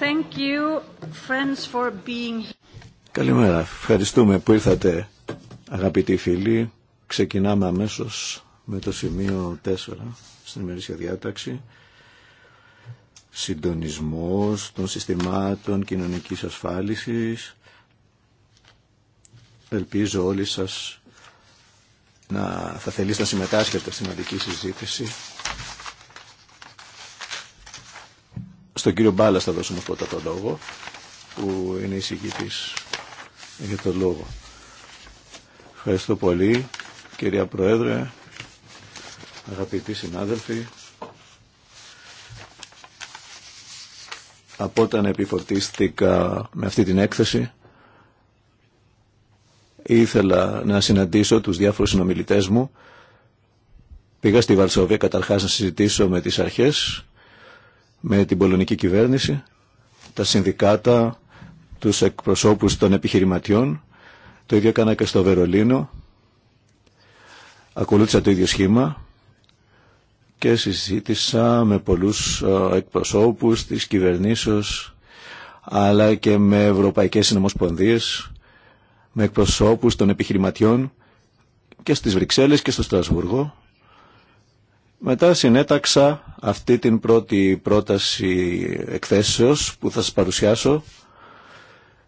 Thank you, for being... Καλημέρα. Ευχαριστούμε που ήρθατε αγαπητοί φίλοι. Ξεκινάμε αμέσως με το σημείο 4 στην ημερήσια διάταξη. Συντονισμός των συστημάτων κοινωνικής ασφάλισης. Ελπίζω όλοι σας να θα θελήσετε να συμμετάσχετε στην αντική συζήτηση Στον κύριο Μπάλλας θα δώσουμε πρώτα το λόγο, που είναι εισηγητής για το λόγο. Ευχαριστώ πολύ, κυρία Πρόεδρε, αγαπητοί συνάδελφοι. Από όταν επιφορτίστηκα με αυτή την έκθεση, ήθελα να συναντήσω τους διάφορους συνομιλητές μου. Πήγα στη Βαρσοβία καταρχάς να συζητήσω με τις αρχές με την πολωνική κυβέρνηση, τα συνδικάτα, τους εκπροσώπους των επιχειρηματιών. Το ίδιο έκανα και στο Βερολίνο. Ακολούθησα το ίδιο σχήμα και συζήτησα με πολλούς ε, εκπροσώπους της κυβερνήσεως αλλά και με ευρωπαϊκές συνομοσπονδίες, με εκπροσώπους των επιχειρηματιών και στις Βρυξέλλες και στο Στρασβούργο μετά συνέταξα αυτή την πρώτη πρόταση εκθέσεως που θα σας παρουσιάσω.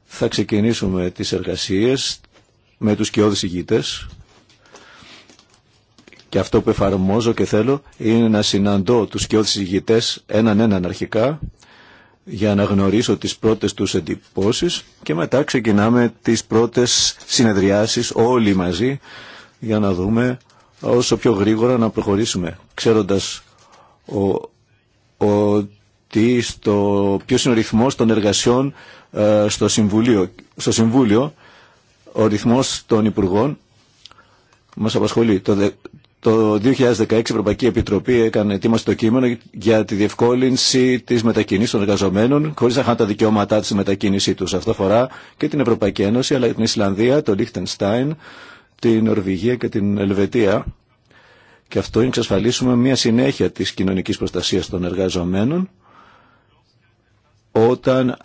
Θα ξεκινήσουμε τις εργασίες με τους κοιόδης ηγητές. Και αυτό που εφαρμόζω και θέλω είναι να συναντώ τους κοιόδης ηγητές έναν έναν αρχικά για να γνωρίσω τις πρώτες τους εντυπώσεις και μετά ξεκινάμε τις πρώτες συνεδριάσεις όλοι μαζί για να δούμε όσο πιο γρήγορα να προχωρήσουμε, ξέροντας ότι στο, ποιος είναι ο ρυθμός των εργασιών ε, στο Συμβούλιο. Στο Συμβούλιο ο ρυθμός των Υπουργών μας απασχολεί. Το, το 2016 η Ευρωπαϊκή Επιτροπή έκανε ετοίμα το κείμενο για τη διευκόλυνση τη μετακίνηση των εργαζομένων, χωρί να χάνουν τα δικαιώματά της στη μετακίνησή του. Αυτό αφορά και την Ευρωπαϊκή Ένωση, αλλά και την Ισλανδία, το Λίχτενστάιν, την Νορβηγία και την Ελβετία και αυτό είναι εξασφαλίσουμε μια συνέχεια της κοινωνικής προστασίας των εργαζομένων όταν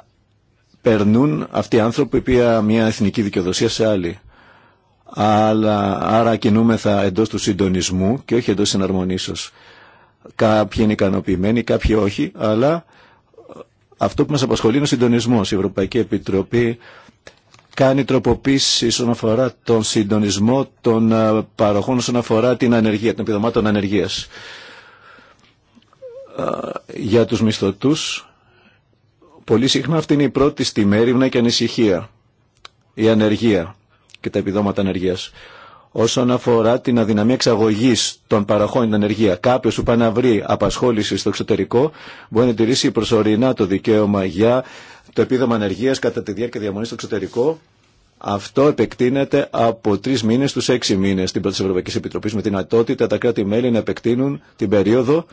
περνούν αυτοί οι άνθρωποι που μια εθνική δικαιοδοσία σε άλλη. άρα κινούμεθα εντός του συντονισμού και όχι εντός συναρμονίσεως. Κάποιοι είναι ικανοποιημένοι, κάποιοι όχι, αλλά αυτό που μας απασχολεί είναι ο συντονισμός. Η Ευρωπαϊκή Επιτροπή κάνει τροποποίηση όσον αφορά τον συντονισμό των ε, παροχών όσον αφορά την ανεργία, των επιδομάτων ανεργίας. Ε, για τους μισθωτούς, πολύ συχνά αυτή είναι η πρώτη στη έρευνα και ανησυχία, η ανεργία και τα επιδόματα ανεργίας. Όσον αφορά την αδυναμία εξαγωγή των παροχών την ανεργία, κάποιο που πάει να βρει απασχόληση στο εξωτερικό μπορεί να τηρήσει προσωρινά το δικαίωμα για το επίδομα ανεργία κατά τη διάρκεια διαμονή στο εξωτερικό. Αυτό επεκτείνεται από τρει μήνε στου έξι μήνε στην πρώτη Ευρωπαϊκή Επιτροπή με δυνατότητα τα κράτη-μέλη να επεκτείνουν την περίοδο.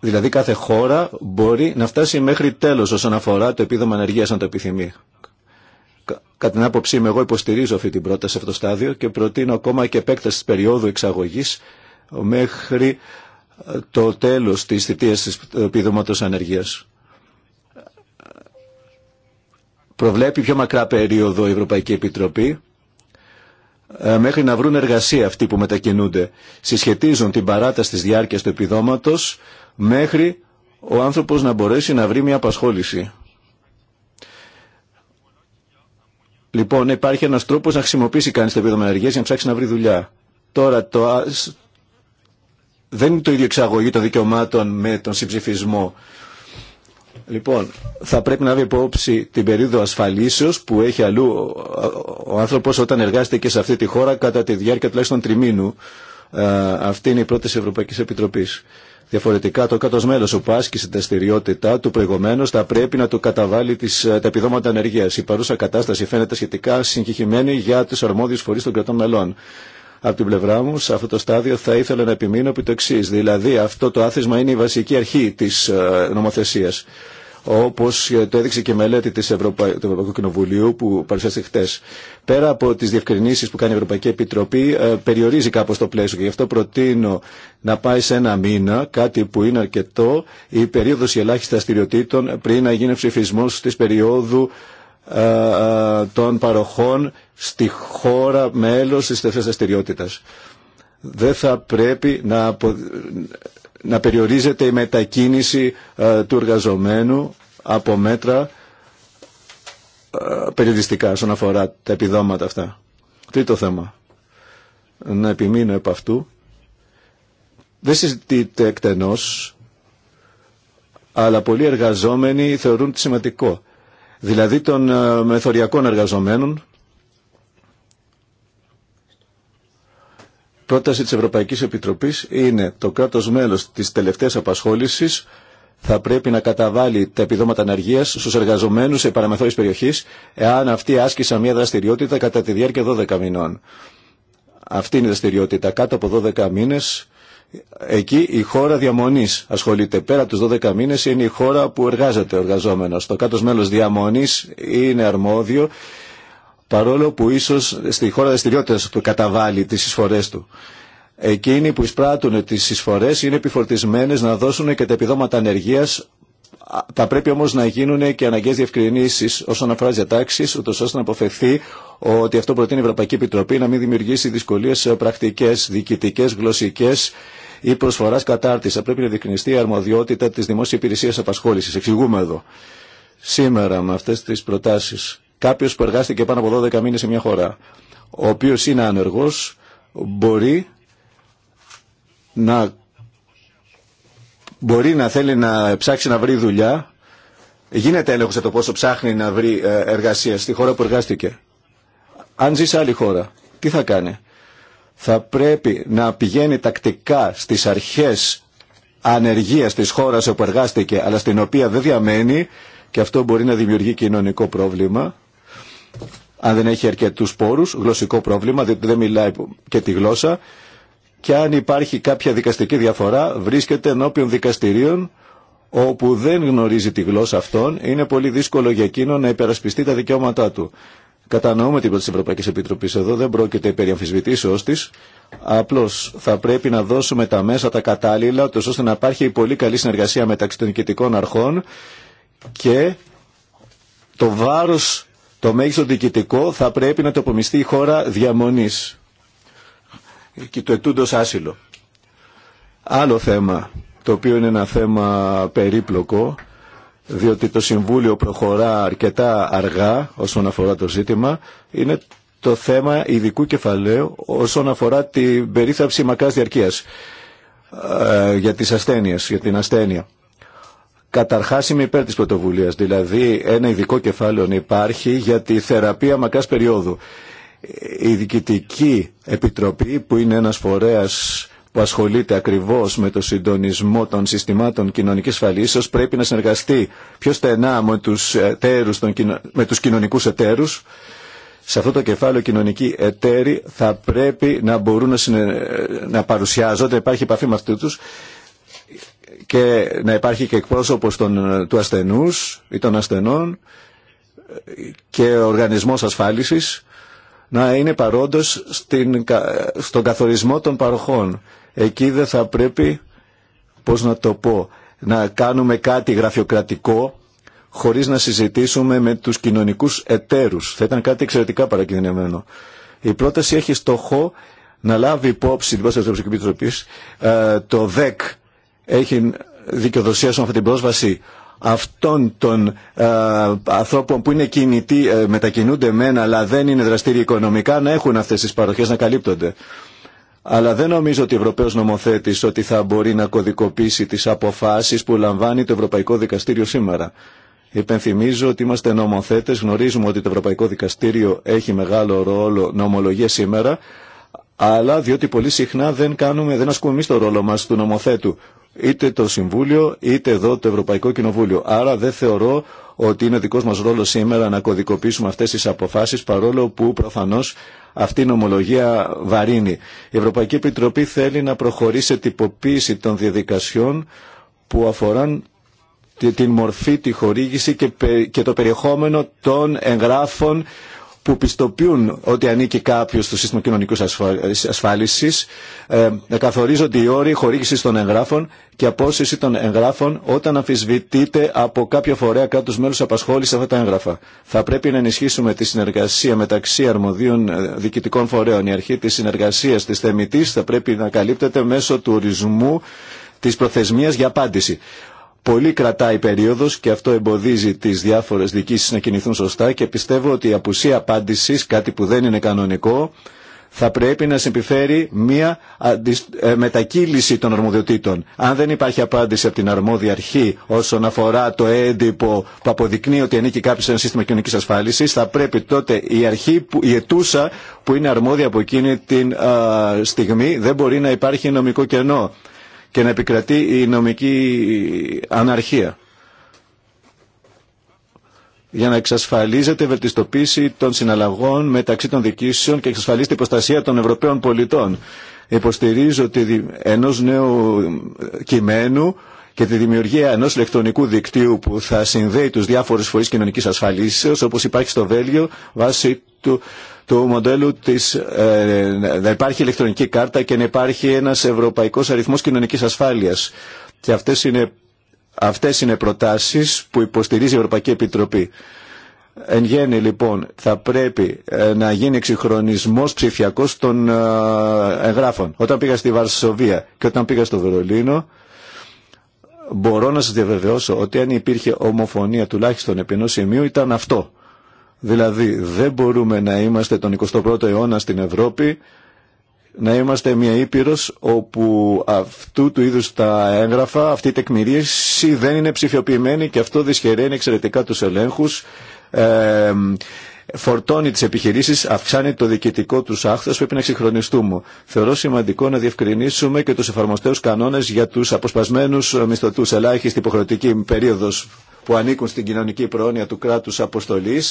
Δηλαδή κάθε χώρα μπορεί να φτάσει μέχρι τέλο όσον αφορά το επίδομα ανεργία αν το επιθυμεί. Κατά την άποψή μου, εγώ υποστηρίζω αυτή την πρόταση σε αυτό το στάδιο και προτείνω ακόμα και επέκταση τη περίοδου εξαγωγή μέχρι το τέλος της θητείας της επιδόματος ανεργίας. Προβλέπει πιο μακρά περίοδο η Ευρωπαϊκή Επιτροπή ε, μέχρι να βρουν εργασία αυτοί που μετακινούνται. Συσχετίζουν την παράταση της διάρκειας του επιδόματος μέχρι ο άνθρωπος να μπορέσει να βρει μια απασχόληση. Λοιπόν, υπάρχει ένας τρόπος να χρησιμοποιήσει κανείς το επίδομα για να ψάξει να βρει δουλειά. Τώρα το, δεν είναι το ίδιο εξαγωγή των δικαιωμάτων με τον συμψηφισμό. Λοιπόν, θα πρέπει να βρει υπόψη την περίοδο ασφαλίσεως που έχει αλλού ο άνθρωπος όταν εργάζεται και σε αυτή τη χώρα κατά τη διάρκεια τουλάχιστον τριμήνου. Αυτή είναι η πρόταση Ευρωπαϊκή Επιτροπής. Διαφορετικά, το κάτω μέλο που άσκησε την στεριότητά του προηγουμένω θα πρέπει να του καταβάλει τις, ε, τα επιδόματα ανεργία. Η παρούσα κατάσταση φαίνεται σχετικά συγχυχημένη για του αρμόδιου φορεί των κρατών μελών. Από την πλευρά μου, σε αυτό το στάδιο θα ήθελα να επιμείνω επί το εξή. Δηλαδή, αυτό το άθισμα είναι η βασική αρχή τη ε, νομοθεσία. Όπω ε, το έδειξε και η μελέτη της Ευρωπα... του Ευρωπαϊκού Κοινοβουλίου που παρουσιάστηκε χτε. Πέρα από τι διευκρινήσει που κάνει η Ευρωπαϊκή Επιτροπή, ε, περιορίζει κάπω το πλαίσιο. Και γι' αυτό προτείνω να πάει σε ένα μήνα, κάτι που είναι αρκετό, η περίοδο ελάχιστα αστηριοτήτων πριν να γίνει ψηφισμό τη περίοδου των παροχών στη χώρα μέλος της τελευταίας δραστηριότητα. Δεν θα πρέπει να, περιορίζεται η μετακίνηση ε, του εργαζομένου από μέτρα ε, περιοριστικά όσον αφορά τα επιδόματα αυτά. Τρίτο θέμα. Να επιμείνω επ' αυτού. Δεν συζητείται εκτενώς, αλλά πολλοί εργαζόμενοι θεωρούν σημαντικό. Δηλαδή των ε, μεθοριακών εργαζομένων πρόταση της Ευρωπαϊκής Επιτροπής είναι το κράτος μέλος της τελευταίας απασχόλησης θα πρέπει να καταβάλει τα επιδόματα αναργία στου εργαζομένου σε παραμεθόρη περιοχή, εάν αυτοί άσκησαν μια δραστηριότητα κατά τη διάρκεια 12 μηνών. Αυτή είναι η δραστηριότητα. Κάτω από 12 μήνε, εκεί η χώρα διαμονή ασχολείται. Πέρα από του 12 μήνε είναι η χώρα που εργάζεται ο εργαζόμενο. Το κάτω μέλο διαμονή είναι αρμόδιο παρόλο που ίσως στη χώρα δραστηριότητα του καταβάλει τις εισφορές του. Εκείνοι που εισπράττουν τις εισφορές είναι επιφορτισμένες να δώσουν και τα επιδόματα ανεργίας θα πρέπει όμως να γίνουν και αναγκαίες διευκρινήσεις όσον αφορά διατάξεις, ούτως ώστε να αποφευθεί ότι αυτό προτείνει η Ευρωπαϊκή Επιτροπή να μην δημιουργήσει δυσκολίες σε πρακτικές, διοικητικές, γλωσσικές ή προσφοράς κατάρτισης. Θα πρέπει να διευκρινιστεί η αρμοδιότητα της δημόσια Υπηρεσίας Απασχόλησης. Εξηγούμε εδώ. Σήμερα με αυτές προτάσεις κάποιος που εργάστηκε πάνω από 12 μήνες σε μια χώρα, ο οποίος είναι ανεργός, μπορεί να, μπορεί να θέλει να ψάξει να βρει δουλειά, γίνεται έλεγχο σε το πόσο ψάχνει να βρει ε, εργασία στη χώρα που εργάστηκε. Αν ζει σε άλλη χώρα, τι θα κάνει. Θα πρέπει να πηγαίνει τακτικά στις αρχές ανεργίας της χώρας όπου εργάστηκε, αλλά στην οποία δεν διαμένει και αυτό μπορεί να δημιουργεί κοινωνικό πρόβλημα αν δεν έχει αρκετούς πόρους, γλωσσικό πρόβλημα, διότι δεν μιλάει και τη γλώσσα και αν υπάρχει κάποια δικαστική διαφορά βρίσκεται ενώπιον δικαστηρίων όπου δεν γνωρίζει τη γλώσσα αυτών, είναι πολύ δύσκολο για εκείνο να υπερασπιστεί τα δικαιώματά του. Κατανοούμε την πρόταση τη Ευρωπαϊκή Επιτροπή εδώ, δεν πρόκειται περί αμφισβητήσεω τη. Απλώ θα πρέπει να δώσουμε τα μέσα τα κατάλληλα, ώστε να υπάρχει πολύ καλή συνεργασία μεταξύ των νικητικών αρχών και το βάρος το μέγιστο διοικητικό θα πρέπει να το η χώρα διαμονής και το ετούντος άσυλο. Άλλο θέμα, το οποίο είναι ένα θέμα περίπλοκο, διότι το Συμβούλιο προχωρά αρκετά αργά όσον αφορά το ζήτημα, είναι το θέμα ειδικού κεφαλαίου όσον αφορά την περίθαψη μακράς διαρκείας ε, για τις ασθένειες, για την ασθένεια. Καταρχάς είμαι υπέρ της πρωτοβουλίας, δηλαδή ένα ειδικό κεφάλαιο υπάρχει για τη θεραπεία μακράς περίοδου. Η Διοικητική Επιτροπή που είναι ένας φορέας που ασχολείται ακριβώς με το συντονισμό των συστημάτων κοινωνικής ασφαλίσεως πρέπει να συνεργαστεί πιο στενά με τους, εταίρους, με τους κοινωνικούς εταίρους. Σε αυτό το κεφάλαιο κοινωνικοί εταίροι θα πρέπει να μπορούν να, να παρουσιάζονται, υπάρχει επαφή με αυτού τους και να υπάρχει και εκπρόσωπος των, του ασθενούς ή των ασθενών και ο οργανισμός ασφάλισης να είναι παρόντος στην, στον καθορισμό των παροχών. Εκεί δεν θα πρέπει, πώς να το πω, να κάνουμε κάτι γραφειοκρατικό χωρίς να συζητήσουμε με τους κοινωνικούς εταίρους. Θα ήταν κάτι εξαιρετικά παρακινδυνευμένο. Η πρόταση έχει στόχο να λάβει υπόψη την πρόσφατη ε, το ΔΕΚ έχει δικαιοδοσία σε αυτή την πρόσβαση αυτών των ε, ανθρώπων που είναι κινητοί, ε, μετακινούνται μεν αλλά δεν είναι δραστήριοι οικονομικά να έχουν αυτέ τι παροχέ να καλύπτονται. Αλλά δεν νομίζω ότι ο Ευρωπαίος νομοθέτης ότι θα μπορεί να κωδικοποιήσει τις αποφάσεις που λαμβάνει το Ευρωπαϊκό Δικαστήριο σήμερα. Υπενθυμίζω ότι είμαστε νομοθέτες, γνωρίζουμε ότι το Ευρωπαϊκό Δικαστήριο έχει μεγάλο ρόλο νομολογία σήμερα, αλλά διότι πολύ συχνά δεν κάνουμε, δεν ασκούμε εμεί το ρόλο μας του νομοθέτου είτε το Συμβούλιο είτε εδώ το Ευρωπαϊκό Κοινοβούλιο. Άρα δεν θεωρώ ότι είναι δικός μας ρόλος σήμερα να κωδικοποιήσουμε αυτές τις αποφάσεις παρόλο που προφανώς αυτή η νομολογία βαρύνει. Η Ευρωπαϊκή Επιτροπή θέλει να προχωρήσει σε τυποποίηση των διαδικασιών που αφορούν την μορφή, τη χορήγηση και το περιεχόμενο των εγγράφων που πιστοποιούν ότι ανήκει κάποιο στο σύστημα κοινωνική ασφάλιση, ε, καθορίζονται οι όροι χορήγηση των εγγράφων και απόσυρση των εγγράφων όταν αμφισβητείται από κάποιο φορέα κράτου μέλου απασχόληση αυτά τα έγγραφα. Θα πρέπει να ενισχύσουμε τη συνεργασία μεταξύ αρμοδίων ε, διοικητικών φορέων. Η αρχή τη συνεργασία τη θεμητή θα πρέπει να καλύπτεται μέσω του ορισμού τη προθεσμία για απάντηση πολύ κρατάει περίοδο και αυτό εμποδίζει τι διάφορε δικήσει να κινηθούν σωστά και πιστεύω ότι η απουσία απάντηση κάτι που δεν είναι κανονικό, θα πρέπει να συμπιφέρει μια ε, μετακύληση των αρμοδιοτήτων. Αν δεν υπάρχει απάντηση από την αρμόδια αρχή όσον αφορά το έντυπο που αποδεικνύει ότι ανήκει κάποιο σε ένα σύστημα κοινωνική ασφάλιση, θα πρέπει τότε η αρχή, η ετούσα που είναι αρμόδια από εκείνη την στιγμή, δεν μπορεί να υπάρχει νομικό κενό και να επικρατεί η νομική αναρχία για να εξασφαλίζεται η βελτιστοποίηση των συναλλαγών μεταξύ των δικήσεων και εξασφαλίζεται η προστασία των Ευρωπαίων πολιτών. Υποστηρίζω ότι ενός νέου κειμένου και τη δημιουργία ενός ηλεκτρονικού δικτύου που θα συνδέει τους διάφορους φορείς κοινωνικής ασφαλίσεως όπως υπάρχει στο Βέλγιο βάσει του, του μοντέλου της, ε, να υπάρχει ηλεκτρονική κάρτα και να υπάρχει ένας ευρωπαϊκός αριθμός κοινωνικής ασφάλειας. Και αυτές είναι, αυτές είναι προτάσεις που υποστηρίζει η Ευρωπαϊκή Επιτροπή. Εν γέννη λοιπόν θα πρέπει ε, να γίνει εξυγχρονισμός ψηφιακός των ε, εγγράφων. Όταν πήγα στη Βαρσοβία και όταν πήγα στο Βερολίνο μπορώ να σας διαβεβαιώσω ότι αν υπήρχε ομοφωνία τουλάχιστον επί ενός σημείου ήταν αυτό. Δηλαδή δεν μπορούμε να είμαστε τον 21ο αιώνα στην Ευρώπη να είμαστε μια ήπειρος όπου αυτού του είδους τα έγγραφα, αυτή η τεκμηρίωση δεν είναι ψηφιοποιημένη και αυτό δυσχεραίνει εξαιρετικά τους ελέγχους ε, φορτώνει τι επιχειρήσει, αυξάνει το διοικητικό του άχθο, πρέπει να εξυγχρονιστούμε. Θεωρώ σημαντικό να διευκρινίσουμε και του εφαρμοστέου κανόνε για του αποσπασμένου μισθωτού. Ελάχιστη υποχρεωτική περίοδο που ανήκουν στην κοινωνική προνοια του κράτου αποστολή.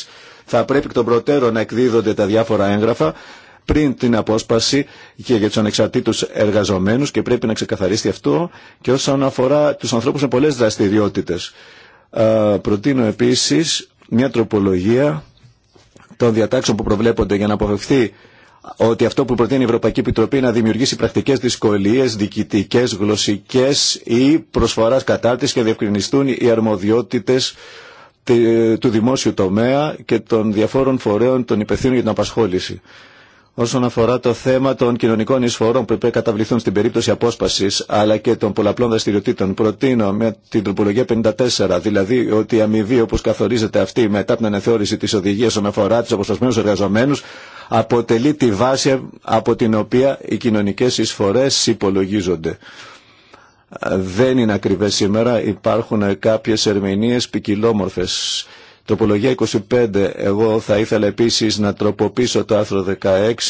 Θα πρέπει εκ των προτέρων να εκδίδονται τα διάφορα έγγραφα πριν την απόσπαση και για τους ανεξαρτήτους εργαζομένους και πρέπει να ξεκαθαρίσει αυτό και όσον αφορά τους ανθρώπους με πολλές δραστηριότητες. προτείνω επίσης μια τροπολογία των διατάξεων που προβλέπονται για να αποφευθεί ότι αυτό που προτείνει η Ευρωπαϊκή Επιτροπή να δημιουργήσει πρακτικέ δυσκολίε, διοικητικέ, γλωσσικέ ή προσφορά κατάρτιση και διευκρινιστούν οι αρμοδιότητε του δημόσιου τομέα και των διαφόρων φορέων των υπευθύνων για την απασχόληση όσον αφορά το θέμα των κοινωνικών εισφορών που πρέπει να καταβληθούν στην περίπτωση απόσπαση αλλά και των πολλαπλών δραστηριοτήτων. Προτείνω με την τροπολογία 54, δηλαδή ότι η αμοιβή όπω καθορίζεται αυτή μετά την αναθεώρηση τη οδηγία όσον αφορά του αποσπασμένου εργαζομένου αποτελεί τη βάση από την οποία οι κοινωνικέ εισφορέ υπολογίζονται. Δεν είναι ακριβές σήμερα, υπάρχουν κάποιες ερμηνείες ποικιλόμορφες Τροπολογία 25. Εγώ θα ήθελα επίσης να τροποποιήσω το άρθρο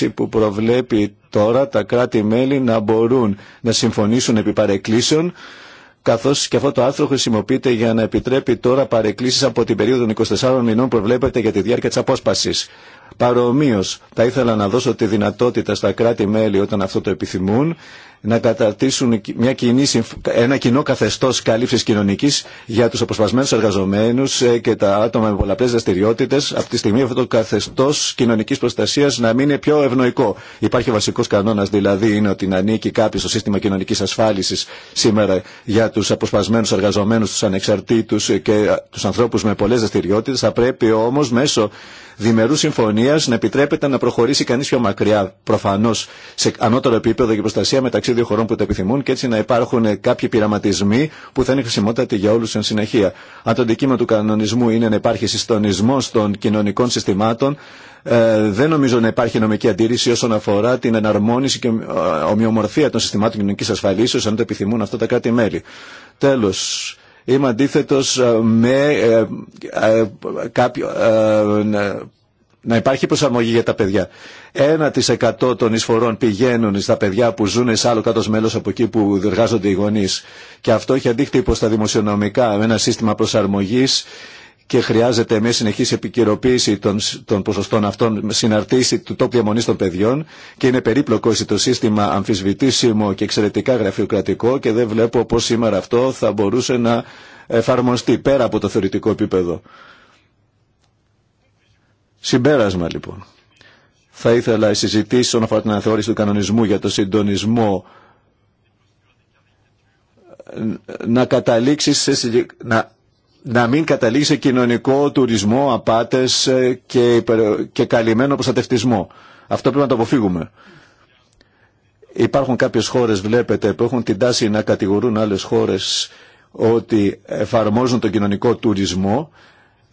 16 που προβλέπει τώρα τα κράτη-μέλη να μπορούν να συμφωνήσουν επί παρεκκλήσεων καθώς και αυτό το άρθρο χρησιμοποιείται για να επιτρέπει τώρα παρεκκλήσεις από την περίοδο των 24 μηνών που προβλέπεται για τη διάρκεια της απόσπασης. Παρομοίως, θα ήθελα να δώσω τη δυνατότητα στα κράτη-μέλη όταν αυτό το επιθυμούν να καταρτήσουν μια κοινή, ένα κοινό καθεστώ κάλυψη κοινωνική για του αποσπασμένου εργαζομένου ε, και τα άτομα με πολλαπλέ δραστηριότητε, από τη στιγμή αυτό το καθεστώ κοινωνική προστασία να μην είναι πιο ευνοϊκό. Υπάρχει βασικό κανόνα, δηλαδή είναι ότι να ανήκει κάποιο στο σύστημα κοινωνική ασφάλιση σήμερα για του αποσπασμένου εργαζομένου, του ανεξαρτήτου ε, και του ανθρώπου με πολλέ δραστηριότητε. Θα πρέπει όμω μέσω διμερού συμφωνία να επιτρέπεται να προχωρήσει κανεί πιο μακριά, προφανώ σε ανώτερο επίπεδο και προστασία μεταξύ μεταξύ δύο χωρών που το επιθυμούν και έτσι να υπάρχουν κάποιοι πειραματισμοί που θα είναι χρησιμότατοι για όλου εν συνεχεία. Αν το αντικείμενο του κανονισμού είναι να υπάρχει συστονισμό των κοινωνικών συστημάτων, ε, δεν νομίζω να υπάρχει νομική αντίρρηση όσον αφορά την εναρμόνιση και ε, ομοιομορφία των συστημάτων κοινωνική ασφαλίσεω, αν το επιθυμούν αυτά τα κράτη-μέλη. Τέλο, είμαι αντίθετο ε, με ε, ε Να υπάρχει προσαρμογή για τα παιδιά. 1% των εισφορών πηγαίνουν στα παιδιά που ζουν σε άλλο κάτω μέλο από εκεί που εργάζονται οι γονεί. Και αυτό έχει αντίκτυπο στα δημοσιονομικά με ένα σύστημα προσαρμογή και χρειάζεται μια συνεχή επικαιροποίηση των, των ποσοστών αυτών, συναρτήση του τόπου διαμονή των παιδιών και είναι περίπλοκο το σύστημα αμφισβητήσιμο και εξαιρετικά γραφειοκρατικό και δεν βλέπω πώ σήμερα αυτό θα μπορούσε να εφαρμοστεί πέρα από το θεωρητικό επίπεδο. Συμπέρασμα λοιπόν θα ήθελα οι συζητήσει όσον αφορά την αναθεώρηση του κανονισμού για το συντονισμό να καταλήξει να, να μην καταλήξει σε κοινωνικό τουρισμό, απάτες και, και καλυμμένο προστατευτισμό. Αυτό πρέπει να το αποφύγουμε. Υπάρχουν κάποιες χώρες, βλέπετε, που έχουν την τάση να κατηγορούν άλλες χώρες ότι εφαρμόζουν τον κοινωνικό τουρισμό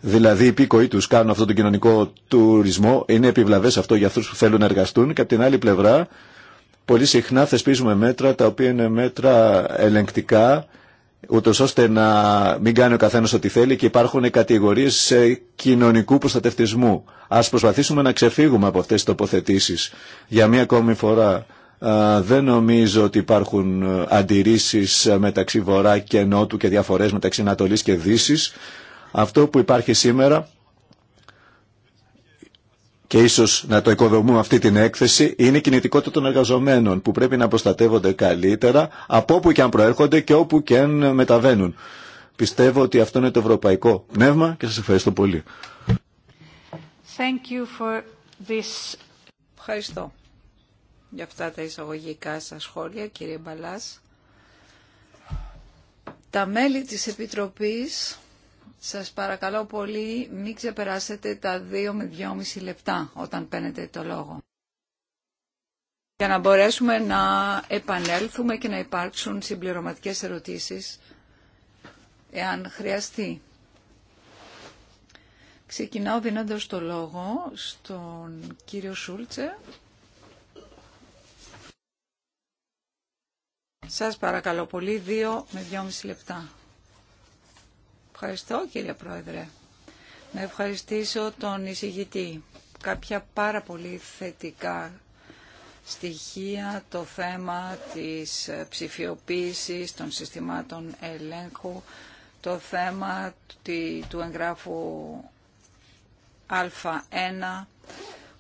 Δηλαδή, οι πίκοοι του κάνουν αυτό τον κοινωνικό τουρισμό. Είναι επιβλαβέ αυτό για αυτού που θέλουν να εργαστούν. Και από την άλλη πλευρά, πολύ συχνά θεσπίζουμε μέτρα τα οποία είναι μέτρα ελεγκτικά, ούτω ώστε να μην κάνει ο καθένα ό,τι θέλει και υπάρχουν κατηγορίε κοινωνικού προστατευτισμού. Α προσπαθήσουμε να ξεφύγουμε από αυτέ τι τοποθετήσει. Για μία ακόμη φορά, δεν νομίζω ότι υπάρχουν ε, αντιρρήσει ε, μεταξύ Βορρά και Νότου και διαφορέ μεταξύ Ανατολή και Δύση. Αυτό που υπάρχει σήμερα και ίσως να το οικοδομούμε αυτή την έκθεση, είναι η κινητικότητα των εργαζομένων που πρέπει να προστατεύονται καλύτερα από όπου και αν προέρχονται και όπου και αν μεταβαίνουν. Πιστεύω ότι αυτό είναι το ευρωπαϊκό πνεύμα και σας ευχαριστώ πολύ. you for Ευχαριστώ για αυτά τα εισαγωγικά σας σχόλια, κύριε Μπαλάς. Τα μέλη της Επιτροπής σας παρακαλώ πολύ μην ξεπεράσετε τα δύο με 2,5 λεπτά όταν παίρνετε το λόγο. Για να μπορέσουμε να επανέλθουμε και να υπάρξουν συμπληρωματικές ερωτήσεις, εάν χρειαστεί. Ξεκινάω δίνοντας το λόγο στον κύριο Σούλτσε. Σας παρακαλώ πολύ, δύο με δυόμιση λεπτά. Ευχαριστώ κύριε Πρόεδρε. Να ευχαριστήσω τον εισηγητή. Κάποια πάρα πολύ θετικά στοιχεία, το θέμα της ψηφιοποίησης των συστημάτων ελέγχου, το θέμα του εγγράφου Α1,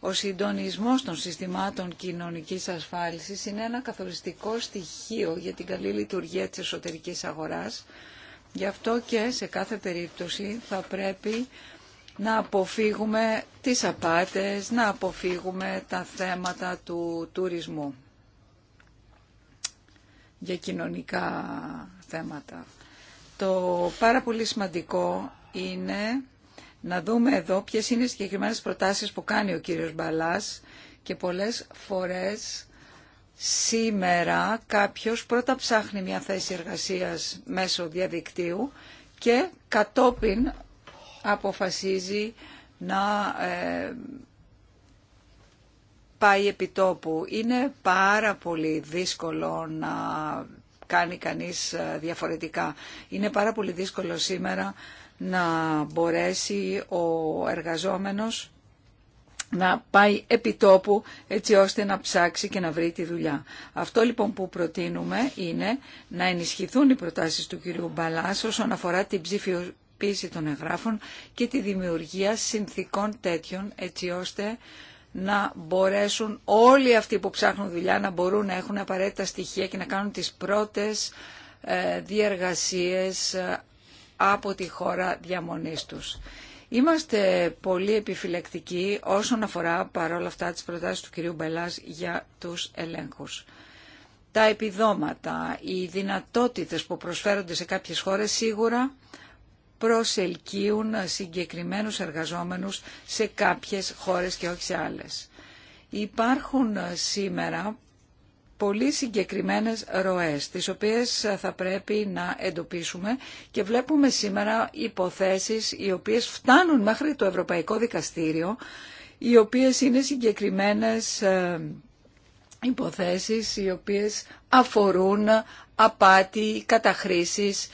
ο συντονισμός των συστημάτων κοινωνικής ασφάλισης είναι ένα καθοριστικό στοιχείο για την καλή λειτουργία της εσωτερικής αγοράς Γι' αυτό και σε κάθε περίπτωση θα πρέπει να αποφύγουμε τις απάτες, να αποφύγουμε τα θέματα του τουρισμού για κοινωνικά θέματα. Το πάρα πολύ σημαντικό είναι να δούμε εδώ ποιες είναι οι συγκεκριμένες προτάσεις που κάνει ο κύριος Μπαλάς και πολλές φορές Σήμερα κάποιος πρώτα ψάχνει μια θέση εργασίας μέσω διαδικτύου και κατόπιν αποφασίζει να ε, πάει πάει τόπου. Είναι πάρα πολύ δύσκολο να κάνει κανείς ε, διαφορετικά. Είναι πάρα πολύ δύσκολο σήμερα να μπορέσει ο εργαζόμενος να πάει επιτόπου έτσι ώστε να ψάξει και να βρει τη δουλειά. Αυτό λοιπόν που προτείνουμε είναι να ενισχυθούν οι προτάσεις του κυρίου Μπαλάς όσον αφορά την ψηφιοποίηση των εγγράφων και τη δημιουργία συνθήκων τέτοιων έτσι ώστε να μπορέσουν όλοι αυτοί που ψάχνουν δουλειά να μπορούν να έχουν απαραίτητα στοιχεία και να κάνουν τις πρώτες ε, διεργασίες ε, από τη χώρα διαμονής τους. Είμαστε πολύ επιφυλακτικοί όσον αφορά παρόλα αυτά τις προτάσεις του κυρίου Μπελάς για τους ελέγχους. Τα επιδόματα, οι δυνατότητες που προσφέρονται σε κάποιες χώρες σίγουρα προσελκύουν συγκεκριμένους εργαζόμενους σε κάποιες χώρες και όχι σε άλλες. Υπάρχουν σήμερα πολύ συγκεκριμένες ροές, τις οποίες θα πρέπει να εντοπίσουμε και βλέπουμε σήμερα υποθέσεις οι οποίες φτάνουν μέχρι το Ευρωπαϊκό Δικαστήριο, οι οποίες είναι συγκεκριμένες ε, υποθέσεις οι οποίες αφορούν απάτη, καταχρήσεις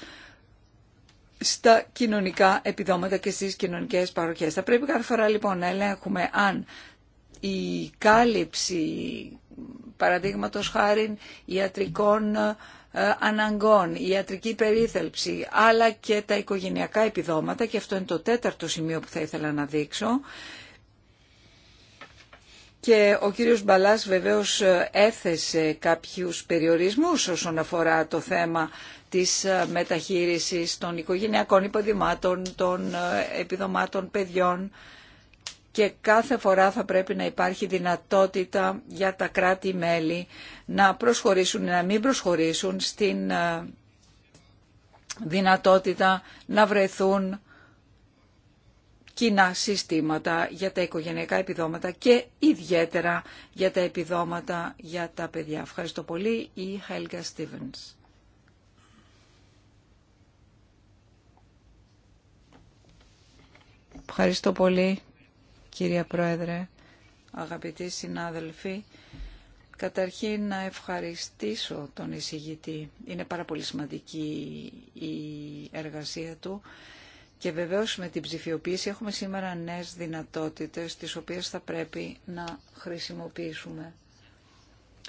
στα κοινωνικά επιδόματα και στις κοινωνικές παροχές. Θα πρέπει κάθε φορά λοιπόν να ελέγχουμε αν η κάλυψη παραδείγματος χάρη ιατρικών ε, αναγκών, ιατρική περίθελψη, αλλά και τα οικογενειακά επιδόματα και αυτό είναι το τέταρτο σημείο που θα ήθελα να δείξω. Και ο κύριος Μπαλάς βεβαίως ε, έθεσε κάποιους περιορισμούς όσον αφορά το θέμα της ε, μεταχείρισης των οικογενειακών υποδημάτων, των επιδομάτων παιδιών και κάθε φορά θα πρέπει να υπάρχει δυνατότητα για τα κράτη-μέλη να προσχωρήσουν ή να μην προσχωρήσουν στην ε, δυνατότητα να βρεθούν κοινά συστήματα για τα οικογενειακά επιδόματα και ιδιαίτερα για τα επιδόματα για τα παιδιά. Ευχαριστώ πολύ. Η Χέλγα Στίβενς. Ευχαριστώ πολύ κυρία Πρόεδρε, αγαπητοί συνάδελφοι. Καταρχήν να ευχαριστήσω τον εισηγητή. Είναι πάρα πολύ σημαντική η εργασία του και βεβαίως με την ψηφιοποίηση έχουμε σήμερα νέες δυνατότητες τις οποίες θα πρέπει να χρησιμοποιήσουμε.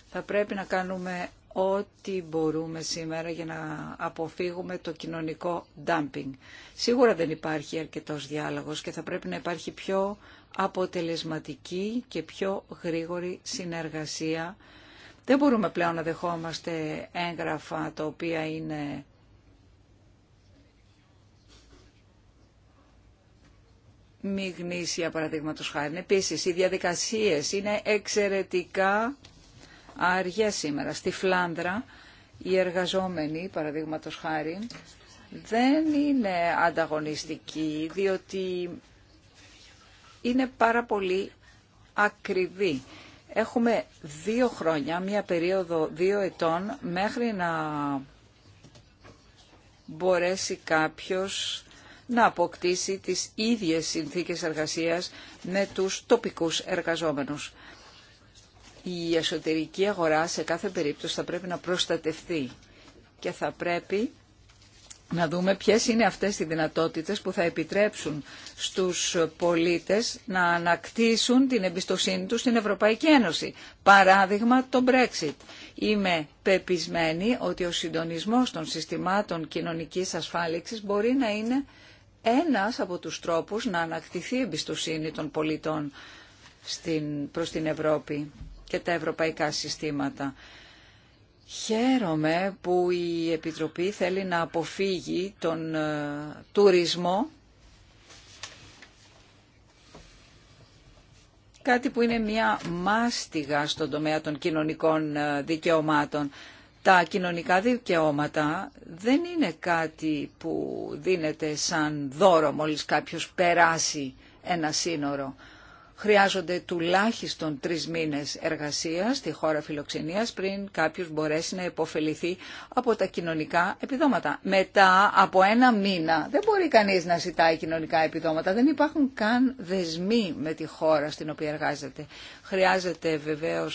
Θα πρέπει να κάνουμε ό,τι μπορούμε σήμερα για να αποφύγουμε το κοινωνικό dumping. Σίγουρα δεν υπάρχει αρκετός διάλογος και θα πρέπει να υπάρχει πιο αποτελεσματική και πιο γρήγορη συνεργασία. Δεν μπορούμε πλέον να δεχόμαστε έγγραφα τα οποία είναι μη γνήσια παραδείγματος χάρη. Επίσης, οι διαδικασίες είναι εξαιρετικά αργές σήμερα. Στη Φλάνδρα οι εργαζόμενοι, παραδείγματος χάρη, δεν είναι ανταγωνιστικοί, διότι είναι πάρα πολύ ακριβή. Έχουμε δύο χρόνια, μία περίοδο δύο ετών, μέχρι να μπορέσει κάποιος να αποκτήσει τις ίδιες συνθήκες εργασίας με τους τοπικούς εργαζόμενους. Η εσωτερική αγορά σε κάθε περίπτωση θα πρέπει να προστατευτεί και θα πρέπει να δούμε ποιες είναι αυτές οι δυνατότητες που θα επιτρέψουν στους πολίτες να ανακτήσουν την εμπιστοσύνη τους στην Ευρωπαϊκή Ένωση. Παράδειγμα το Brexit. Είμαι πεπισμένη ότι ο συντονισμός των συστημάτων κοινωνικής ασφάλιξης μπορεί να είναι ένας από τους τρόπους να ανακτηθεί η εμπιστοσύνη των πολιτών στην, προς την Ευρώπη και τα ευρωπαϊκά συστήματα. Χαίρομαι που η Επιτροπή θέλει να αποφύγει τον ε, τουρισμό, κάτι που είναι μια μάστιγα στον τομέα των κοινωνικών ε, δικαιωμάτων. Τα κοινωνικά δικαιώματα δεν είναι κάτι που δίνεται σαν δώρο μόλις κάποιος περάσει ένα σύνορο χρειάζονται τουλάχιστον τρει μήνες εργασίας στη χώρα φιλοξενίας πριν κάποιος μπορέσει να υποφεληθεί από τα κοινωνικά επιδόματα. Μετά από ένα μήνα δεν μπορεί κανείς να ζητάει κοινωνικά επιδόματα, δεν υπάρχουν καν δεσμοί με τη χώρα στην οποία εργάζεται. Χρειάζεται βεβαίω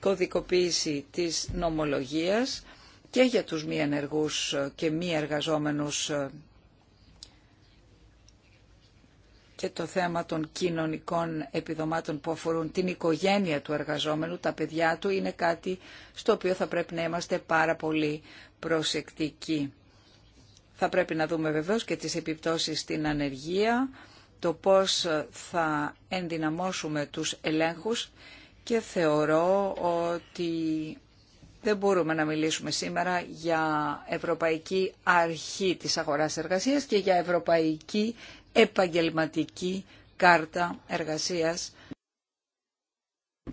κωδικοποίηση τη νομολογίας και για τους μη ενεργούς και μη εργαζόμενους και το θέμα των κοινωνικών επιδομάτων που αφορούν την οικογένεια του εργαζόμενου, τα παιδιά του, είναι κάτι στο οποίο θα πρέπει να είμαστε πάρα πολύ προσεκτικοί. Θα πρέπει να δούμε βεβαίως και τις επιπτώσεις στην ανεργία, το πώς θα ενδυναμώσουμε τους ελέγχους και θεωρώ ότι δεν μπορούμε να μιλήσουμε σήμερα για Ευρωπαϊκή Αρχή της Αγοράς Εργασίας και για Ευρωπαϊκή επαγγελματική κάρτα εργασίας.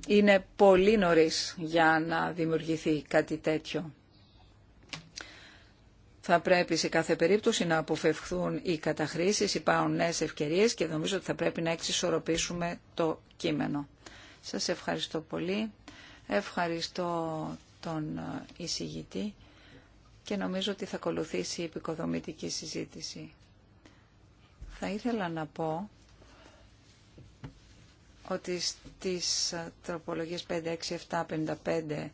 Είναι πολύ νωρίς για να δημιουργηθεί κάτι τέτοιο. Θα πρέπει σε κάθε περίπτωση να αποφευχθούν οι καταχρήσεις, υπάρχουν νέε ευκαιρίες και νομίζω ότι θα πρέπει να εξισορροπήσουμε το κείμενο. Σας ευχαριστώ πολύ. Ευχαριστώ τον εισηγητή και νομίζω ότι θα ακολουθήσει η επικοδομητική συζήτηση. Θα ήθελα να πω ότι στις τροπολογίες 5, 6, 7, 55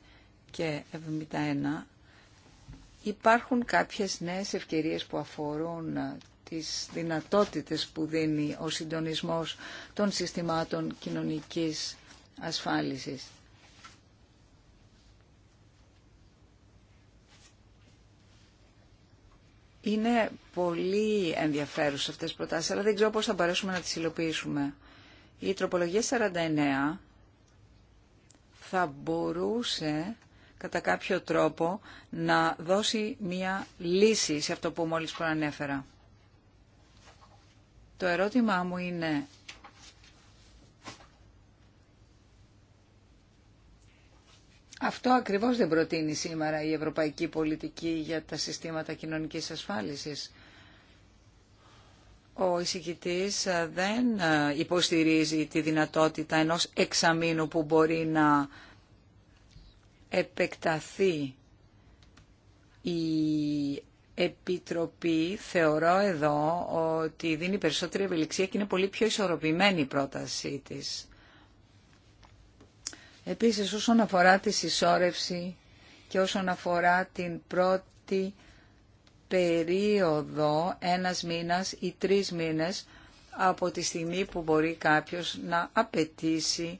και 71 υπάρχουν κάποιες νέες ευκαιρίες που αφορούν τις δυνατότητες που δίνει ο συντονισμός των συστημάτων κοινωνικής ασφάλισης. Είναι πολύ ενδιαφέρουσε αυτές οι προτάσεις, αλλά δεν ξέρω πώς θα μπορέσουμε να τις υλοποιήσουμε. Η τροπολογία 49 θα μπορούσε κατά κάποιο τρόπο να δώσει μία λύση σε αυτό που μόλις προανέφερα. Το ερώτημά μου είναι Αυτό ακριβώς δεν προτείνει σήμερα η ευρωπαϊκή πολιτική για τα συστήματα κοινωνικής ασφάλισης. Ο εισηγητή ε, δεν ε, υποστηρίζει τη δυνατότητα ενός εξαμήνου που μπορεί να επεκταθεί η Επιτροπή θεωρώ εδώ ότι δίνει περισσότερη ευελιξία και είναι πολύ πιο ισορροπημένη η πρότασή της. Επίσης όσον αφορά τη συσσόρευση και όσον αφορά την πρώτη περίοδο, ένας μήνας ή τρεις μήνες, από τη στιγμή που μπορεί κάποιος να απαιτήσει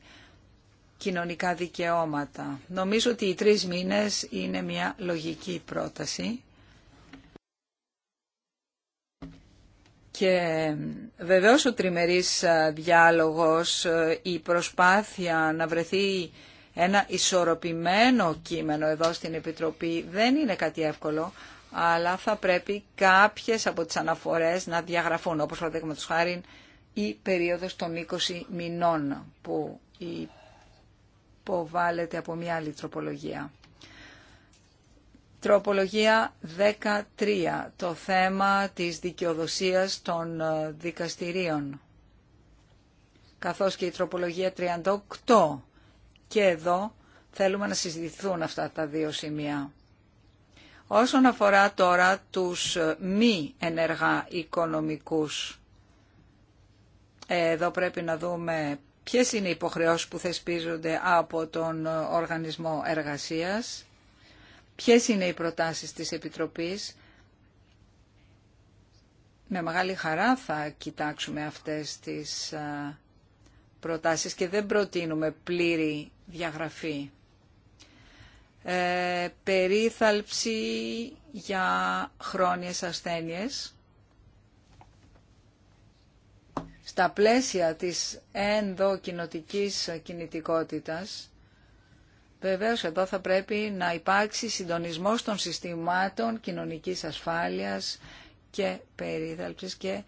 κοινωνικά δικαιώματα. Νομίζω ότι οι τρεις μήνες είναι μια λογική πρόταση Και βεβαίως ο τριμερής διάλογος, η προσπάθεια να βρεθεί ένα ισορροπημένο κείμενο εδώ στην Επιτροπή δεν είναι κάτι εύκολο, αλλά θα πρέπει κάποιες από τις αναφορές να διαγραφούν, όπως παραδείγματο χάρη η περίοδος των 20 μηνών που υποβάλλεται από μια άλλη τροπολογία. Τροπολογία 13. Το θέμα της δικαιοδοσίας των ε, δικαστηρίων. Καθώς και η τροπολογία 38. Και εδώ θέλουμε να συζητηθούν αυτά τα δύο σημεία. Όσον αφορά τώρα τους ε, μη ενεργά οικονομικούς, ε, εδώ πρέπει να δούμε ποιες είναι οι υποχρεώσεις που θεσπίζονται από τον Οργανισμό Εργασίας ποιες είναι οι προτάσεις της Επιτροπής. Με μεγάλη χαρά θα κοιτάξουμε αυτές τις προτάσεις και δεν προτείνουμε πλήρη διαγραφή. Ε, περίθαλψη για χρόνιες ασθένειες. Στα πλαίσια της ενδοκινοτικής κινητικότητας, Βεβαίως εδώ θα πρέπει να υπάρξει συντονισμός των συστημάτων κοινωνικής ασφάλειας και περίθαλψης και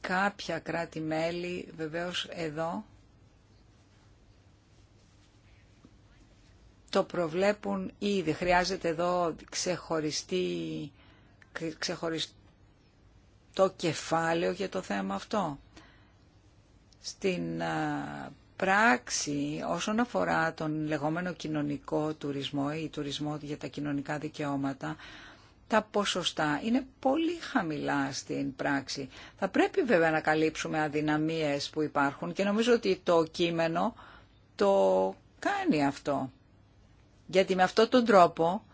κάποια κράτη-μέλη βεβαίως εδώ το προβλέπουν ήδη. Χρειάζεται εδώ ξεχωριστή, ξεχωριστό κεφάλαιο για το θέμα αυτό. Στην πράξη όσον αφορά τον λεγόμενο κοινωνικό τουρισμό ή τουρισμό για τα κοινωνικά δικαιώματα, τα ποσοστά είναι πολύ χαμηλά στην πράξη. Θα πρέπει βέβαια να καλύψουμε αδυναμίες που υπάρχουν και νομίζω ότι το κείμενο το κάνει αυτό. Γιατί με αυτόν τον τρόπο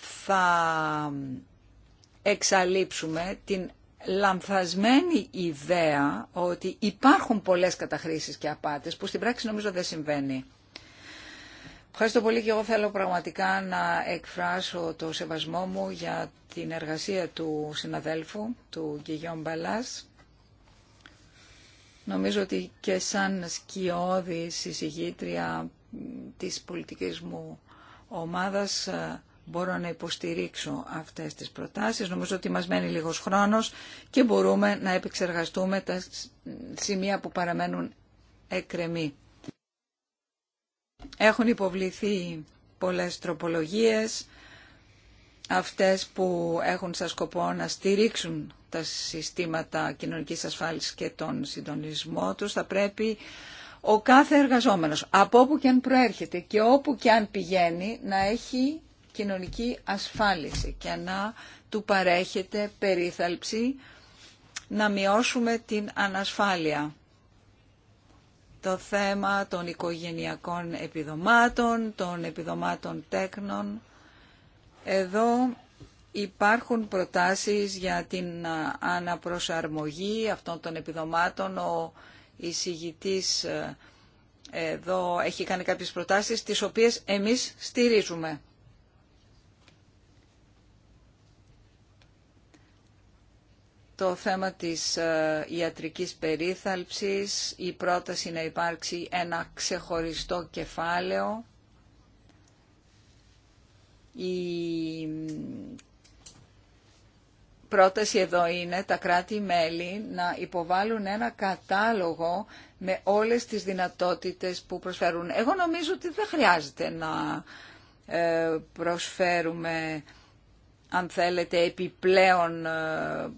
θα εξαλείψουμε την λανθασμένη ιδέα ότι υπάρχουν πολλές καταχρήσεις και απάτες που στην πράξη νομίζω δεν συμβαίνει. Ευχαριστώ πολύ και εγώ θέλω πραγματικά να εκφράσω το σεβασμό μου για την εργασία του συναδέλφου, του Γκυγιόν Μπαλάς. Νομίζω ότι και σαν σκιώδη συζυγήτρια της πολιτικής μου ομάδας μπορώ να υποστηρίξω αυτές τις προτάσεις. Νομίζω ότι μας μένει λίγος χρόνος και μπορούμε να επεξεργαστούμε τα σημεία που παραμένουν εκκρεμή. Έχουν υποβληθεί πολλές τροπολογίες, αυτές που έχουν σαν σκοπό να στηρίξουν τα συστήματα κοινωνικής ασφάλισης και τον συντονισμό τους. Θα πρέπει ο κάθε εργαζόμενος, από όπου και αν προέρχεται και όπου και αν πηγαίνει, να έχει κοινωνική ασφάλιση και να του παρέχεται περίθαλψη να μειώσουμε την ανασφάλεια. Το θέμα των οικογενειακών επιδομάτων, των επιδομάτων τέκνων. Εδώ υπάρχουν προτάσεις για την αναπροσαρμογή αυτών των επιδομάτων. Ο εισηγητής ε, εδώ έχει κάνει κάποιες προτάσεις τις οποίες εμείς στηρίζουμε. το θέμα της ε, ιατρικής περίθαλψης, η πρόταση να υπάρξει ένα ξεχωριστό κεφάλαιο, η πρόταση εδώ είναι τα κράτη-μέλη να υποβάλουν ένα κατάλογο με όλες τις δυνατότητες που προσφέρουν. Εγώ νομίζω ότι δεν χρειάζεται να ε, προσφέρουμε, αν θέλετε, επιπλέον ε,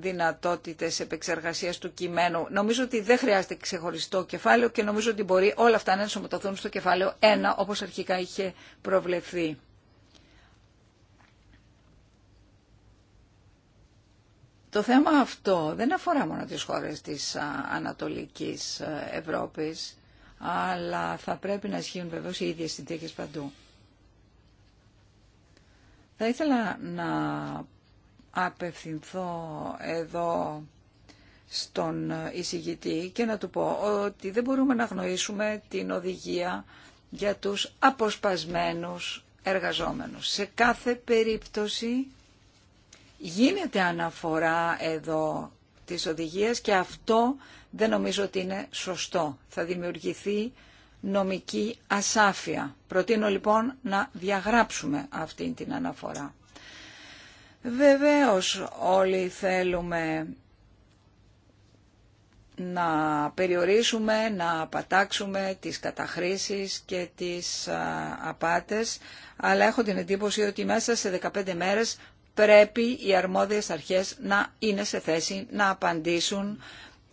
δυνατότητες επεξεργασίας του κειμένου. Νομίζω ότι δεν χρειάζεται ξεχωριστό κεφάλαιο και νομίζω ότι μπορεί όλα αυτά να ενσωματωθούν στο κεφάλαιο 1 όπως αρχικά είχε προβλεφθεί. Το θέμα αυτό δεν αφορά μόνο τις χώρες της Ανατολικής Ευρώπης, αλλά θα πρέπει να ισχύουν βεβαίως οι ίδιες συνθήκες παντού. Θα ήθελα να απευθυνθώ εδώ στον εισηγητή και να του πω ότι δεν μπορούμε να γνωρίσουμε την οδηγία για τους αποσπασμένους εργαζόμενους. Σε κάθε περίπτωση γίνεται αναφορά εδώ της οδηγίας και αυτό δεν νομίζω ότι είναι σωστό. Θα δημιουργηθεί νομική ασάφεια. Προτείνω λοιπόν να διαγράψουμε αυτή την αναφορά. Βεβαίως όλοι θέλουμε να περιορίσουμε, να πατάξουμε τις καταχρήσεις και τις απάτες, αλλά έχω την εντύπωση ότι μέσα σε 15 μέρες πρέπει οι αρμόδιες αρχές να είναι σε θέση να απαντήσουν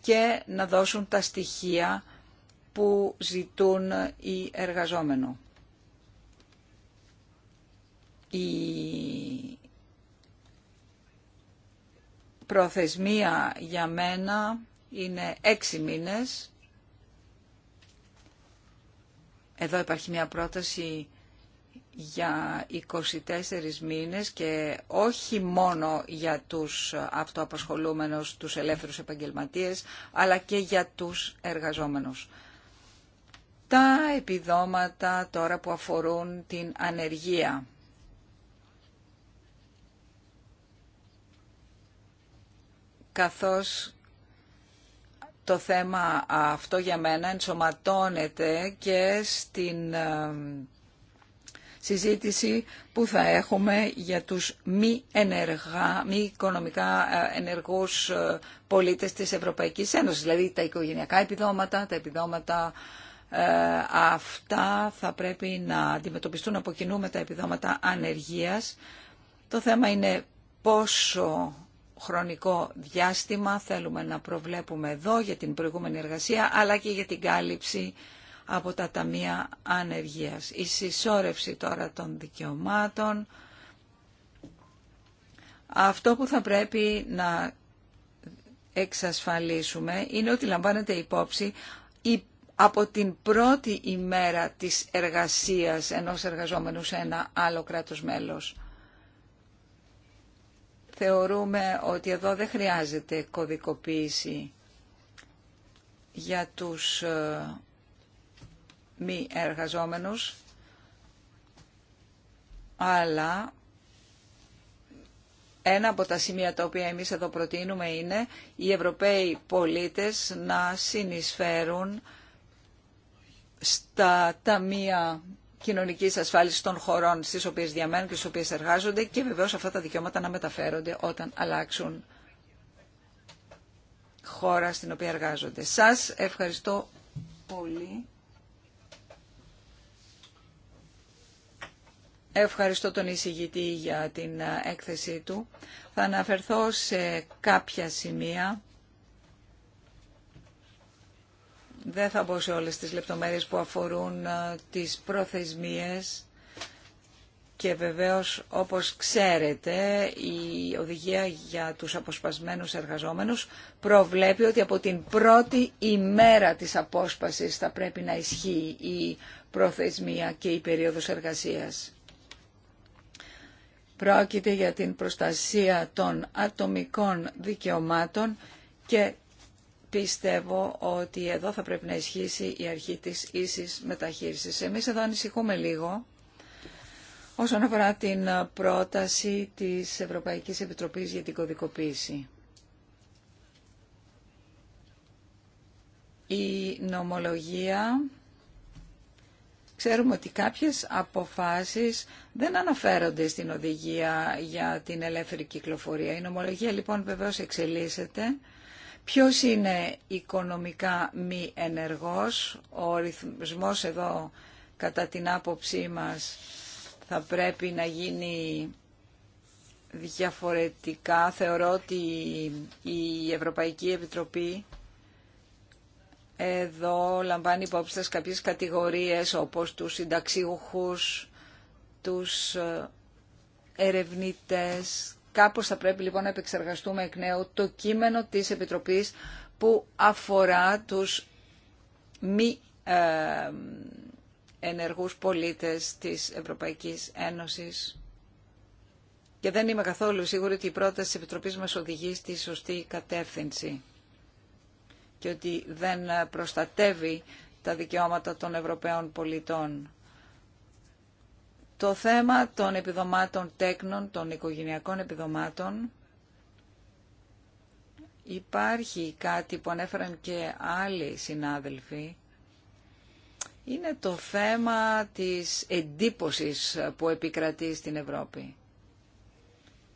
και να δώσουν τα στοιχεία που ζητούν οι εργαζόμενοι. Η προθεσμία για μένα είναι έξι μήνες. Εδώ υπάρχει μια πρόταση για 24 μήνες και όχι μόνο για τους αυτοαπασχολούμενους, τους ελεύθερους επαγγελματίες, αλλά και για τους εργαζόμενους. Τα επιδόματα τώρα που αφορούν την ανεργία. καθώς το θέμα αυτό για μένα ενσωματώνεται και στην ε, συζήτηση που θα έχουμε για τους μη, ενεργά, μη οικονομικά ε, ενεργούς ε, πολίτες της Ευρωπαϊκής Ένωσης, δηλαδή τα οικογενειακά επιδόματα, τα επιδόματα αυτά θα πρέπει να αντιμετωπιστούν από κοινού με τα επιδόματα ανεργίας. Το θέμα είναι πόσο χρονικό διάστημα θέλουμε να προβλέπουμε εδώ για την προηγούμενη εργασία αλλά και για την κάλυψη από τα ταμεία ανεργίας. Η συσσόρευση τώρα των δικαιωμάτων. Αυτό που θα πρέπει να εξασφαλίσουμε είναι ότι λαμβάνεται υπόψη από την πρώτη ημέρα της εργασίας ενός εργαζόμενου σε ένα άλλο κράτος μέλος. Θεωρούμε ότι εδώ δεν χρειάζεται κωδικοποίηση για τους ε, μη εργαζόμενους, αλλά ένα από τα σημεία τα οποία εμείς εδώ προτείνουμε είναι οι Ευρωπαίοι πολίτες να συνεισφέρουν στα ταμεία Κοινωνική ασφάλιση των χωρών στις οποίες διαμένουν και στις οποίες εργάζονται και βεβαίω αυτά τα δικαιώματα να μεταφέρονται όταν αλλάξουν χώρα στην οποία εργάζονται. Σας ευχαριστώ πολύ. Ευχαριστώ τον εισηγητή για την ε, έκθεσή του. Θα αναφερθώ σε κάποια σημεία Δεν θα μπω σε όλες τις λεπτομέρειες που αφορούν ε, τις προθεσμίες και βεβαίως όπως ξέρετε η οδηγία για τους αποσπασμένους εργαζόμενους προβλέπει ότι από την πρώτη ημέρα της απόσπασης θα πρέπει να ισχύει η προθεσμία και η περίοδος εργασίας. Πρόκειται για την προστασία των ατομικών δικαιωμάτων και πιστεύω ότι εδώ θα πρέπει να ισχύσει η αρχή της ίσης μεταχείρισης. Εμείς εδώ ανησυχούμε λίγο όσον αφορά την πρόταση της Ευρωπαϊκής Επιτροπής για την κωδικοποίηση. Η νομολογία Ξέρουμε ότι κάποιες αποφάσεις δεν αναφέρονται στην οδηγία για την ελεύθερη κυκλοφορία. Η νομολογία λοιπόν βεβαίως εξελίσσεται Ποιος είναι οικονομικά μη ενεργός, ο ρυθμός εδώ κατά την άποψή μας θα πρέπει να γίνει διαφορετικά. Θεωρώ ότι η Ευρωπαϊκή Επιτροπή εδώ λαμβάνει υπόψη σε κάποιες κατηγορίες όπως τους συνταξιούχους, τους ε, ερευνητές, Κάπω θα πρέπει λοιπόν να επεξεργαστούμε εκ νέου το κείμενο της Επιτροπής που αφορά τους μη ε, ενεργούς πολίτες της Ευρωπαϊκής Ένωσης. Και δεν είμαι καθόλου σίγουρη ότι η πρόταση της Επιτροπής μας οδηγεί στη σωστή κατεύθυνση και ότι δεν προστατεύει τα δικαιώματα των Ευρωπαίων πολιτών. Το θέμα των επιδομάτων τέκνων, των οικογενειακών επιδομάτων, υπάρχει κάτι που ανέφεραν και άλλοι συνάδελφοι, είναι το θέμα της εντύπωσης που επικρατεί στην Ευρώπη.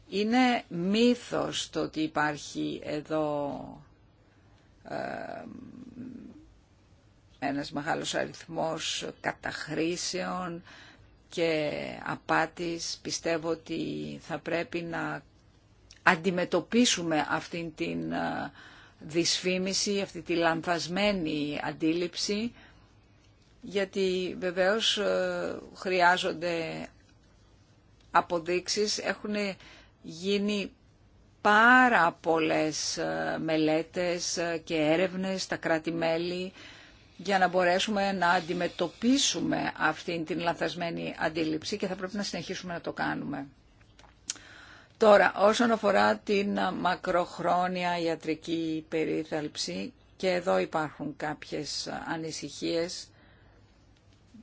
Είναι μύθος το ότι υπάρχει εδώ ε, ένας μεγάλος αριθμός καταχρήσεων, και απάτης. Πιστεύω ότι θα πρέπει να αντιμετωπίσουμε αυτήν την ε, δυσφήμιση, αυτή τη λανθασμένη αντίληψη, γιατί βεβαίως ε, χρειάζονται αποδείξεις, έχουν γίνει πάρα πολλές ε, μελέτες και έρευνες στα κράτη-μέλη για να μπορέσουμε να αντιμετωπίσουμε αυτήν την λανθασμένη αντίληψη και θα πρέπει να συνεχίσουμε να το κάνουμε. Τώρα, όσον αφορά την μακροχρόνια ιατρική περίθαλψη, και εδώ υπάρχουν κάποιες ανησυχίες,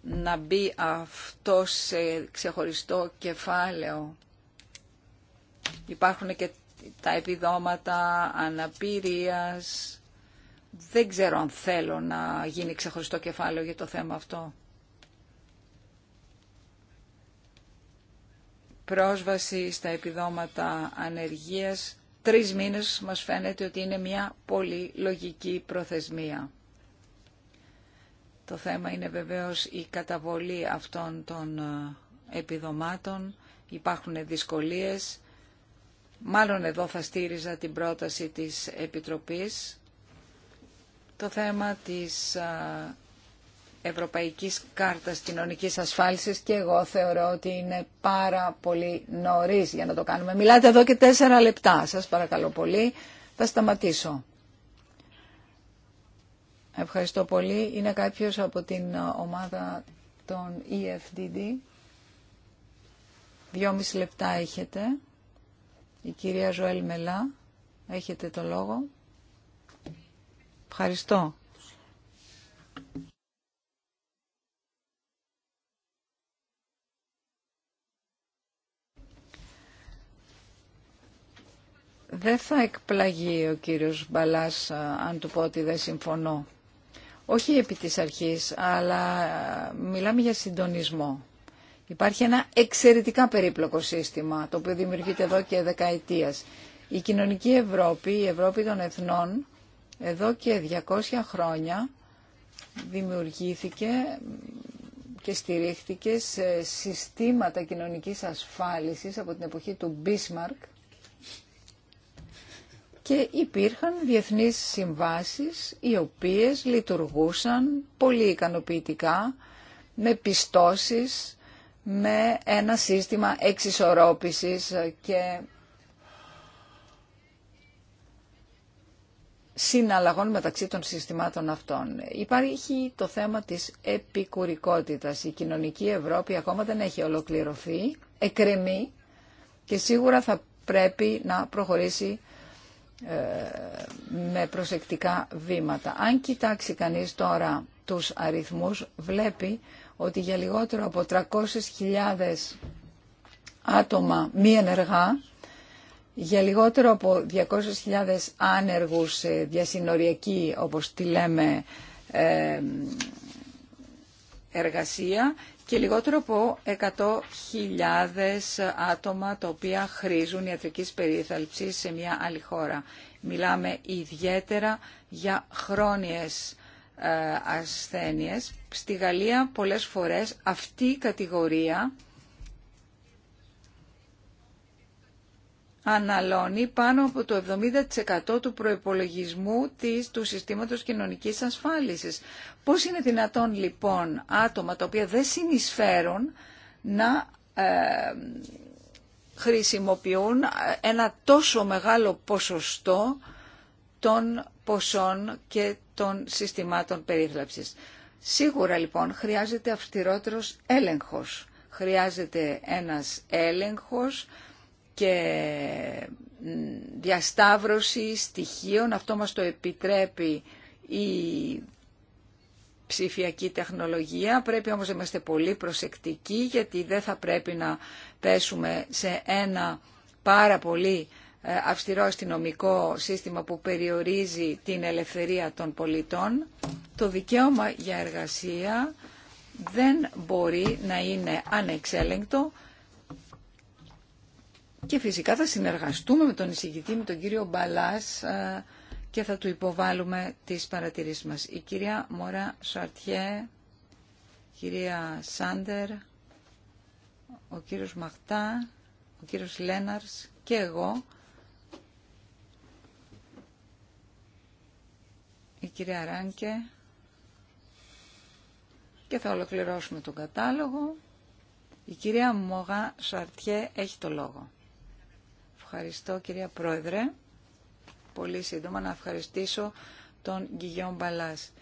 να μπει αυτό σε ξεχωριστό κεφάλαιο. Υπάρχουν και τα επιδόματα αναπηρίας, δεν ξέρω αν θέλω να γίνει ξεχωριστό κεφάλαιο για το θέμα αυτό. Πρόσβαση στα επιδόματα ανεργίας. Τρεις μήνες μας φαίνεται ότι είναι μια πολύ λογική προθεσμία. Το θέμα είναι βεβαίως η καταβολή αυτών των ε, επιδομάτων. Υπάρχουν δυσκολίες. Μάλλον εδώ θα στήριζα την πρόταση της Επιτροπής το θέμα της Ευρωπαϊκής Κάρτας Κοινωνικής Ασφάλισης και εγώ θεωρώ ότι είναι πάρα πολύ νωρίς για να το κάνουμε. Μιλάτε εδώ και τέσσερα λεπτά. Σας παρακαλώ πολύ. Θα σταματήσω. Ευχαριστώ πολύ. Είναι κάποιος από την ομάδα των EFDD. Δυόμιση λεπτά έχετε. Η κυρία Ζωέλ Μελά. Έχετε το λόγο. Ευχαριστώ. Δεν θα εκπλαγεί ο κύριος Μπαλάς αν του πω ότι δεν συμφωνώ. Όχι επί της αρχής, αλλά μιλάμε για συντονισμό. Υπάρχει ένα εξαιρετικά περίπλοκο σύστημα, το οποίο δημιουργείται εδώ και δεκαετίας. Η κοινωνική Ευρώπη, η Ευρώπη των εθνών, εδώ και 200 χρόνια δημιουργήθηκε και στηρίχθηκε σε συστήματα κοινωνικής ασφάλισης από την εποχή του Μπίσμαρκ και υπήρχαν διεθνείς συμβάσεις οι οποίες λειτουργούσαν πολύ ικανοποιητικά με πιστώσεις, με ένα σύστημα εξισορρόπησης και συναλλαγών μεταξύ των συστημάτων αυτών. Υπάρχει το θέμα της επικουρικότητας. Η κοινωνική Ευρώπη ακόμα δεν έχει ολοκληρωθεί, εκρεμεί και σίγουρα θα πρέπει να προχωρήσει ε, με προσεκτικά βήματα. Αν κοιτάξει κανείς τώρα τους αριθμούς, βλέπει ότι για λιγότερο από 300.000 άτομα μη ενεργά για λιγότερο από 200.000 άνεργους διασυνοριακοί, όπως τη λέμε, εργασία και λιγότερο από 100.000 άτομα τα οποία χρήζουν ιατρικής περίθαλψης σε μια άλλη χώρα. Μιλάμε ιδιαίτερα για χρόνιες ε, ασθένειες. Στη Γαλλία πολλές φορές αυτή η κατηγορία αναλώνει πάνω από το 70% του προϋπολογισμού της, του συστήματος κοινωνικής ασφάλισης. Πώς είναι δυνατόν λοιπόν άτομα τα οποία δεν συνεισφέρουν να ε, χρησιμοποιούν ε, ένα τόσο μεγάλο ποσοστό των ποσών και των συστημάτων περίθλαψης. Σίγουρα λοιπόν χρειάζεται αυστηρότερος έλεγχος. Χρειάζεται ένας έλεγχος και διασταύρωση στοιχείων. Αυτό μας το επιτρέπει η ψηφιακή τεχνολογία. Πρέπει όμως να είμαστε πολύ προσεκτικοί γιατί δεν θα πρέπει να πέσουμε σε ένα πάρα πολύ ε, αυστηρό αστυνομικό σύστημα που περιορίζει την ελευθερία των πολιτών. Το δικαίωμα για εργασία δεν μπορεί να είναι ανεξέλεγκτο και φυσικά θα συνεργαστούμε με τον εισηγητή, με τον κύριο Μπαλάς ε, και θα του υποβάλουμε τις παρατηρήσεις μας. Η κυρία Μωρά Σαρτιέ, η κυρία Σάντερ, ο κύριος Μαχτά, ο κύριος Λέναρς και εγώ. Η κυρία Ράνκε. Και θα ολοκληρώσουμε τον κατάλογο. Η κυρία Μογά Σαρτιέ έχει το λόγο. Ευχαριστώ κυρία Πρόεδρε. Πολύ σύντομα να ευχαριστήσω τον Γκυγιόν Μπαλάς.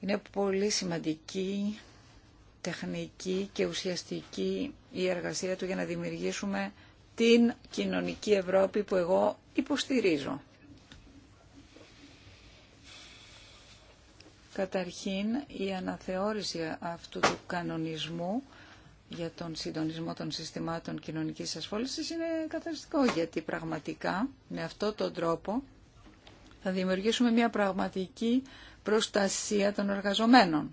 Είναι πολύ σημαντική, τεχνική και ουσιαστική η εργασία του για να δημιουργήσουμε την κοινωνική Ευρώπη που εγώ υποστηρίζω. Καταρχήν, η αναθεώρηση αυτού του κανονισμού για τον συντονισμό των συστημάτων κοινωνικής ασφάλισης είναι καθαριστικό γιατί πραγματικά με αυτόν τον τρόπο θα δημιουργήσουμε μια πραγματική προστασία των εργαζομένων.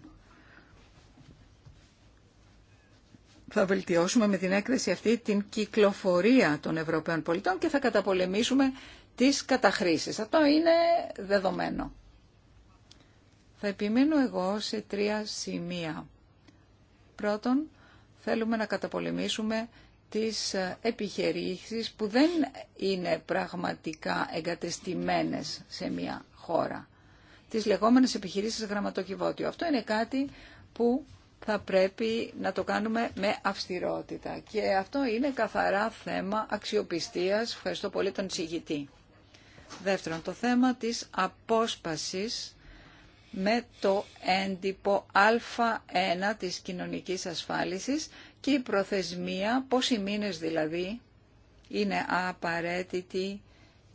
Θα βελτιώσουμε με την έκθεση αυτή την κυκλοφορία των Ευρωπαίων πολιτών και θα καταπολεμήσουμε τις καταχρήσεις. Αυτό είναι δεδομένο. Θα επιμείνω εγώ σε τρία σημεία. Πρώτον, Θέλουμε να καταπολεμήσουμε τις επιχειρήσεις που δεν είναι πραγματικά εγκατεστημένες σε μια χώρα. Τις λεγόμενες επιχειρήσεις γραμματοκιβώτιο. Αυτό είναι κάτι που θα πρέπει να το κάνουμε με αυστηρότητα. Και αυτό είναι καθαρά θέμα αξιοπιστίας. Ευχαριστώ πολύ τον συγητή. Δεύτερον, το θέμα της απόσπασης με το έντυπο Α1 της κοινωνικής ασφάλισης και η προθεσμία, πόσοι μήνες δηλαδή, είναι απαραίτητη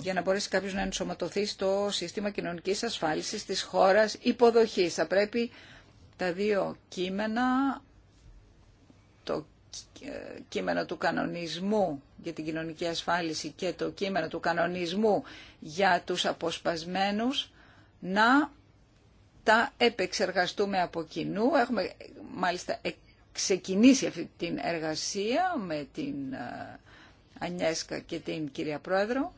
για να μπορέσει κάποιος να ενσωματωθεί στο σύστημα κοινωνικής ασφάλισης της χώρας υποδοχής. Θα πρέπει τα δύο κείμενα, το κείμενο του κανονισμού για την κοινωνική ασφάλιση και το κείμενο του κανονισμού για τους αποσπασμένους, να τα επεξεργαστούμε από κοινού. Έχουμε μάλιστα ξεκινήσει αυτή την εργασία με την ε, Ανιέσκα και την κυρία Πρόεδρο.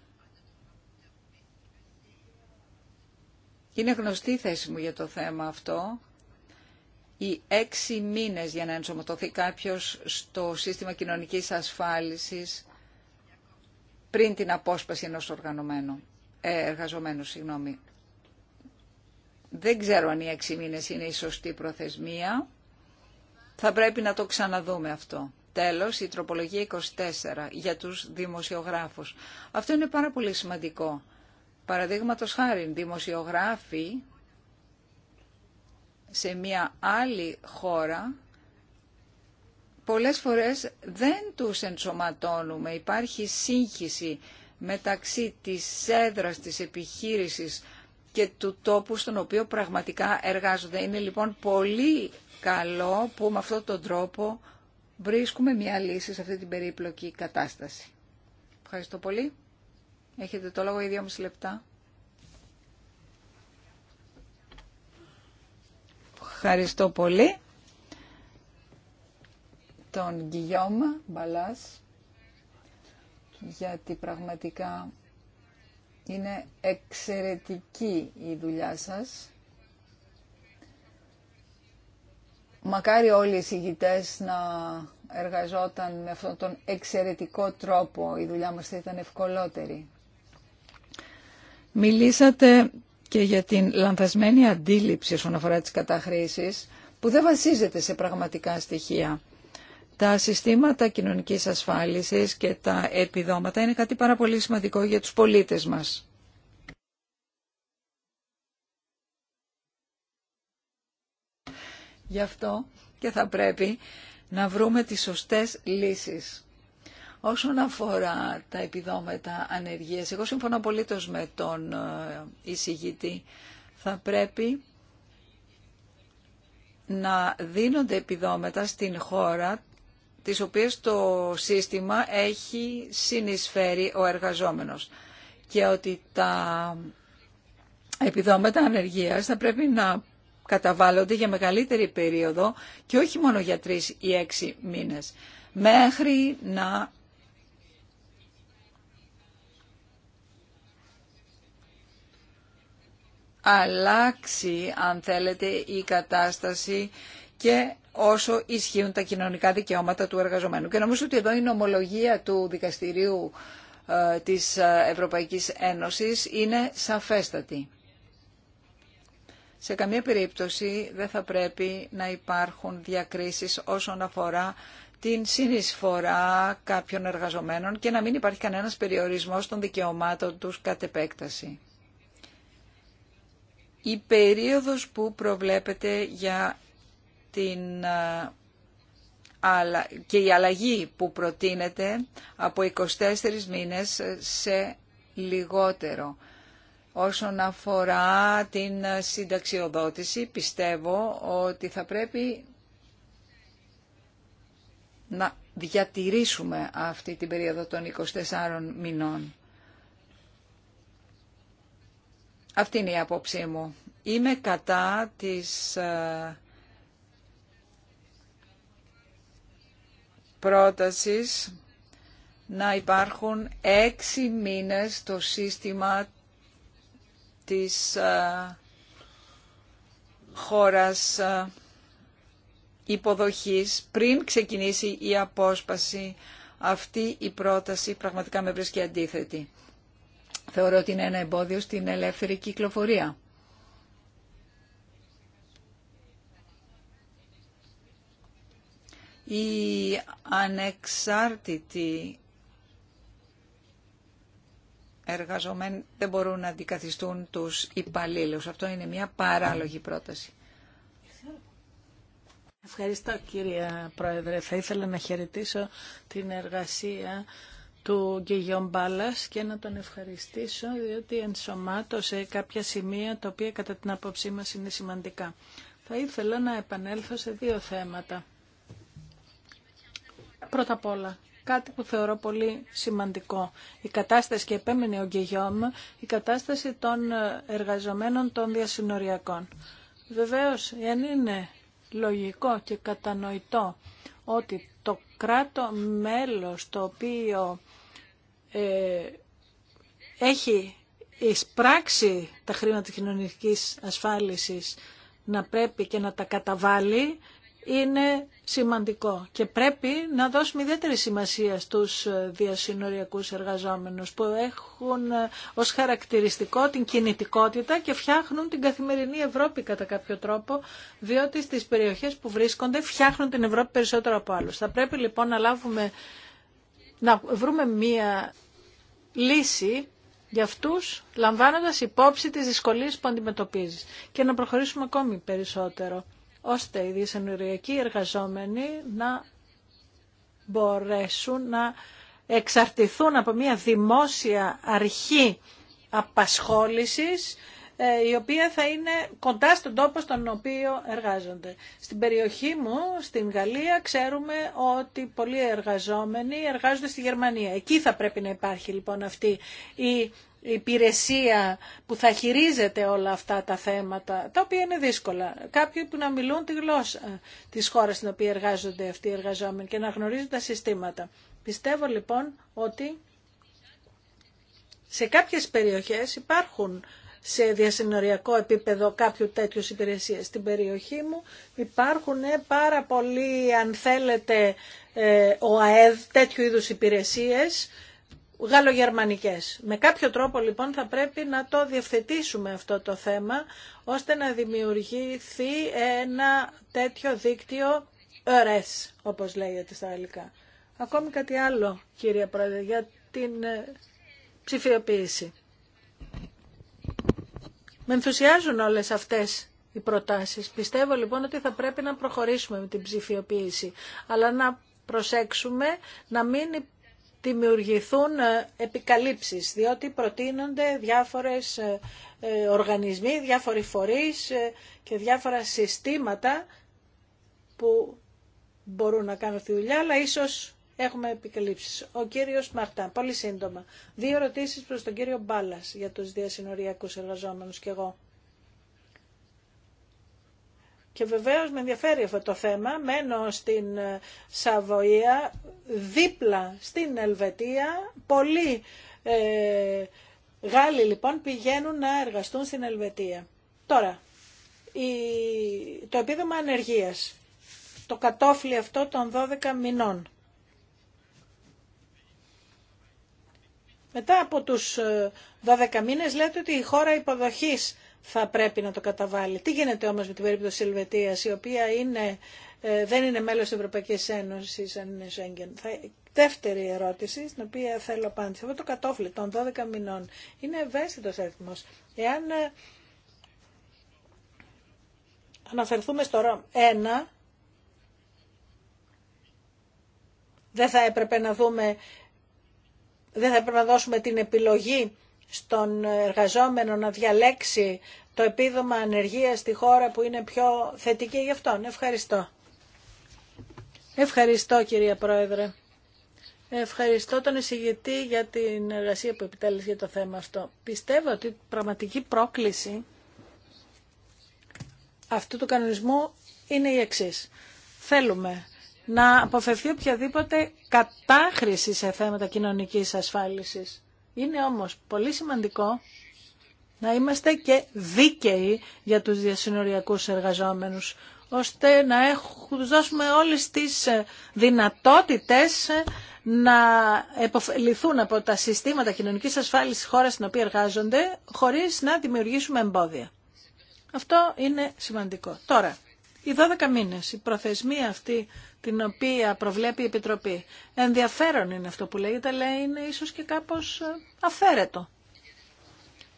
Είναι γνωστή η θέση μου για το θέμα αυτό. Οι έξι μήνες για να ενσωματωθεί κάποιος στο σύστημα κοινωνικής ασφάλισης πριν την απόσπαση ενός ε, εργαζομένου. Συγγνώμη. Δεν ξέρω αν οι έξι μήνες είναι η σωστή προθεσμία. Θα πρέπει να το ξαναδούμε αυτό. Τέλος, η τροπολογία 24 για τους δημοσιογράφους. Αυτό είναι πάρα πολύ σημαντικό. Παραδείγματο χάρη, δημοσιογράφοι σε μια άλλη χώρα πολλές φορές δεν τους ενσωματώνουμε. Υπάρχει σύγχυση μεταξύ της έδρας της επιχείρησης και του τόπου στον οποίο πραγματικά εργάζονται. Είναι λοιπόν πολύ καλό που με αυτόν τον τρόπο βρίσκουμε μια λύση σε αυτή την περίπλοκη κατάσταση. Ευχαριστώ πολύ. Έχετε το λόγο για δύο μισή λεπτά. Ευχαριστώ πολύ. Τον Γκυγιώμα Μπαλάς, γιατί πραγματικά είναι εξαιρετική η δουλειά σας. Μακάρι όλοι οι συγγητές να εργαζόταν με αυτόν τον εξαιρετικό τρόπο. Η δουλειά μας θα ήταν ευκολότερη. Μιλήσατε και για την λανθασμένη αντίληψη όσον αφορά τις καταχρήσεις που δεν βασίζεται σε πραγματικά στοιχεία. Τα συστήματα κοινωνικής ασφάλισης και τα επιδόματα είναι κάτι πάρα πολύ σημαντικό για τους πολίτες μας. Γι' αυτό και θα πρέπει να βρούμε τις σωστές λύσεις. Όσον αφορά τα επιδόματα ανεργίας, εγώ συμφωνώ πολύ με τον ε, εισηγητή. Θα πρέπει να δίνονται επιδόματα στην χώρα τις οποίες το σύστημα έχει συνεισφέρει ο εργαζόμενος και ότι τα επιδόματα ανεργίας θα πρέπει να καταβάλλονται για μεγαλύτερη περίοδο και όχι μόνο για τρεις ή έξι μήνες, μέχρι να αλλάξει, αν θέλετε, η κατάσταση και όσο ισχύουν τα κοινωνικά δικαιώματα του εργαζομένου. Και νομίζω ότι εδώ η νομολογία του Δικαστηρίου ε, της ε, Ευρωπαϊκής Ένωσης είναι σαφέστατη. Σε καμία περίπτωση δεν θα πρέπει να υπάρχουν διακρίσεις όσον αφορά την συνεισφορά κάποιων εργαζομένων και να μην υπάρχει κανένας περιορισμός των δικαιωμάτων τους κατ' επέκταση. Η περίοδος που προβλέπεται για την και η αλλαγή που προτείνεται από 24 μήνες σε λιγότερο. Όσον αφορά την συνταξιοδότηση, πιστεύω ότι θα πρέπει να διατηρήσουμε αυτή την περίοδο των 24 μηνών. Αυτή είναι η απόψή μου. Είμαι κατά της πρότασης να υπάρχουν έξι μήνες το σύστημα της χώρας υποδοχής πριν ξεκινήσει η απόσπαση. Αυτή η πρόταση πραγματικά με βρίσκει αντίθετη. Θεωρώ ότι είναι ένα εμπόδιο στην ελεύθερη κυκλοφορία. η ανεξάρτητη εργαζομένοι δεν μπορούν να αντικαθιστούν τους υπαλλήλους. Αυτό είναι μια παράλογη πρόταση. Ευχαριστώ κύριε Πρόεδρε. Θα ήθελα να χαιρετήσω την εργασία του Γκυγιον Μπάλλας και να τον ευχαριστήσω διότι ενσωμάτωσε κάποια σημεία τα οποία κατά την άποψή μας είναι σημαντικά. Θα ήθελα να επανέλθω σε δύο θέματα. Πρώτα απ' όλα, κάτι που θεωρώ πολύ σημαντικό. Η κατάσταση, και επέμενε ο Γκεγιόμ, η κατάσταση των εργαζομένων των διασυνοριακών. Βεβαίως, εάν είναι λογικό και κατανοητό ότι το κράτο μέλος το οποίο ε, έχει εισπράξει τα χρήματα της κοινωνικής ασφάλισης να πρέπει και να τα καταβάλει, είναι σημαντικό και πρέπει να δώσουμε ιδιαίτερη σημασία στους διασυνοριακούς εργαζόμενους που έχουν ε, ως χαρακτηριστικό την κινητικότητα και φτιάχνουν την καθημερινή Ευρώπη κατά κάποιο τρόπο διότι στις περιοχές που βρίσκονται φτιάχνουν την Ευρώπη περισσότερο από άλλους. Θα πρέπει λοιπόν να, λάβουμε, να βρούμε μία λύση για αυτούς λαμβάνοντας υπόψη τις δυσκολίες που αντιμετωπίζεις και να προχωρήσουμε ακόμη περισσότερο ώστε οι δυσενεργειακοί εργαζόμενοι να μπορέσουν να εξαρτηθούν από μια δημόσια αρχή απασχόλησης ε, η οποία θα είναι κοντά στον τόπο στον οποίο εργάζονται. Στην περιοχή μου, στην Γαλλία, ξέρουμε ότι πολλοί εργαζόμενοι εργάζονται στη Γερμανία. Εκεί θα πρέπει να υπάρχει λοιπόν αυτή η υπηρεσία που θα χειρίζεται όλα αυτά τα θέματα, τα οποία είναι δύσκολα. Κάποιοι που να μιλούν τη γλώσσα της χώρας στην οποία εργάζονται αυτοί οι εργαζόμενοι και να γνωρίζουν τα συστήματα. Πιστεύω λοιπόν ότι σε κάποιες περιοχές υπάρχουν σε διασυνοριακό επίπεδο κάποιου τέτοιου υπηρεσίες. Στην περιοχή μου υπάρχουν ε, πάρα πολλοί, αν θέλετε, ε, ο ΑΕΔ, τέτοιου είδους υπηρεσίες, γαλλογερμανικές. Με κάποιο τρόπο λοιπόν θα πρέπει να το διευθετήσουμε αυτό το θέμα ώστε να δημιουργηθεί ένα τέτοιο δίκτυο ΕΡΕΣ όπως λέγεται στα αλληλικά. Ακόμη κάτι άλλο κύριε Πρόεδρε για την ε, ψηφιοποίηση. Με ενθουσιάζουν όλες αυτές οι προτάσεις. Πιστεύω λοιπόν ότι θα πρέπει να προχωρήσουμε με την ψηφιοποίηση αλλά να προσέξουμε να μην δημιουργηθούν ε, επικαλύψεις, διότι προτείνονται διάφορες ε, ε, οργανισμοί, διάφοροι φορείς και διάφορα συστήματα που μπορούν να κάνουν τη δουλειά, αλλά ίσως έχουμε επικαλύψεις. Ο κύριος Μαρτά, πολύ σύντομα. Δύο ερωτήσεις προς τον κύριο Μπάλας για τους διασυνοριακούς εργαζόμενους και εγώ. Και βεβαίως με ενδιαφέρει αυτό το θέμα. Μένω στην ε, Σαββοία, δίπλα στην Ελβετία. Πολλοί ε, Γάλλοι λοιπόν πηγαίνουν να εργαστούν στην Ελβετία. Τώρα, το επίδομα ανεργίας, το κατόφλι αυτό των 12 μηνών. Μετά από τους 12 ε, μήνες λέτε ότι η χώρα υποδοχής θα πρέπει να το καταβάλει. Τι γίνεται όμως με την περίπτωση της Ελβετίας, η οποία είναι, ε, δεν είναι μέλος της Ευρωπαϊκής Ένωσης, αν είναι Σέγγεν. Δεύτερη ερώτηση, στην οποία θέλω απάντηση. Αυτό το κατόφλι των 12 μηνών είναι ευαίσθητος αριθμός. Εάν ε, αναφερθούμε στο ΡΟΜ 1, δεν θα έπρεπε να δούμε, δεν θα έπρεπε να δώσουμε την επιλογή στον εργαζόμενο να διαλέξει το επίδομα ανεργίας στη χώρα που είναι πιο θετική για αυτόν. Ευχαριστώ. Ευχαριστώ κυρία Πρόεδρε. Ευχαριστώ τον εισηγητή για την εργασία που επιτέλεσε για το θέμα αυτό. Πιστεύω ότι η πραγματική πρόκληση αυτού του κανονισμού είναι η εξή. Θέλουμε να αποφευθεί οποιαδήποτε κατάχρηση σε θέματα κοινωνικής ασφάλισης. Είναι όμως πολύ σημαντικό να είμαστε και δίκαιοι για τους διασυνοριακούς εργαζόμενους, ώστε να έχουν, δώσουμε όλες τις ε, δυνατότητες ε, να επωφεληθούν από τα συστήματα κοινωνικής ασφάλισης χώρας στην οποία εργάζονται, χωρίς να δημιουργήσουμε εμπόδια. Αυτό είναι σημαντικό. Τώρα, οι 12 μήνες, η προθεσμία αυτή την οποία προβλέπει η Επιτροπή. Ενδιαφέρον είναι αυτό που λέγεται, αλλά είναι ίσως και κάπως ε, αφαίρετο.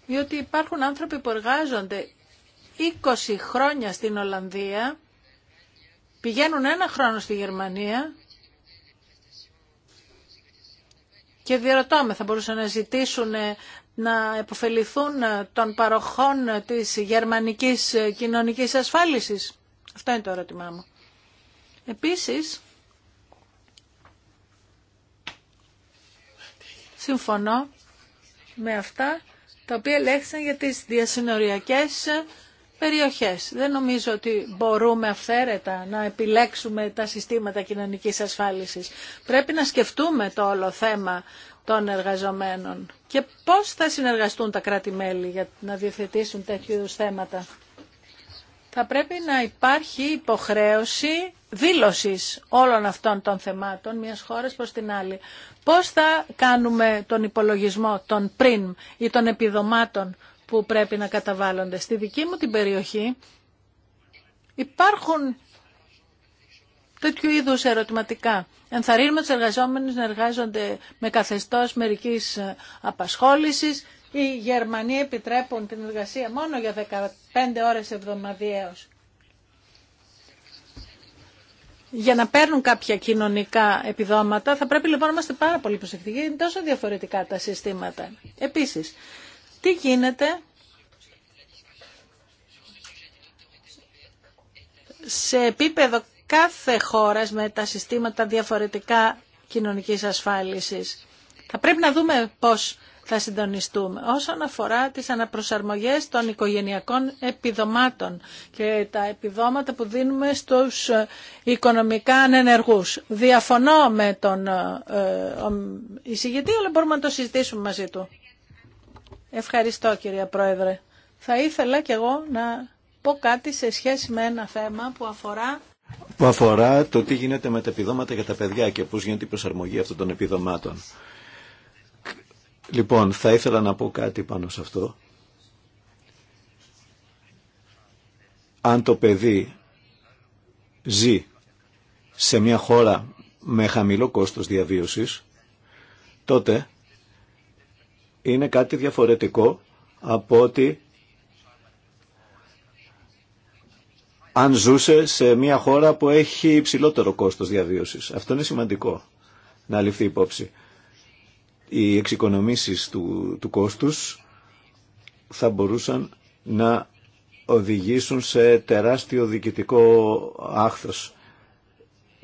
Διότι υπάρχουν άνθρωποι που εργάζονται 20 χρόνια στην Ολλανδία, πηγαίνουν ένα χρόνο στη Γερμανία και με θα μπορούσαν να ζητήσουν ε, να επωφεληθούν ε, των παροχών της γερμανικής κοινωνικής ασφάλισης. Αυτό είναι το ερώτημά μου. Επίσης, συμφωνώ με αυτά τα οποία ελέγχθησαν για τις διασυνοριακές περιοχές. Δεν νομίζω ότι μπορούμε αυθαίρετα να επιλέξουμε τα συστήματα κοινωνικής ασφάλισης. Πρέπει να σκεφτούμε το όλο θέμα των εργαζομένων και πώς θα συνεργαστούν τα κράτη-μέλη για να διευθετήσουν τέτοιου είδους θέματα. Θα πρέπει να υπάρχει υποχρέωση δήλωσης όλων αυτών των θεμάτων μιας χώρας προς την άλλη. Πώς θα κάνουμε τον υπολογισμό των πριν ή των επιδομάτων που πρέπει να καταβάλλονται. Στη δική μου την περιοχή υπάρχουν τέτοιου είδου ερωτηματικά. Ενθαρρύνουμε τους εργαζόμενους να εργάζονται με καθεστώς μερικής απασχόλησης Οι Γερμανοί επιτρέπουν την εργασία μόνο για 15 ώρε εβδομαδιαίως για να παίρνουν κάποια κοινωνικά επιδόματα. Θα πρέπει λοιπόν να είμαστε πάρα πολύ προσεκτικοί, είναι τόσο διαφορετικά τα συστήματα. Επίσης, τι γίνεται σε επίπεδο κάθε χώρας με τα συστήματα διαφορετικά κοινωνικής ασφάλισης. Θα πρέπει να δούμε πώς θα συντονιστούμε. Όσον αφορά τις αναπροσαρμογές των οικογενειακών επιδομάτων και τα επιδόματα που δίνουμε στους ε, οικονομικά ανενεργούς. Διαφωνώ με τον ε, ε, εισηγητή, αλλά μπορούμε να το συζητήσουμε μαζί του. Ευχαριστώ κυρία Πρόεδρε. Θα ήθελα κι εγώ να πω κάτι σε σχέση με ένα θέμα που αφορά που αφορά το τι γίνεται με τα επιδόματα για τα παιδιά και πώς γίνεται η προσαρμογή αυτών των επιδομάτων. Λοιπόν, θα ήθελα να πω κάτι πάνω σε αυτό. Αν το παιδί ζει σε μια χώρα με χαμηλό κόστος διαβίωσης, τότε είναι κάτι διαφορετικό από ότι αν ζούσε σε μια χώρα που έχει υψηλότερο κόστος διαβίωσης. Αυτό είναι σημαντικό να ληφθεί υπόψη οι εξοικονομήσεις του, του κόστους θα μπορούσαν να οδηγήσουν σε τεράστιο διοικητικό άχθος.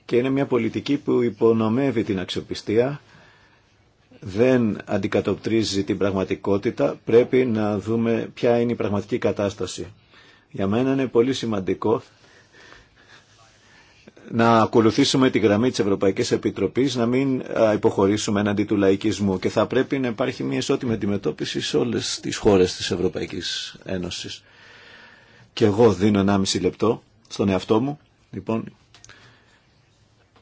Και είναι μια πολιτική που υπονομεύει την αξιοπιστία, δεν αντικατοπτρίζει την πραγματικότητα, πρέπει να δούμε ποια είναι η πραγματική κατάσταση. Για μένα είναι πολύ σημαντικό να ακολουθήσουμε τη γραμμή της Ευρωπαϊκής Επιτροπής, να μην υποχωρήσουμε έναντι του λαϊκισμού και θα πρέπει να υπάρχει μια ισότιμη αντιμετώπιση σε όλες τις χώρες της Ευρωπαϊκής Ένωσης. Και εγώ δίνω 1,5 λεπτό στον εαυτό μου, λοιπόν,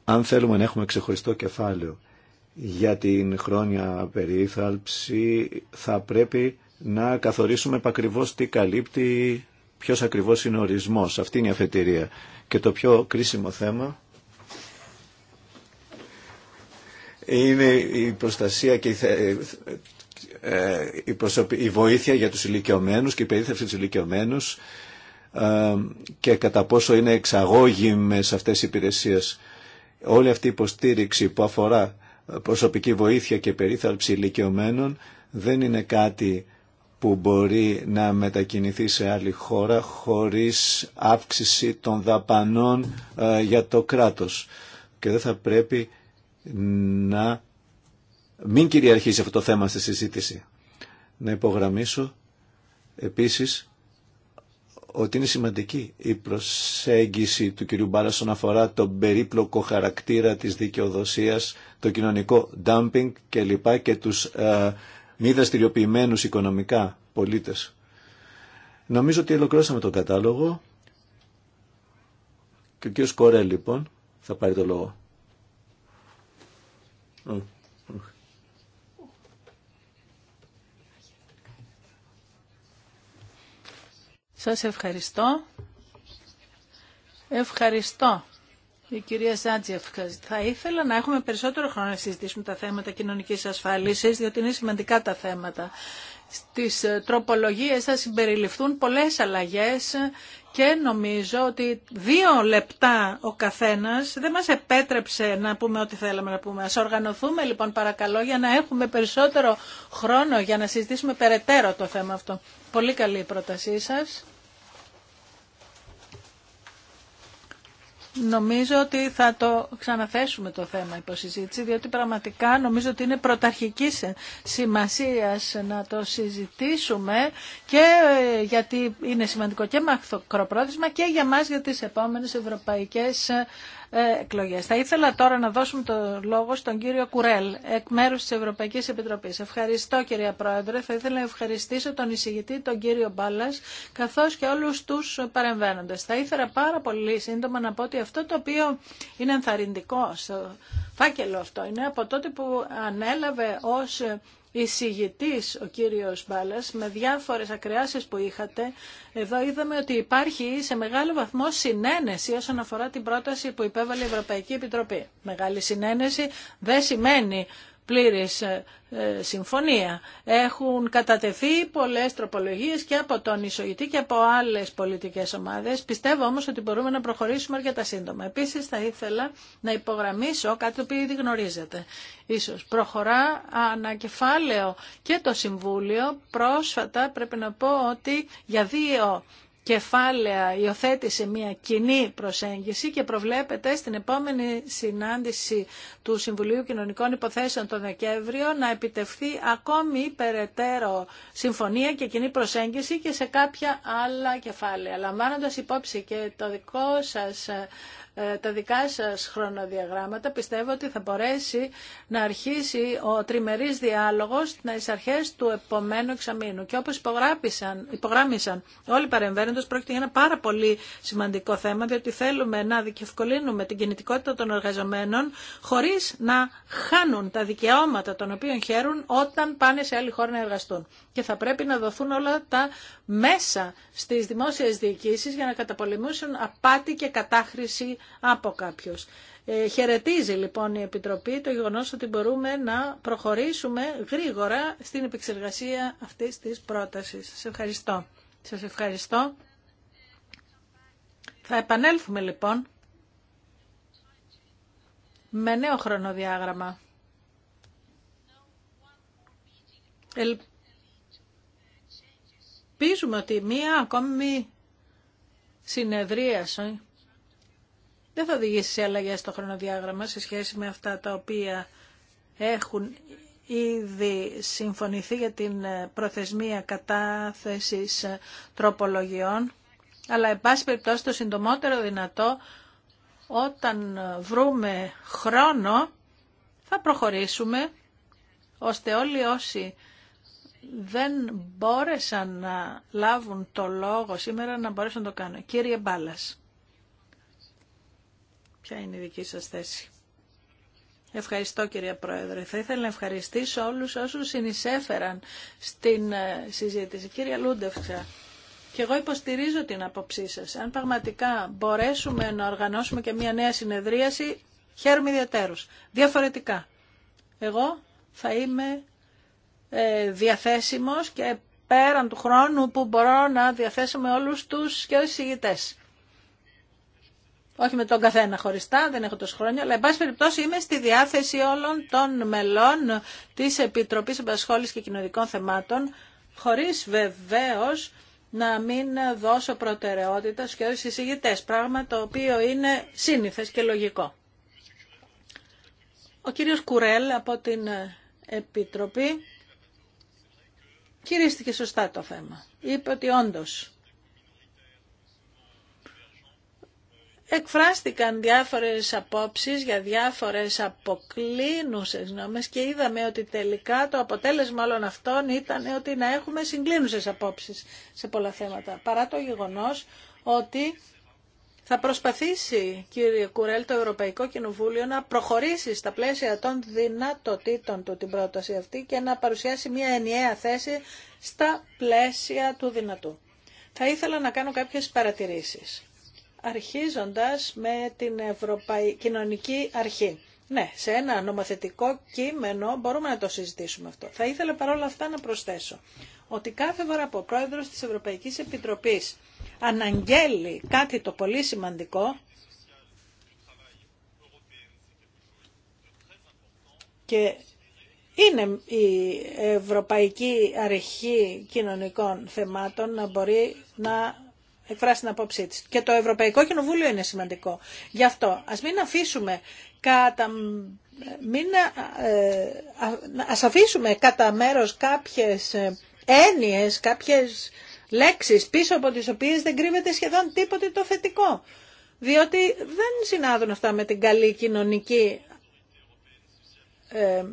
αν θέλουμε να έχουμε ξεχωριστό κεφάλαιο για την χρόνια περίθαλψη, θα πρέπει να καθορίσουμε επακριβώς τι καλύπτει, ποιος ακριβώς είναι ο ορισμός. Αυτή είναι η αφετηρία. Και το πιο κρίσιμο θέμα είναι η προστασία και η, ε, ε, η βοήθεια για τους ηλικιωμένους και η περίθευση τους ηλικιωμένους ε, και κατά πόσο είναι εξαγώγημες αυτές οι υπηρεσίες. Όλη αυτή η υποστήριξη που αφορά προσωπική βοήθεια και περίθαλψη ηλικιωμένων δεν είναι κάτι που μπορεί να μετακινηθεί σε άλλη χώρα χωρίς αύξηση των δαπανών ε, για το κράτος. Και δεν θα πρέπει να μην κυριαρχήσει αυτό το θέμα στη συζήτηση. Να υπογραμμίσω επίσης ότι είναι σημαντική η προσέγγιση του κυρίου Μπάρα αφορά τον περίπλοκο χαρακτήρα της δικαιοδοσίας, το κοινωνικό dumping κλπ. και τους ε, μη δραστηριοποιημένους οικονομικά πολίτες. Νομίζω ότι ολοκληρώσαμε τον κατάλογο και ο κ. Κορέ λοιπόν θα πάρει το λόγο. Σας ευχαριστώ. Ευχαριστώ η κυρία Σάντζεφ, θα ήθελα να έχουμε περισσότερο χρόνο να συζητήσουμε τα θέματα κοινωνικής ασφάλισης, διότι είναι σημαντικά τα θέματα. Στις ε, τροπολογίες θα συμπεριληφθούν πολλές αλλαγές και νομίζω ότι δύο λεπτά ο καθένας δεν μας επέτρεψε να πούμε ό,τι θέλαμε να πούμε. Ας οργανωθούμε λοιπόν παρακαλώ για να έχουμε περισσότερο χρόνο για να συζητήσουμε περαιτέρω το θέμα αυτό. Πολύ καλή η πρότασή σας. Νομίζω ότι θα το ξαναθέσουμε το θέμα υποσυζήτηση, διότι πραγματικά νομίζω ότι είναι πρωταρχική σημασία να το συζητήσουμε και ε, γιατί είναι σημαντικό και μακροπρόθεσμα και για μας για τις επόμενες ευρωπαϊκές ε, ε, εκλογές. Θα ήθελα τώρα να δώσουμε το λόγο στον κύριο Κουρέλ, εκ μέρους της Ευρωπαϊκής Επιτροπής. Ευχαριστώ κυρία Πρόεδρε. Θα ήθελα να ευχαριστήσω τον εισηγητή, τον κύριο Μπάλλας, καθώς και όλους τους παρεμβαίνοντες. Θα ήθελα πάρα πολύ σύντομα να πω ότι αυτό το οποίο είναι ενθαρρυντικό στο φάκελο αυτό είναι από τότε που ανέλαβε ως εισηγητής ο κύριος Μπάλας με διάφορες ακρεάσεις που είχατε. Εδώ είδαμε ότι υπάρχει σε μεγάλο βαθμό συνένεση όσον αφορά την πρόταση που υπέβαλε η Ευρωπαϊκή Επιτροπή. Μεγάλη συνένεση δεν σημαίνει πλήρης ε, ε, συμφωνία. Έχουν κατατεθεί πολλές τροπολογίες και από τον Ισογητή και από άλλες πολιτικές ομάδες. Πιστεύω όμως ότι μπορούμε να προχωρήσουμε αρκετά σύντομα. Επίσης θα ήθελα να υπογραμμίσω κάτι που οποίο ήδη γνωρίζετε. Ίσως προχωρά ανακεφάλαιο και το Συμβούλιο. Πρόσφατα πρέπει να πω ότι για δύο κεφάλαια υιοθέτησε μια κοινή προσέγγιση και προβλέπεται στην επόμενη συνάντηση του Συμβουλίου Κοινωνικών Υποθέσεων τον Δεκέμβριο να επιτευχθεί ακόμη περαιτέρω συμφωνία και κοινή προσέγγιση και σε κάποια άλλα κεφάλαια. Λαμβάνοντας υπόψη και το δικό σας ε, τα δικά σας χρονοδιαγράμματα, πιστεύω ότι θα μπορέσει να αρχίσει ο τριμερής διάλογος στις αρχές του επομένου εξαμήνου. Και όπως υπογράμμισαν όλοι οι παρεμβαίνοντες, πρόκειται για ένα πάρα πολύ σημαντικό θέμα, διότι θέλουμε να διευκολύνουμε την κινητικότητα των εργαζομένων χωρίς να χάνουν τα δικαιώματα των οποίων χαίρουν όταν πάνε σε άλλη χώρα να εργαστούν. Και θα πρέπει να δοθούν όλα τα μέσα στις δημόσιες διοικήσεις για να καταπολεμούσουν απάτη και κατάχρηση από κάποιους. Ε, χαιρετίζει λοιπόν η Επιτροπή το γεγονός ότι μπορούμε να προχωρήσουμε γρήγορα στην επεξεργασία αυτής της πρότασης. Σας ευχαριστώ. Σας ευχαριστώ. Θα επανέλθουμε λοιπόν με νέο χρονοδιάγραμμα. Ελπίζουμε ότι μία ακόμη συνεδρίαση δεν θα οδηγήσει σε αλλαγέ στο χρονοδιάγραμμα σε σχέση με αυτά τα οποία έχουν ήδη συμφωνηθεί για την ε, προθεσμία κατάθεσης ε, τροπολογιών, αλλά εν πάση περιπτώσει το συντομότερο δυνατό όταν ε, βρούμε χρόνο θα προχωρήσουμε ώστε όλοι όσοι δεν μπόρεσαν να λάβουν το λόγο σήμερα να μπορέσουν να το κάνουν. Κύριε Μπάλας. Ποια είναι η δική σας θέση. Ευχαριστώ κυρία Πρόεδρε. Θα ήθελα να ευχαριστήσω όλους όσους συνεισέφεραν στην ε, συζήτηση. Κύριε Λούντεφτσα, και εγώ υποστηρίζω την απόψή σας. Αν πραγματικά μπορέσουμε να οργανώσουμε και μια νέα συνεδρίαση, χαίρομαι ιδιαίτερους. Διαφορετικά. Εγώ θα είμαι ε, διαθέσιμος και πέραν του χρόνου που μπορώ να με όλους τους και τους όχι με τον καθένα χωριστά, δεν έχω τόσο χρόνια, αλλά εν πάση περιπτώσει είμαι στη διάθεση όλων των μελών της Επιτροπής Επασχόλησης και Κοινωνικών Θεμάτων, χωρίς βεβαίως να μην δώσω προτεραιότητα στους κοινωνικούς εισηγητές, πράγμα το οποίο είναι σύνηθες και λογικό. Ο κύριος Κουρέλ από την Επιτροπή κυρίστηκε σωστά το θέμα. Είπε ότι όντως εκφράστηκαν διάφορες απόψεις για διάφορες αποκλίνουσες νόμες και είδαμε ότι τελικά το αποτέλεσμα όλων αυτών ήταν ότι να έχουμε συγκλίνουσες απόψεις σε πολλά θέματα. Παρά το γεγονός ότι θα προσπαθήσει, κύριε Κουρέλ, το Ευρωπαϊκό Κοινοβούλιο να προχωρήσει στα πλαίσια των δυνατοτήτων του την πρόταση αυτή και να παρουσιάσει μια ενιαία θέση στα πλαίσια του δυνατού. Θα ήθελα να κάνω κάποιες παρατηρήσεις αρχίζοντας με την Ευρωπαϊκή Κοινωνική Αρχή. Ναι, σε ένα νομοθετικό κείμενο μπορούμε να το συζητήσουμε αυτό. Θα ήθελα παρόλα αυτά να προσθέσω ότι κάθε φορά που ο πρόεδρος της Ευρωπαϊκής Επιτροπής αναγγέλει κάτι το πολύ σημαντικό και είναι η Ευρωπαϊκή Αρχή Κοινωνικών Θεμάτων να μπορεί να εκφράσει την απόψή τη. Και το Ευρωπαϊκό Κοινοβούλιο είναι σημαντικό. Γι' αυτό ας μην αφήσουμε κατά... Μην, ε, ε, ας αφήσουμε κατά μέρος κάποιες ε, έννοιες, κάποιες λέξεις πίσω από τις οποίες δεν κρύβεται σχεδόν τίποτε το θετικό. Διότι δεν συνάδουν αυτά με την καλή κοινωνική ε,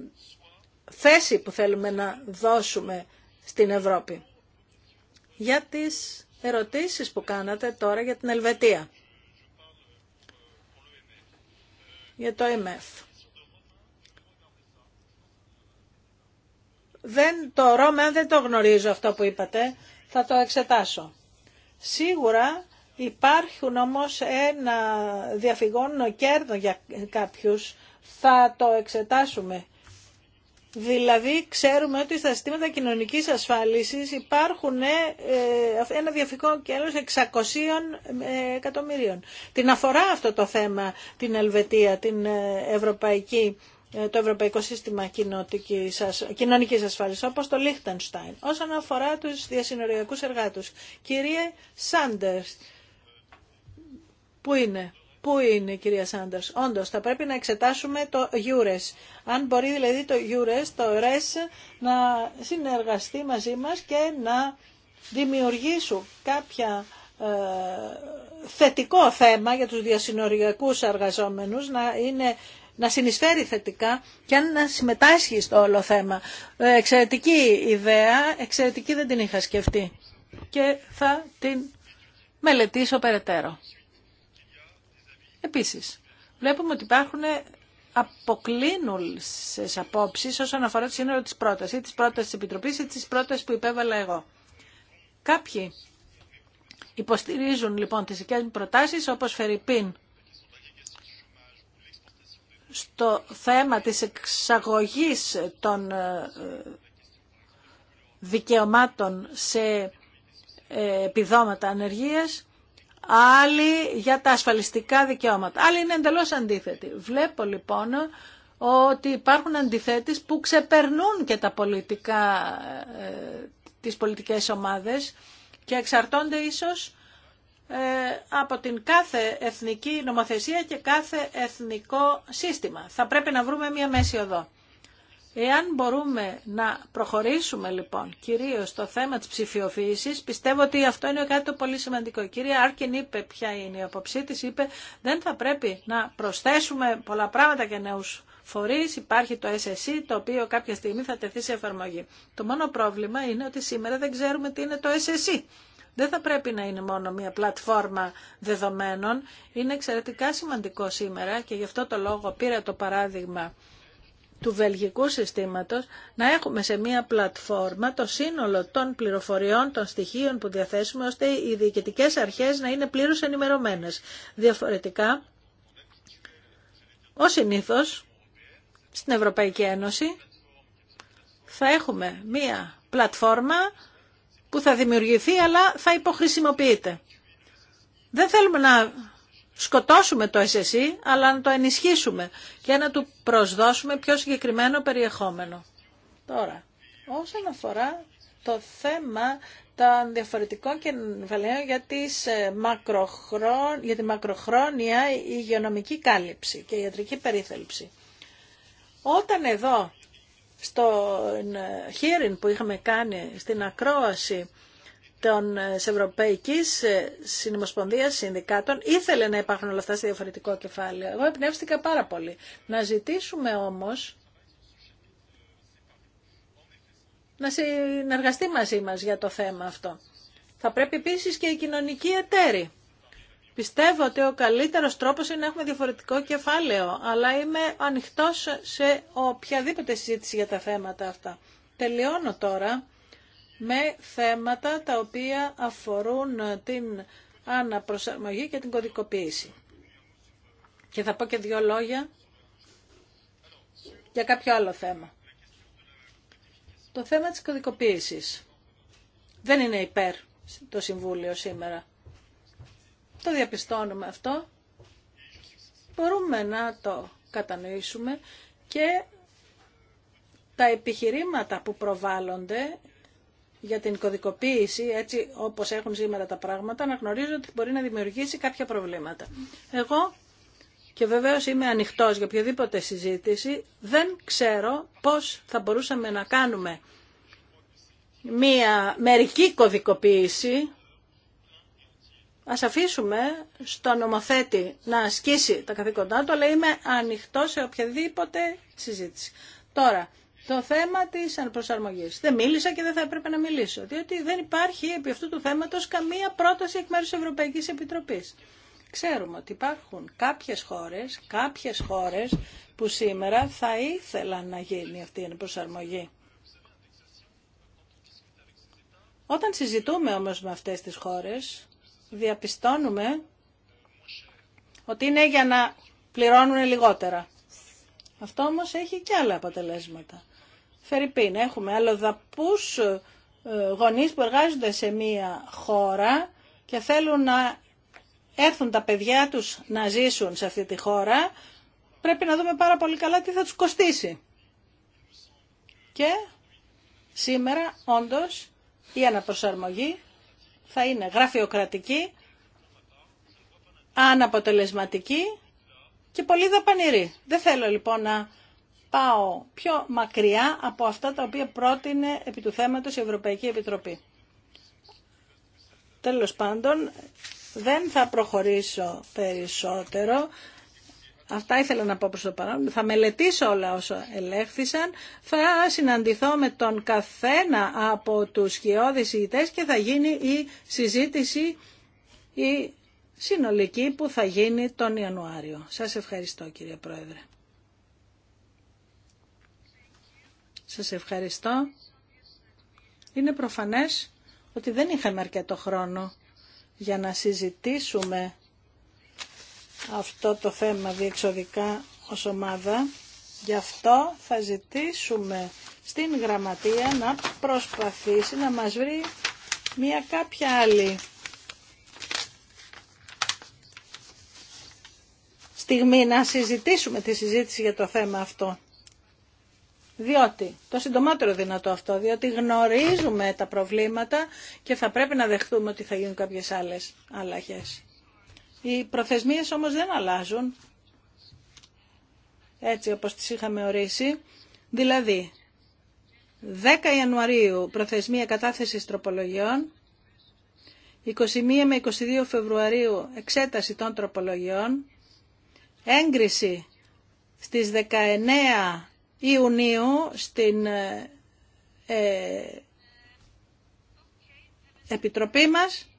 θέση που θέλουμε να δώσουμε στην Ευρώπη. Για τις ερωτήσεις που κάνατε τώρα για την Ελβετία. Για το IMF. Δεν το Ρώμα, δεν το γνωρίζω αυτό που είπατε, θα το εξετάσω. Σίγουρα υπάρχουν όμως ένα διαφυγόν κέρδο για κάποιους, θα το εξετάσουμε Δηλαδή ξέρουμε ότι στα συστήματα κοινωνικής ασφάλισης υπάρχουν ε, ε, ένα διαφικό κέλος 600 ε, εκατομμυρίων. Την αφορά αυτό το θέμα την Ελβετία, την Ευρωπαϊκή το Ευρωπαϊκό Σύστημα Κοινωνικής Ασφάλισης, όπως το Λίχτενστάιν, όσον αφορά τους διασυνοριακούς εργάτους. Κύριε Σάντερς, πού είναι Πού είναι η κυρία Σάντερς. Όντως θα πρέπει να εξετάσουμε το EURES. Αν μπορεί δηλαδή το EURES, το RES να συνεργαστεί μαζί μας και να δημιουργήσουν κάποια ε, θετικό θέμα για τους διασυνοριακούς εργαζόμενους να είναι να συνεισφέρει θετικά και να συμμετάσχει στο όλο θέμα. Ε, εξαιρετική ιδέα, εξαιρετική δεν την είχα σκεφτεί και θα την μελετήσω περαιτέρω. Επίσης, βλέπουμε ότι υπάρχουν αποκλίνουσες απόψεις όσον αφορά το σύνολο της πρότασης, ή της πρότασης της Επιτροπής ή της πρότασης που υπέβαλα εγώ. Κάποιοι υποστηρίζουν λοιπόν τις δικές μου προτάσεις, όπως Φερρυπίν στο θέμα της εξαγωγής των ε, δικαιωμάτων σε ε, επιδόματα ανεργίας άλλοι για τα ασφαλιστικά δικαιώματα. Άλλοι είναι εντελώς αντίθετοι. Βλέπω λοιπόν ότι υπάρχουν αντιθέτεις που ξεπερνούν και τα πολιτικά, ε, τις πολιτικές ομάδες και εξαρτώνται ίσως ε, από την κάθε εθνική νομοθεσία και κάθε εθνικό σύστημα. Θα πρέπει να βρούμε μία μέση οδό. Εάν μπορούμε να προχωρήσουμε λοιπόν κυρίως στο θέμα της ψηφιοποίησης, πιστεύω ότι αυτό είναι κάτι το πολύ σημαντικό. Η κυρία Άρκιν είπε ποια είναι η απόψή της, είπε δεν θα πρέπει να προσθέσουμε πολλά πράγματα και νέους φορείς, υπάρχει το SSE το οποίο κάποια στιγμή θα τεθεί σε εφαρμογή. Το μόνο πρόβλημα είναι ότι σήμερα δεν ξέρουμε τι είναι το SSE. Δεν θα πρέπει να είναι μόνο μια πλατφόρμα δεδομένων. Είναι εξαιρετικά σημαντικό σήμερα και γι' αυτό το λόγο πήρα το παράδειγμα του βελγικού συστήματος να έχουμε σε μία πλατφόρμα το σύνολο των πληροφοριών, των στοιχείων που διαθέσουμε, ώστε οι διοικητικές αρχές να είναι πλήρως ενημερωμένες. Διαφορετικά, ως συνήθως, στην Ευρωπαϊκή Ένωση θα έχουμε μία πλατφόρμα που θα δημιουργηθεί αλλά θα υποχρησιμοποιείται. Δεν θέλουμε να σκοτώσουμε το SSE, αλλά να το ενισχύσουμε και να του προσδώσουμε πιο συγκεκριμένο περιεχόμενο. Τώρα, όσον αφορά το θέμα των διαφορετικών κεφαλαίων για, ε, μακροχρόν, για τη μακροχρόνια υγειονομική κάλυψη και ιατρική περίθαλψη. Όταν εδώ στο ε, hearing που είχαμε κάνει στην ακρόαση των ε, Ευρωπαϊκής ε, Συνομοσπονδίας Συνδικάτων ήθελε να υπάρχουν όλα αυτά σε διαφορετικό κεφάλαιο. Εγώ εμπνεύστηκα πάρα πολύ. Να ζητήσουμε όμως να συνεργαστεί μαζί μας για το θέμα αυτό. Θα πρέπει επίση και η κοινωνική εταίροι. Πιστεύω ότι ο καλύτερος τρόπος είναι να έχουμε διαφορετικό κεφάλαιο, αλλά είμαι ανοιχτός σε οποιαδήποτε συζήτηση για τα θέματα αυτά. Τελειώνω τώρα με θέματα τα οποία αφορούν την αναπροσαρμογή και την κωδικοποίηση. Και θα πω και δύο λόγια για κάποιο άλλο θέμα. Το θέμα της κωδικοποίησης. Δεν είναι υπέρ το Συμβούλιο σήμερα. Το διαπιστώνουμε αυτό. Μπορούμε να το κατανοήσουμε και τα επιχειρήματα που προβάλλονται για την κωδικοποίηση, έτσι όπως έχουν σήμερα τα πράγματα, να γνωρίζω ότι μπορεί να δημιουργήσει κάποια προβλήματα. Εγώ, και βεβαίως είμαι ανοιχτός για οποιαδήποτε συζήτηση, δεν ξέρω πώς θα μπορούσαμε να κάνουμε μία μερική κωδικοποίηση, Ας αφήσουμε στο νομοθέτη να ασκήσει τα καθήκοντά του, αλλά είμαι ανοιχτό σε οποιαδήποτε συζήτηση. Τώρα, το θέμα τη προσαρμογή. Δεν μίλησα και δεν θα έπρεπε να μιλήσω, διότι δεν υπάρχει επί αυτού του θέματος καμία πρόταση εκ μέρου της Ευρωπαϊκής Επιτροπής. Ξέρουμε ότι υπάρχουν κάποιες χώρες, κάποιες χώρες που σήμερα θα ήθελαν να γίνει αυτή η προσαρμογή. Όταν συζητούμε όμως με αυτές τις χώρες, διαπιστώνουμε ότι είναι για να πληρώνουν λιγότερα. Αυτό όμως έχει και άλλα αποτελέσματα. Φερρυπίν, έχουμε αλλοδαπούς ε, γονείς που εργάζονται σε μία χώρα και θέλουν να έρθουν τα παιδιά τους να ζήσουν σε αυτή τη χώρα, πρέπει να δούμε πάρα πολύ καλά τι θα τους κοστίσει. Και σήμερα όντως η αναπροσαρμογή θα είναι γραφειοκρατική, αναποτελεσματική και πολύ δαπανηρή. Δεν θέλω λοιπόν να πάω πιο μακριά από αυτά τα οποία πρότεινε επί του θέματος η Ευρωπαϊκή Επιτροπή. Τέλος πάντων, δεν θα προχωρήσω περισσότερο. Αυτά ήθελα να πω προς το παρόν. Θα μελετήσω όλα όσα ελέγχθησαν. Θα συναντηθώ με τον καθένα από τους χειώδεις ηγητές και θα γίνει η συζήτηση η συνολική που θα γίνει τον Ιανουάριο. Σας ευχαριστώ κύριε Πρόεδρε. Σας ευχαριστώ. Είναι προφανές ότι δεν είχαμε αρκετό χρόνο για να συζητήσουμε αυτό το θέμα διεξοδικά ως ομάδα. Γι' αυτό θα ζητήσουμε στην γραμματεία να προσπαθήσει να μας βρει μια κάποια άλλη στιγμή να συζητήσουμε τη συζήτηση για το θέμα αυτό. Διότι, το συντομότερο δυνατό αυτό, διότι γνωρίζουμε τα προβλήματα και θα πρέπει να δεχτούμε ότι θα γίνουν κάποιες άλλες αλλαγές. Οι προθεσμίες όμως δεν αλλάζουν, έτσι όπως τις είχαμε ορίσει, δηλαδή 10 Ιανουαρίου προθεσμία κατάθεσης τροπολογιών, 21 με 22 Φεβρουαρίου εξέταση των τροπολογιών, έγκριση στις 19 Ιουνίου στην ε, ε, Επιτροπή μας.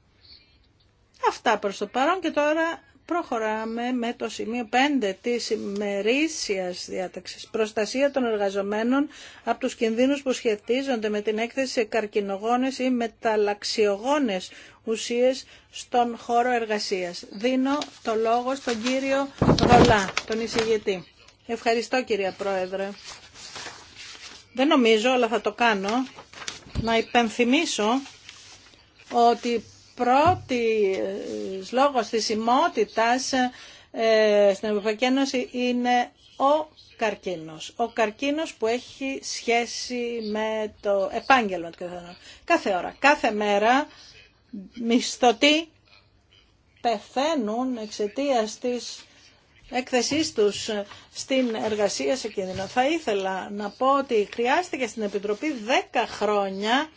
Αυτά προς το παρόν και τώρα προχωράμε με το σημείο 5 της ημερήσιας διάταξης. Προστασία των εργαζομένων από τους κινδύνους που σχετίζονται με την έκθεση σε καρκινογόνες ή μεταλλαξιογόνες ουσίες στον χώρο εργασίας. Δίνω το λόγο στον κύριο Ρολά, τον εισηγητή. Ευχαριστώ κυρία Πρόεδρε. Δεν νομίζω, αλλά θα το κάνω, να υπενθυμίσω ότι πρώτη λόγος της ημότητας ε, στην Ευρωπαϊκή Ένωση είναι ο καρκίνος. Ο καρκίνος που έχει σχέση με το επάγγελμα του καθενός. Κάθε ώρα, κάθε μέρα μισθωτοί πεθαίνουν εξαιτίας της Έκθεσή τους στην εργασία σε κίνδυνο. Θα ήθελα να πω ότι χρειάστηκε στην Επιτροπή 10 χρόνια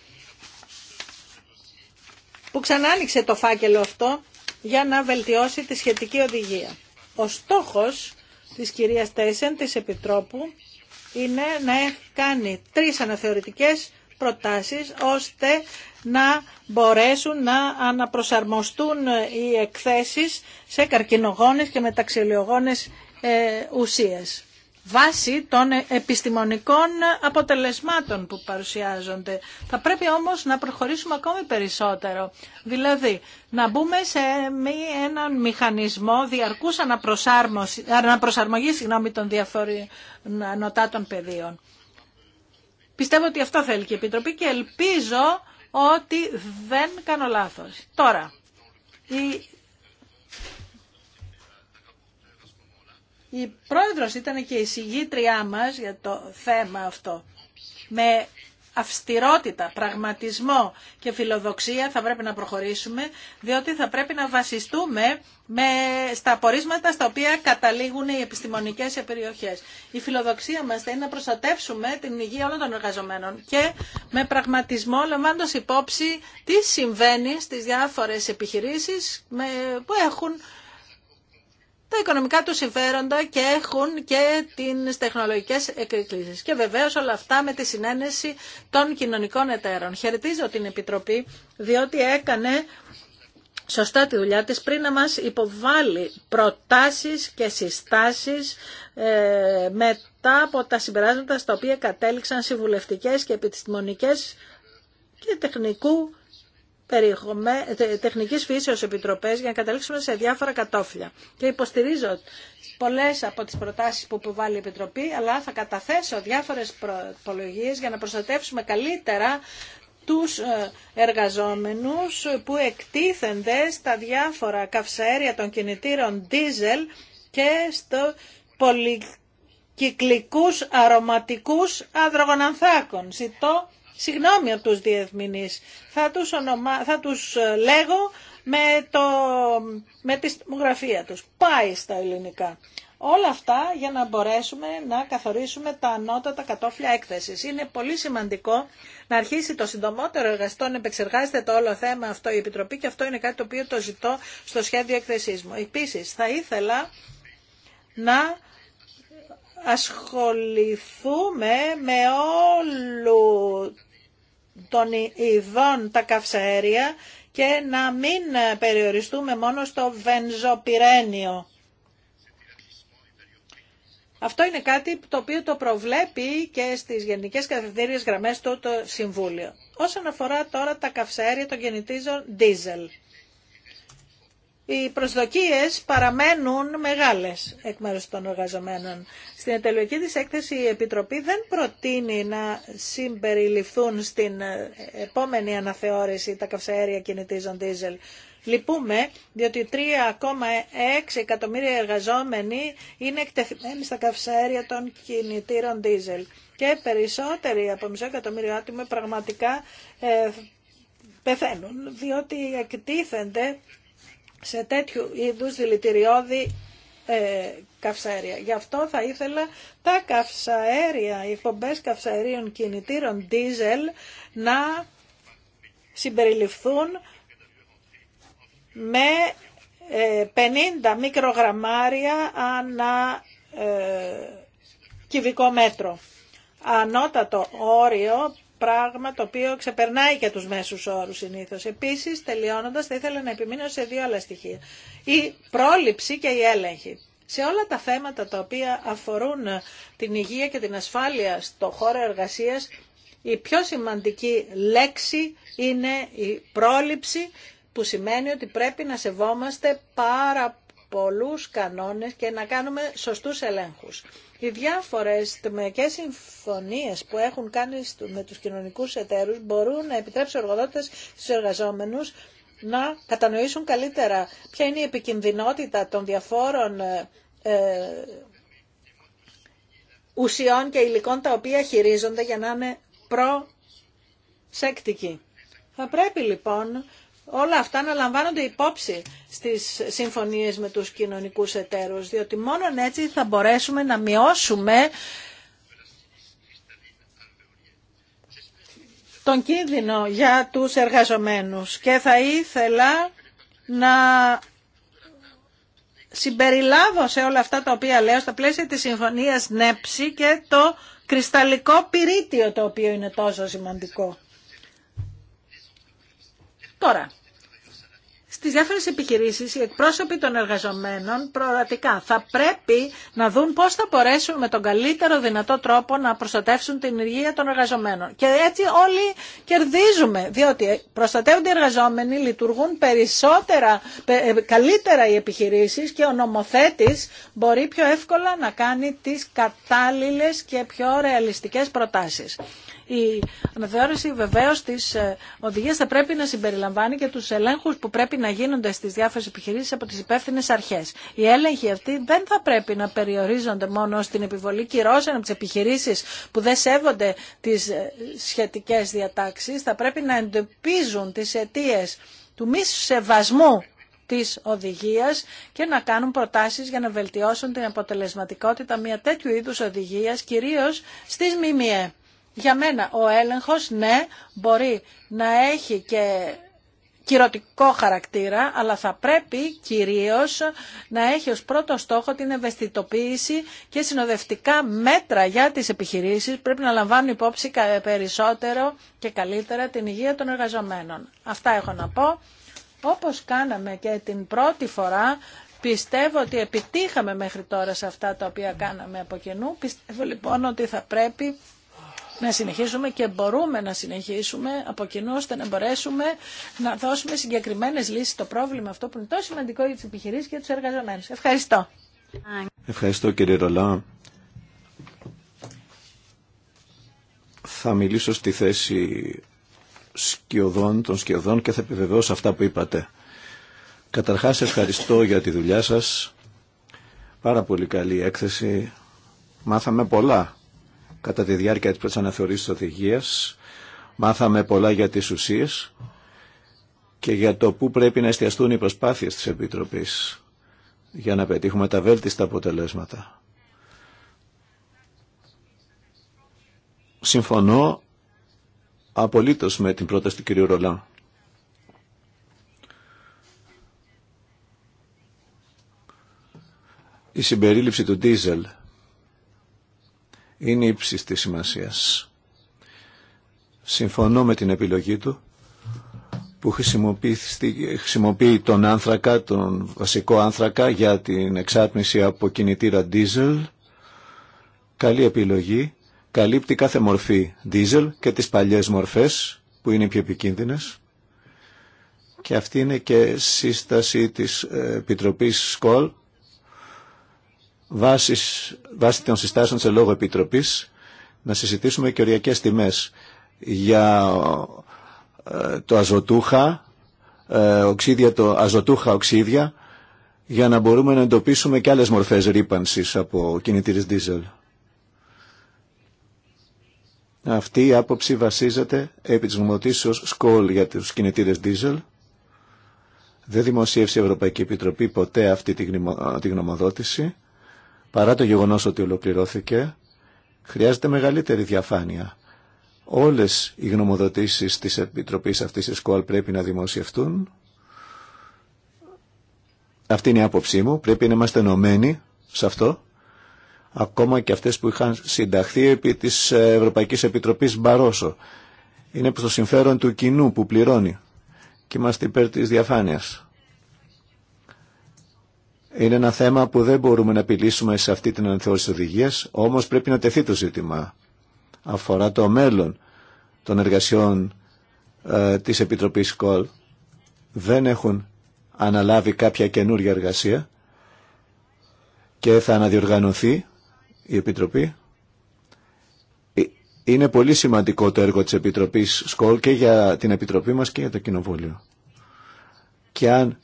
που ξανά το φάκελο αυτό για να βελτιώσει τη σχετική οδηγία. Ο στόχος της κυρίας Τέσεν, της Επιτρόπου, είναι να κάνει τρεις αναθεωρητικές προτάσεις ώστε να μπορέσουν να αναπροσαρμοστούν οι εκθέσεις σε καρκινογόνες και ε, ουσίες βάσει των επιστημονικών αποτελεσμάτων που παρουσιάζονται. Θα πρέπει όμως να προχωρήσουμε ακόμη περισσότερο. Δηλαδή, να μπούμε σε έναν μηχανισμό διαρκούς αναπροσαρμογής συγγνώμη, των διαφορών ανωτάτων πεδίων. Πιστεύω ότι αυτό θέλει και η Επιτροπή και ελπίζω ότι δεν κάνω λάθος. Τώρα, η, η πρόεδρος ήταν και η συγγήτριά μας για το θέμα αυτό. Με αυστηρότητα, πραγματισμό και φιλοδοξία θα πρέπει να προχωρήσουμε, διότι θα πρέπει να βασιστούμε με, στα απορίσματα στα οποία καταλήγουν οι επιστημονικές περιοχές. Η φιλοδοξία μας θα είναι να προστατεύσουμε την υγεία όλων των εργαζομένων και με πραγματισμό λαμβάνοντας υπόψη τι συμβαίνει στις διάφορες επιχειρήσεις που έχουν τα οικονομικά του συμφέροντα και έχουν και τις τεχνολογικές εκκλήσεις. Και βεβαίως όλα αυτά με τη συνένεση των κοινωνικών εταίρων. Χαιρετίζω την Επιτροπή διότι έκανε σωστά τη δουλειά της πριν να μας υποβάλει προτάσεις και συστάσεις ε, μετά από τα συμπεράσματα στα οποία κατέληξαν συμβουλευτικές και επιστημονικές και τεχνικού περιεχομέ... τεχνικής φύσεως επιτροπές για να καταλήξουμε σε διάφορα κατόφλια. Και υποστηρίζω πολλές από τις προτάσεις που υποβάλλει η Επιτροπή, αλλά θα καταθέσω διάφορες προπολογίε για να προστατεύσουμε καλύτερα τους ε, εργαζόμενους που εκτίθενται στα διάφορα καυσαέρια των κινητήρων δίζελ και στο πολυκυκλικούς αρωματικούς αδρογονανθάκων. Ζητώ συγγνώμη από τους διεθμινείς. Θα τους, ονομα... θα τους ε, λέγω με, το... με τη στιμογραφία τους. Πάει στα ελληνικά. Όλα αυτά για να μπορέσουμε να καθορίσουμε τα ανώτατα κατόφλια έκθεσης. Είναι πολύ σημαντικό να αρχίσει το συντομότερο εργαστό να επεξεργάζεται το όλο θέμα αυτό η Επιτροπή και αυτό είναι κάτι το οποίο το ζητώ στο σχέδιο έκθεσής μου. Επίσης θα ήθελα να ασχοληθούμε με όλου των ειδών τα καυσαέρια και να μην περιοριστούμε μόνο στο βενζοπυρένιο. Αυτό είναι κάτι το οποίο το προβλέπει και στις γενικές καθεδρίες γραμμές του το Συμβούλιο. Όσον αφορά τώρα τα καυσαέρια των γεννητήσεων «Δίζελ» οι προσδοκίες παραμένουν μεγάλες εκ μέρους των εργαζομένων. Στην ετελειακή της έκθεση η Επιτροπή δεν προτείνει να συμπεριληφθούν στην επόμενη αναθεώρηση τα καυσαέρια κινητήζων δίζελ. Λυπούμε, διότι 3,6 εκατομμύρια εργαζόμενοι είναι εκτεθειμένοι στα καυσαέρια των κινητήρων δίζελ. Και περισσότεροι από μισό εκατομμύριο άτομα πραγματικά ε, πεθαίνουν, διότι εκτίθενται σε τέτοιου είδους δηλητηριώδη ε, καυσαέρια. Γι' αυτό θα ήθελα τα καυσαέρια, οι φομπές καυσαερίων κινητήρων diesel να συμπεριληφθούν με 50 ε, μικρογραμμάρια ανά ε, κυβικό μέτρο. Ανώτατο όριο πράγμα το οποίο ξεπερνάει και τους μέσους όρους συνήθως. Επίσης, τελειώνοντας, θα ήθελα να επιμείνω σε δύο άλλα στοιχεία. Η πρόληψη και η έλεγχη. Σε όλα τα θέματα τα οποία αφορούν την υγεία και την ασφάλεια στο χώρο εργασίας, η πιο σημαντική λέξη είναι η πρόληψη, που σημαίνει ότι πρέπει να σεβόμαστε πάρα πολλούς κανόνες και να κάνουμε σωστούς ελέγχους. Οι διάφορες τομεακές συμφωνίες που έχουν κάνει με τους κοινωνικούς εταίρους μπορούν να επιτρέψουν εργοδότες στους εργαζόμενους να κατανοήσουν καλύτερα ποια είναι η επικινδυνότητα των διαφόρων ε, ε, ουσιών και υλικών τα οποία χειρίζονται για να είναι προσεκτικοί. Θα πρέπει λοιπόν όλα αυτά να λαμβάνονται υπόψη στις συμφωνίες με τους κοινωνικούς εταίρους, διότι μόνο έτσι θα μπορέσουμε να μειώσουμε τον κίνδυνο για τους εργαζομένους. Και θα ήθελα να συμπεριλάβω σε όλα αυτά τα οποία λέω στα πλαίσια της συμφωνίας νέψη και το κρυσταλλικό πυρίτιο το οποίο είναι τόσο σημαντικό. Τώρα, στις διάφορες επιχειρήσεις οι εκπρόσωποι των εργαζομένων προορατικά θα πρέπει να δουν πώς θα μπορέσουν με τον καλύτερο δυνατό τρόπο να προστατεύσουν την υγεία των εργαζομένων. Και έτσι όλοι κερδίζουμε, διότι προστατεύονται οι εργαζόμενοι, λειτουργούν περισσότερα, ε, καλύτερα οι επιχειρήσεις και ο νομοθέτης μπορεί πιο εύκολα να κάνει τις κατάλληλες και πιο ρεαλιστικές προτάσεις. Η αναθεώρηση βεβαίω τη ε, οδηγία θα πρέπει να συμπεριλαμβάνει και του ελέγχου που πρέπει να γίνονται στι διάφορε επιχειρήσει από τι υπεύθυνε αρχέ. Οι έλεγχοι αυτοί δεν θα πρέπει να περιορίζονται μόνο στην επιβολή κυρώσεων από τι επιχειρήσει που δεν σέβονται τι ε, σχετικέ διατάξει. Θα πρέπει να εντοπίζουν τι αιτίε του μη σεβασμού της οδηγίας και να κάνουν προτάσεις για να βελτιώσουν την αποτελεσματικότητα μια τέτοιου είδους οδηγίας, κυρίως στις ΜΜΕ. Για μένα ο έλεγχος, ναι, μπορεί να έχει και κυρωτικό χαρακτήρα, αλλά θα πρέπει κυρίως να έχει ως πρώτο στόχο την ευαισθητοποίηση και συνοδευτικά μέτρα για τις επιχειρήσεις πρέπει να λαμβάνουν υπόψη περισσότερο και καλύτερα την υγεία των εργαζομένων. Αυτά έχω να πω. Όπως κάναμε και την πρώτη φορά, πιστεύω ότι επιτύχαμε μέχρι τώρα σε αυτά τα οποία κάναμε από κοινού. Πιστεύω λοιπόν ότι θα πρέπει να συνεχίσουμε και μπορούμε να συνεχίσουμε από κοινού ώστε να μπορέσουμε να δώσουμε συγκεκριμένες λύσεις στο πρόβλημα αυτό που είναι τόσο σημαντικό για τι επιχειρήσεις και του εργαζόμενου. Ευχαριστώ. Ευχαριστώ κύριε Ρολά. Θα μιλήσω στη θέση σκιωδών των σκιωδών και θα επιβεβαιώσω αυτά που είπατε. Καταρχάς ευχαριστώ για τη δουλειά σας. Πάρα πολύ καλή έκθεση. Μάθαμε πολλά κατά τη διάρκεια της πρώτης της οδηγίας. Μάθαμε πολλά για τις ουσίες και για το πού πρέπει να εστιαστούν οι προσπάθειες της Επιτροπής για να πετύχουμε τα βέλτιστα αποτελέσματα. Συμφωνώ απολύτως με την πρόταση του κ. Ρολάν. Η συμπερίληψη του ντίζελ είναι ύψης της σημασίας. Συμφωνώ με την επιλογή του που χρησιμοποιεί τον άνθρακα, τον βασικό άνθρακα για την εξάτμιση από κινητήρα diesel. Καλή επιλογή. Καλύπτει κάθε μορφή diesel και τις παλιές μορφές που είναι οι πιο επικίνδυνες. Και αυτή είναι και σύσταση της ε, Επιτροπής ΣΚΟΛ βάσης, βάσει των συστάσεων σε λόγω επιτροπής να συζητήσουμε και οριακές τιμές για ε, το αζωτούχα, ε, οξύδια, το αζωτούχα οξύδια για να μπορούμε να εντοπίσουμε και άλλες μορφές ρήπανσης από κινητήρες δίζελ. Αυτή η άποψη βασίζεται επί της νομοτήσεως σκολ για τους κινητήρες δίζελ. Δεν δημοσίευσε η Ευρωπαϊκή Επιτροπή ποτέ αυτή τη γνωμοδότηση. Παρά το γεγονός ότι ολοκληρώθηκε, χρειάζεται μεγαλύτερη διαφάνεια. Όλες οι γνωμοδοτήσεις της Επιτροπής αυτής της ΚΟΑΛ πρέπει να δημοσιευτούν. Αυτή είναι η άποψή μου. Πρέπει να είμαστε ενωμένοι σε αυτό. Ακόμα και αυτές που είχαν συνταχθεί επί της ε, Ευρωπαϊκής Επιτροπής Μπαρόσο. Είναι προς το συμφέρον του κοινού που πληρώνει και είμαστε υπέρ της διαφάνειας. Είναι ένα θέμα που δεν μπορούμε να επιλύσουμε σε αυτή την της οδηγίας, όμως πρέπει να τεθεί το ζήτημα. Αφορά το μέλλον των εργασιών ε, της Επιτροπής ΚΟΛ. Δεν έχουν αναλάβει κάποια καινούργια εργασία και θα αναδιοργανωθεί η Επιτροπή. Ε, είναι πολύ σημαντικό το έργο της Επιτροπής ΣΚΟΛ και για την Επιτροπή μας και για το Κοινοβούλιο. Και αν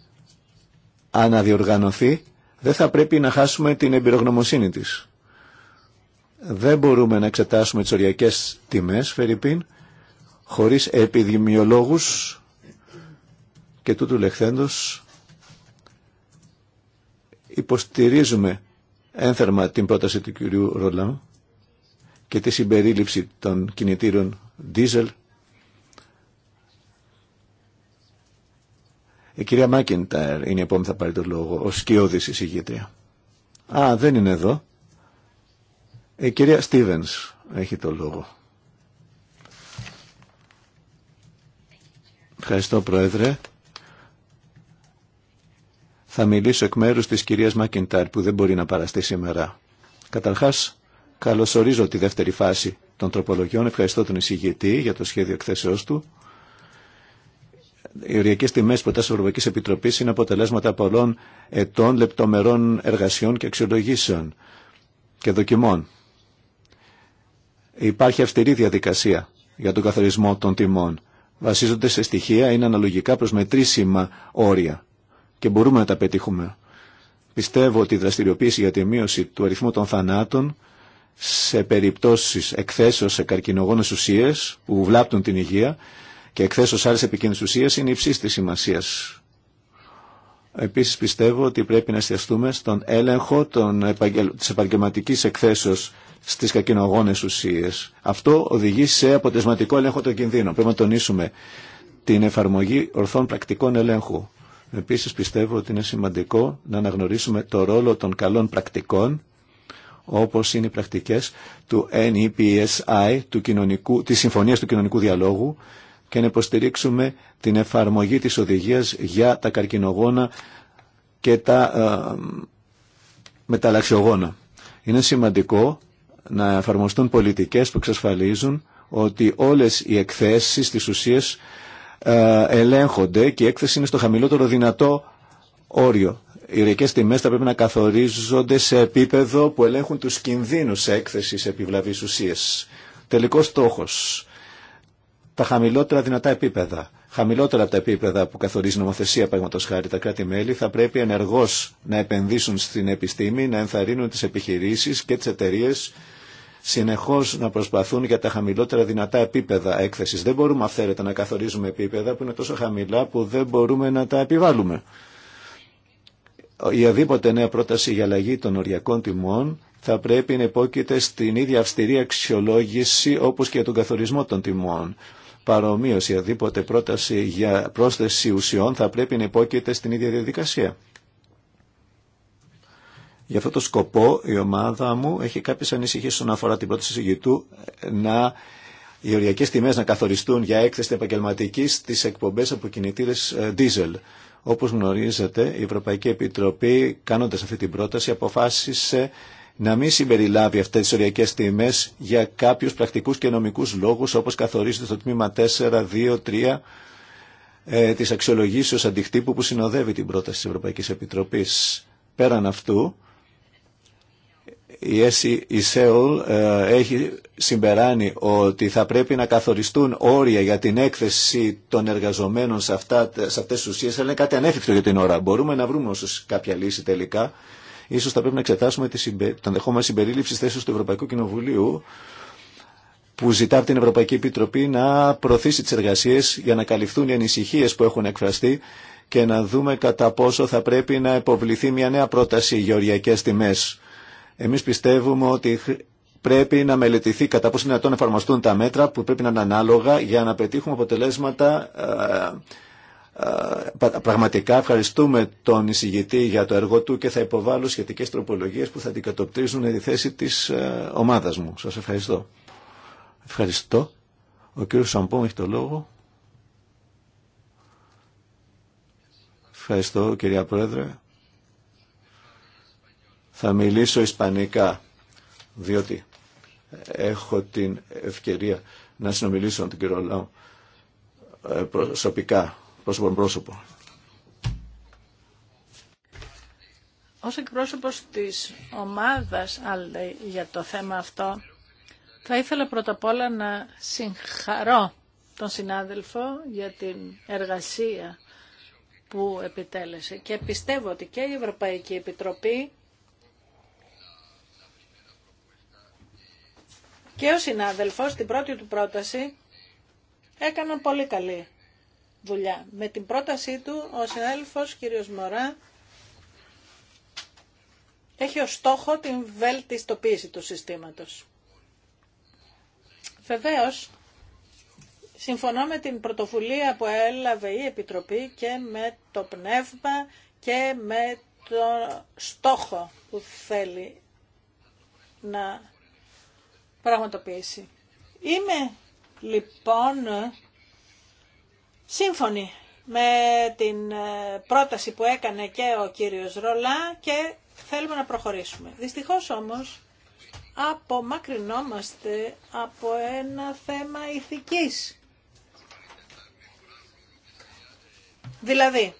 αναδιοργανωθεί, δεν θα πρέπει να χάσουμε την εμπειρογνωμοσύνη της. Δεν μπορούμε να εξετάσουμε τις οριακές τιμές, Φερρυπίν, χωρίς επιδημιολόγους και τούτου λεχθέντος υποστηρίζουμε ένθερμα την πρόταση του κυρίου Ρόλαμ και τη συμπερίληψη των κινητήρων δίζελ. Η ε, κυρία Μάκινταρ είναι η επόμενη θα πάρει το λόγο, ο σκιώδης εισηγήτρια. Α, δεν είναι εδώ. Η ε, κυρία Στίβενς έχει το λόγο. Ευχαριστώ Πρόεδρε. Θα μιλήσω εκ μέρους της κυρίας Μάκινταρ που δεν μπορεί να παραστεί σήμερα. Καταρχάς, καλωσορίζω τη δεύτερη φάση των τροπολογιών. Ευχαριστώ τον εισηγητή για το σχέδιο εκθέσεώς του. Οι οριακέ τιμέ προτάσει τη Ευρωπαϊκή Επιτροπή είναι αποτελέσματα πολλών ετών λεπτομερών εργασιών και αξιολογήσεων και δοκιμών. Υπάρχει αυστηρή διαδικασία για τον καθορισμό των τιμών. Βασίζονται σε στοιχεία, είναι αναλογικά προ μετρήσιμα όρια και μπορούμε να τα πετύχουμε. Πιστεύω ότι η δραστηριοποίηση για τη μείωση του αριθμού των θανάτων σε περιπτώσεις εκθέσεως σε καρκινογόνες ουσίες που βλάπτουν την υγεία και εκθέσω άλλε επικίνδυνε ουσίε είναι υψή τη σημασία. Επίσης πιστεύω ότι πρέπει να εστιαστούμε στον έλεγχο επαγγελ... της επαγγελματικής εκθέσεως στις κακινογόνε ουσίες. Αυτό οδηγεί σε αποτελεσματικό έλεγχο των κινδύνων. Πρέπει να τονίσουμε την εφαρμογή ορθών πρακτικών ελέγχου. Επίση πιστεύω ότι είναι σημαντικό να αναγνωρίσουμε το ρόλο των καλών πρακτικών όπως είναι οι πρακτικές του NEPSI, του κοινωνικού, της Συμφωνίας του Κοινωνικού Διαλόγου και να υποστηρίξουμε την εφαρμογή της οδηγίας για τα καρκινογόνα και τα ε, μεταλλαξιογόνα. Είναι σημαντικό να εφαρμοστούν πολιτικές που εξασφαλίζουν ότι όλες οι εκθέσεις της ουσίας ε, ελέγχονται και η έκθεση είναι στο χαμηλότερο δυνατό όριο. Οι ηρικές τιμές θα πρέπει να καθορίζονται σε επίπεδο που ελέγχουν τους κινδύνους έκθεσης επιβλαβής ουσίας. Τελικός στόχος τα χαμηλότερα δυνατά επίπεδα. Χαμηλότερα από τα επίπεδα που καθορίζει η νομοθεσία, παραδείγματο χάρη, τα κράτη-μέλη θα πρέπει ενεργώ να επενδύσουν στην επιστήμη, να ενθαρρύνουν τι επιχειρήσει και τι εταιρείε συνεχώ να προσπαθούν για τα χαμηλότερα δυνατά επίπεδα έκθεση. Δεν μπορούμε αυθαίρετα να καθορίζουμε επίπεδα που είναι τόσο χαμηλά που δεν μπορούμε να τα επιβάλλουμε. Η οδήποτε νέα πρόταση για αλλαγή των οριακών τιμών θα πρέπει να υπόκειται στην ίδια αυστηρή αξιολόγηση όπως και τον καθορισμό των τιμών. Παρομοίω, η αδίποτε πρόταση για πρόσθεση ουσιών θα πρέπει να υπόκειται στην ίδια διαδικασία. Γι' αυτό το σκοπό η ομάδα μου έχει κάποιες ανησυχίες όσον αφορά την πρόταση συγγητού να οι οριακές τιμές να καθοριστούν για έκθεση επαγγελματική στις εκπομπές από κινητήρες ε, diesel. Όπως γνωρίζετε, η Ευρωπαϊκή Επιτροπή, κάνοντας αυτή την πρόταση, αποφάσισε να μην συμπεριλάβει αυτέ τι οριακέ τιμέ για κάποιου πρακτικού και νομικού λόγου, όπω καθορίζεται στο τμήμα 4, 2, 3 ε, της αξιολογήσεως αντιχτύπου που συνοδεύει την πρόταση της Ευρωπαϊκής Επιτροπής. Πέραν αυτού, η, ΕΣΥ, η ΣΕΟΛ ε, έχει συμπεράνει ότι θα πρέπει να καθοριστούν όρια για την έκθεση των εργαζομένων σε, αυτά, σε αυτές τις ουσίες, αλλά είναι κάτι ανέφικτο για την ώρα. Μπορούμε να βρούμε όσο κάποια λύση τελικά Ίσως θα πρέπει να εξετάσουμε τη συμπε... τον δεχόμενο συμπερίληψη θέσεως του Ευρωπαϊκού Κοινοβουλίου που ζητά από την Ευρωπαϊκή Επιτροπή να προωθήσει τι εργασίε για να καλυφθούν οι ανησυχίε που έχουν εκφραστεί και να δούμε κατά πόσο θα πρέπει να υποβληθεί μια νέα πρόταση για οριακές τιμέ. Εμείς πιστεύουμε ότι πρέπει να μελετηθεί κατά πόσο είναι να εφαρμοστούν τα μέτρα που πρέπει να είναι ανάλογα για να πετύχουμε αποτελέσματα ε, ε, πραγματικά ευχαριστούμε τον εισηγητή για το έργο του και θα υποβάλω σχετικές τροπολογίες που θα αντικατοπτρίζουν τη θέση της ε, ομάδας μου. Σας ευχαριστώ. Ευχαριστώ. Ο κύριος Σαμπόμ έχει το λόγο. Ευχαριστώ κυρία Πρόεδρε. Θα μιλήσω ισπανικά, διότι έχω την ευκαιρία να συνομιλήσω τον κύριο Λάου ε, προσωπικά πρόσωπο με πρόσωπο. Ως της ομάδας για το θέμα αυτό, θα ήθελα πρώτα απ' όλα να συγχαρώ τον συνάδελφο για την εργασία που επιτέλεσε. Και πιστεύω ότι και η Ευρωπαϊκή Επιτροπή και ο συνάδελφος στην πρώτη του πρόταση έκαναν πολύ καλή με την πρότασή του ο συνάδελφος κύριος Μωρά έχει ως στόχο την βελτιστοποίηση του συστήματος. Βεβαίω, συμφωνώ με την πρωτοβουλία που έλαβε η Επιτροπή και με το πνεύμα και με το στόχο που θέλει να πραγματοποιήσει. Είμαι λοιπόν σύμφωνοι με την ε, πρόταση που έκανε και ο κύριος Ρολά και θέλουμε να προχωρήσουμε. Δυστυχώς όμως απομακρυνόμαστε από ένα θέμα ηθικής. Δηλαδή,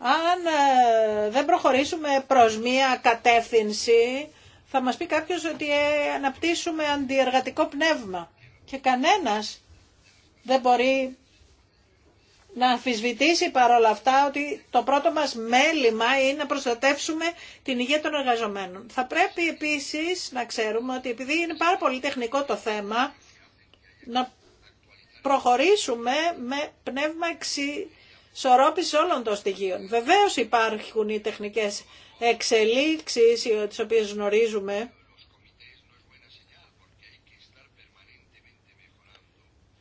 αν ε, δεν προχωρήσουμε προς μία κατεύθυνση, θα μας πει κάποιος ότι ε, αναπτύσσουμε αντιεργατικό πνεύμα. Και κανένας δεν μπορεί να αμφισβητήσει παρόλα αυτά ότι το πρώτο μας μέλημα είναι να προστατεύσουμε την υγεία των εργαζομένων. Θα πρέπει επίσης να ξέρουμε ότι επειδή είναι πάρα πολύ τεχνικό το θέμα, να προχωρήσουμε με πνεύμα εξισορρόπησης όλων των στοιχείων. Βεβαίως υπάρχουν οι τεχνικές εξελίξεις, τις οποίες γνωρίζουμε,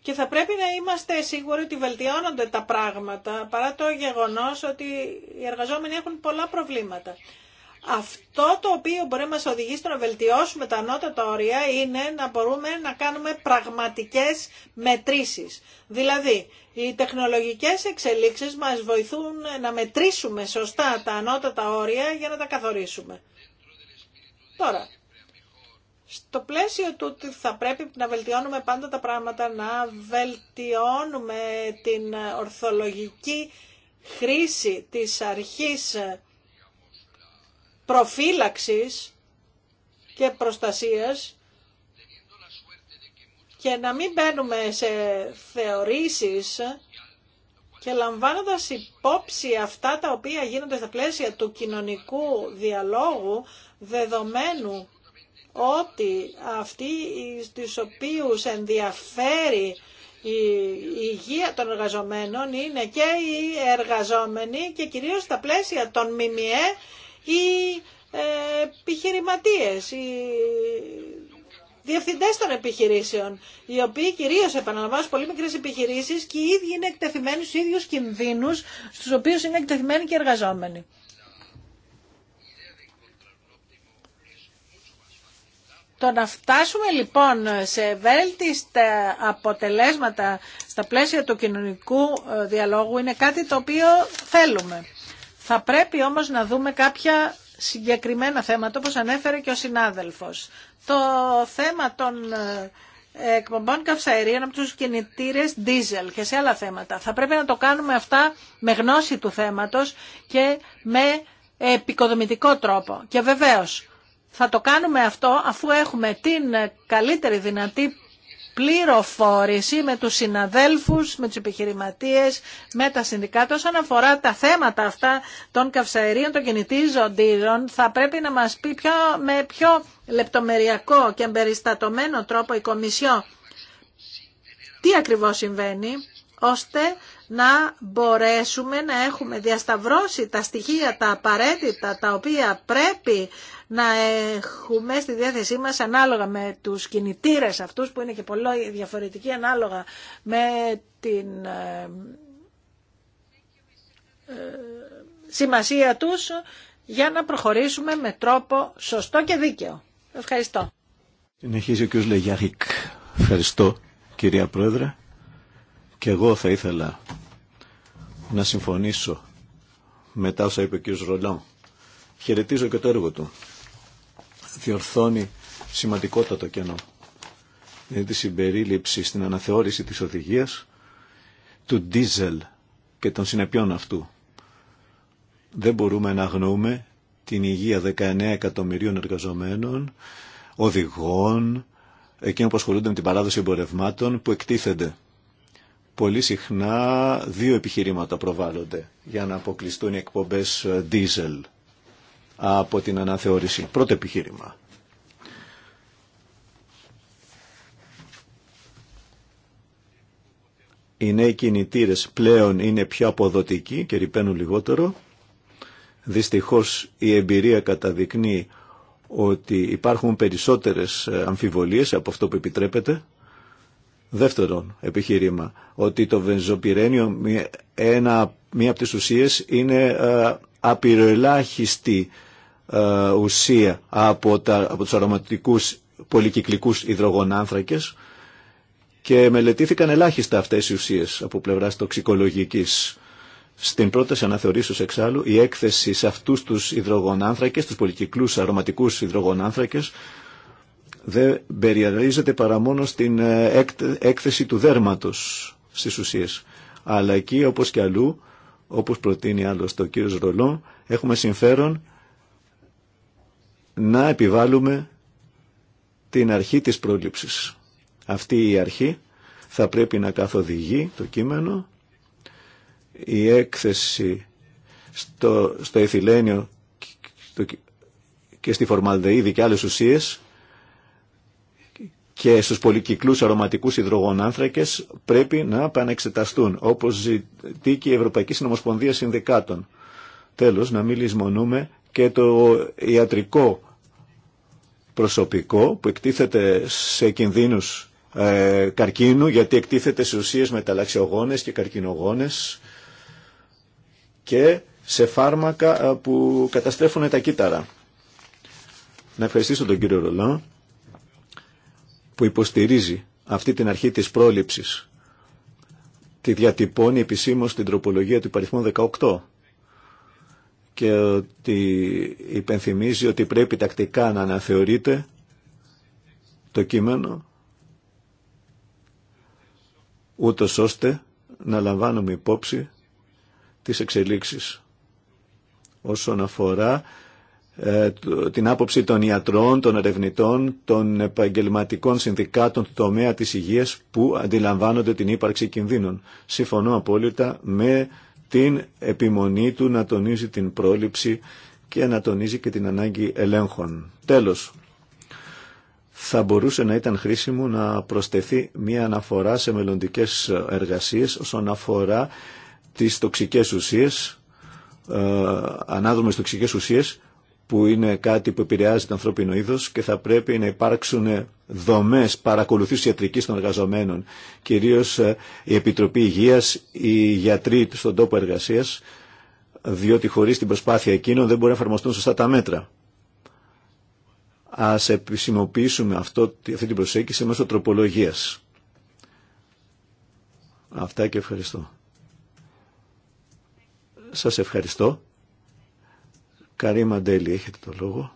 Και θα πρέπει να είμαστε σίγουροι ότι βελτιώνονται τα πράγματα παρά το γεγονός ότι οι εργαζόμενοι έχουν πολλά προβλήματα. Αυτό το οποίο μπορεί να μας οδηγήσει στο να βελτιώσουμε τα ανώτατα όρια είναι να μπορούμε να κάνουμε πραγματικές μετρήσεις. Δηλαδή, οι τεχνολογικές εξελίξεις μας βοηθούν να μετρήσουμε σωστά τα ανώτατα όρια για να τα καθορίσουμε. Τώρα, στο πλαίσιο του ότι θα πρέπει να βελτιώνουμε πάντα τα πράγματα, να βελτιώνουμε την ορθολογική χρήση της αρχής προφύλαξης και προστασίας και να μην μπαίνουμε σε θεωρήσεις και λαμβάνοντας υπόψη αυτά τα οποία γίνονται στα πλαίσια του κοινωνικού διαλόγου δεδομένου ότι αυτοί στους οποίους ενδιαφέρει η υγεία των εργαζομένων είναι και οι εργαζόμενοι και κυρίως στα πλαίσια των ΜΜΕ οι ε, επιχειρηματίες, οι διευθυντές των επιχειρήσεων, οι οποίοι κυρίως επαναλαμβάνουν πολύ μικρές επιχειρήσεις και οι ίδιοι είναι εκτεθειμένοι στους ίδιους κινδύνους στους οποίους είναι εκτεθειμένοι και εργαζόμενοι. Το να φτάσουμε λοιπόν σε βέλτιστα αποτελέσματα στα πλαίσια του κοινωνικού ε, διαλόγου είναι κάτι το οποίο θέλουμε. Θα πρέπει όμως να δούμε κάποια συγκεκριμένα θέματα όπως ανέφερε και ο συνάδελφος. Το θέμα των ε, εκπομπών καυσαερίων από τους κινητήρες diesel και σε άλλα θέματα. Θα πρέπει να το κάνουμε αυτά με γνώση του θέματος και με επικοδομητικό τρόπο. Και βεβαίως θα το κάνουμε αυτό αφού έχουμε την καλύτερη δυνατή πληροφόρηση με τους συναδέλφους, με τους επιχειρηματίες, με τα συνδικάτα. Όσον αφορά τα θέματα αυτά των καυσαερίων, των ζωντήρων, θα πρέπει να μας πει πιο, με πιο λεπτομεριακό και εμπεριστατωμένο τρόπο η Κομισιό τι ακριβώς συμβαίνει, ώστε να μπορέσουμε να έχουμε διασταυρώσει τα στοιχεία, τα απαραίτητα, τα οποία πρέπει να έχουμε στη διάθεσή μας ανάλογα με τους κινητήρες αυτούς που είναι και πολύ διαφορετικοί ανάλογα με την ε, ε, σημασία τους για να προχωρήσουμε με τρόπο σωστό και δίκαιο. Ευχαριστώ. Συνεχίζει ο κ. Λεγιάχικ. Ευχαριστώ κυρία Πρόεδρε. Και εγώ θα ήθελα να συμφωνήσω μετά όσα είπε ο κ. Ρολόν. Χαιρετίζω και το έργο του. Διορθώνει σημαντικότατο κενό. Είναι τη συμπερίληψη στην αναθεώρηση της οδηγίας του ντίζελ και των συνεπειών αυτού. Δεν μπορούμε να αγνοούμε την υγεία 19 εκατομμυρίων εργαζομένων, οδηγών, εκείνων που ασχολούνται με την παράδοση εμπορευμάτων που εκτίθενται πολύ συχνά δύο επιχειρήματα προβάλλονται για να αποκλειστούν οι εκπομπές ε, diesel από την αναθεώρηση. Πρώτο επιχείρημα. Οι νέοι κινητήρες πλέον είναι πιο αποδοτικοί και ρηπαίνουν λιγότερο. Δυστυχώς η εμπειρία καταδεικνύει ότι υπάρχουν περισσότερες ε, αμφιβολίες από αυτό που επιτρέπεται Δεύτερον επιχείρημα, ότι το βενζοπυρένιο, μια μία από τις ουσίες, είναι ε, απειροελάχιστη ε, ουσία από, τα, από τους αρωματικούς πολυκυκλικούς υδρογονάνθρακες και μελετήθηκαν ελάχιστα αυτές οι ουσίες από πλευράς τοξικολογικής. Στην πρόταση αναθεωρήσεως εξάλλου η έκθεση σε αυτούς τους υδρογονάνθρακες, τους πολυκυκλούς αρωματικούς υδρογονάνθρακες, δεν περιορίζεται παρά μόνο στην ε, έκθεση του δέρματος στις ουσίες. Αλλά εκεί όπως και αλλού, όπως προτείνει άλλωστε ο κύριος Ρολό, έχουμε συμφέρον να επιβάλλουμε την αρχή της πρόληψης. Αυτή η αρχή θα πρέπει να καθοδηγεί το κείμενο, η έκθεση στο, στο και στη φορμαλδεΐδη και άλλες ουσίες και στους πολυκυκλούς αρωματικούς υδρογονάνθρακες πρέπει να επανεξεταστούν, όπως ζητεί και η Ευρωπαϊκή Συνομοσπονδία Συνδικάτων. Τέλος, να μην λησμονούμε και το ιατρικό προσωπικό που εκτίθεται σε κινδύνους ε, καρκίνου, γιατί εκτίθεται σε ουσίες μεταλλαξιογόνες και καρκινογόνες και σε φάρμακα ε, που καταστρέφουν τα κύτταρα. Να ευχαριστήσω τον κύριο Ρολάν που υποστηρίζει αυτή την αρχή της πρόληψης. Τη διατυπώνει επισήμως στην τροπολογία του παριθμού 18 και ότι υπενθυμίζει ότι πρέπει τακτικά να αναθεωρείται το κείμενο ούτω ώστε να λαμβάνουμε υπόψη τις εξελίξεις όσον αφορά ε, την άποψη των ιατρών, των ερευνητών, των επαγγελματικών συνδικάτων του τομέα της υγείας που αντιλαμβάνονται την ύπαρξη κινδύνων. Συμφωνώ απόλυτα με την επιμονή του να τονίζει την πρόληψη και να τονίζει και την ανάγκη ελέγχων. Τέλος, θα μπορούσε να ήταν χρήσιμο να προσθεθεί μία αναφορά σε μελλοντικέ εργασίες όσον αφορά τις τοξικές ουσίες, ε, ανάδρομες τοξικές ουσίες, που είναι κάτι που επηρεάζει το ανθρώπινο είδος και θα πρέπει να υπάρξουν δομές παρακολουθής ιατρικής των εργαζομένων, κυρίως ε, η Επιτροπή Υγείας, οι γιατροί στον τόπο εργασίας, διότι χωρίς την προσπάθεια εκείνων δεν μπορεί να εφαρμοστούν σωστά τα μέτρα. Ας επισημοποιήσουμε αυτό, αυτή την προσέγγιση μέσω τροπολογίας. Αυτά και ευχαριστώ. Σας ευχαριστώ. Καρή Μαντέλη, έχετε το λόγο.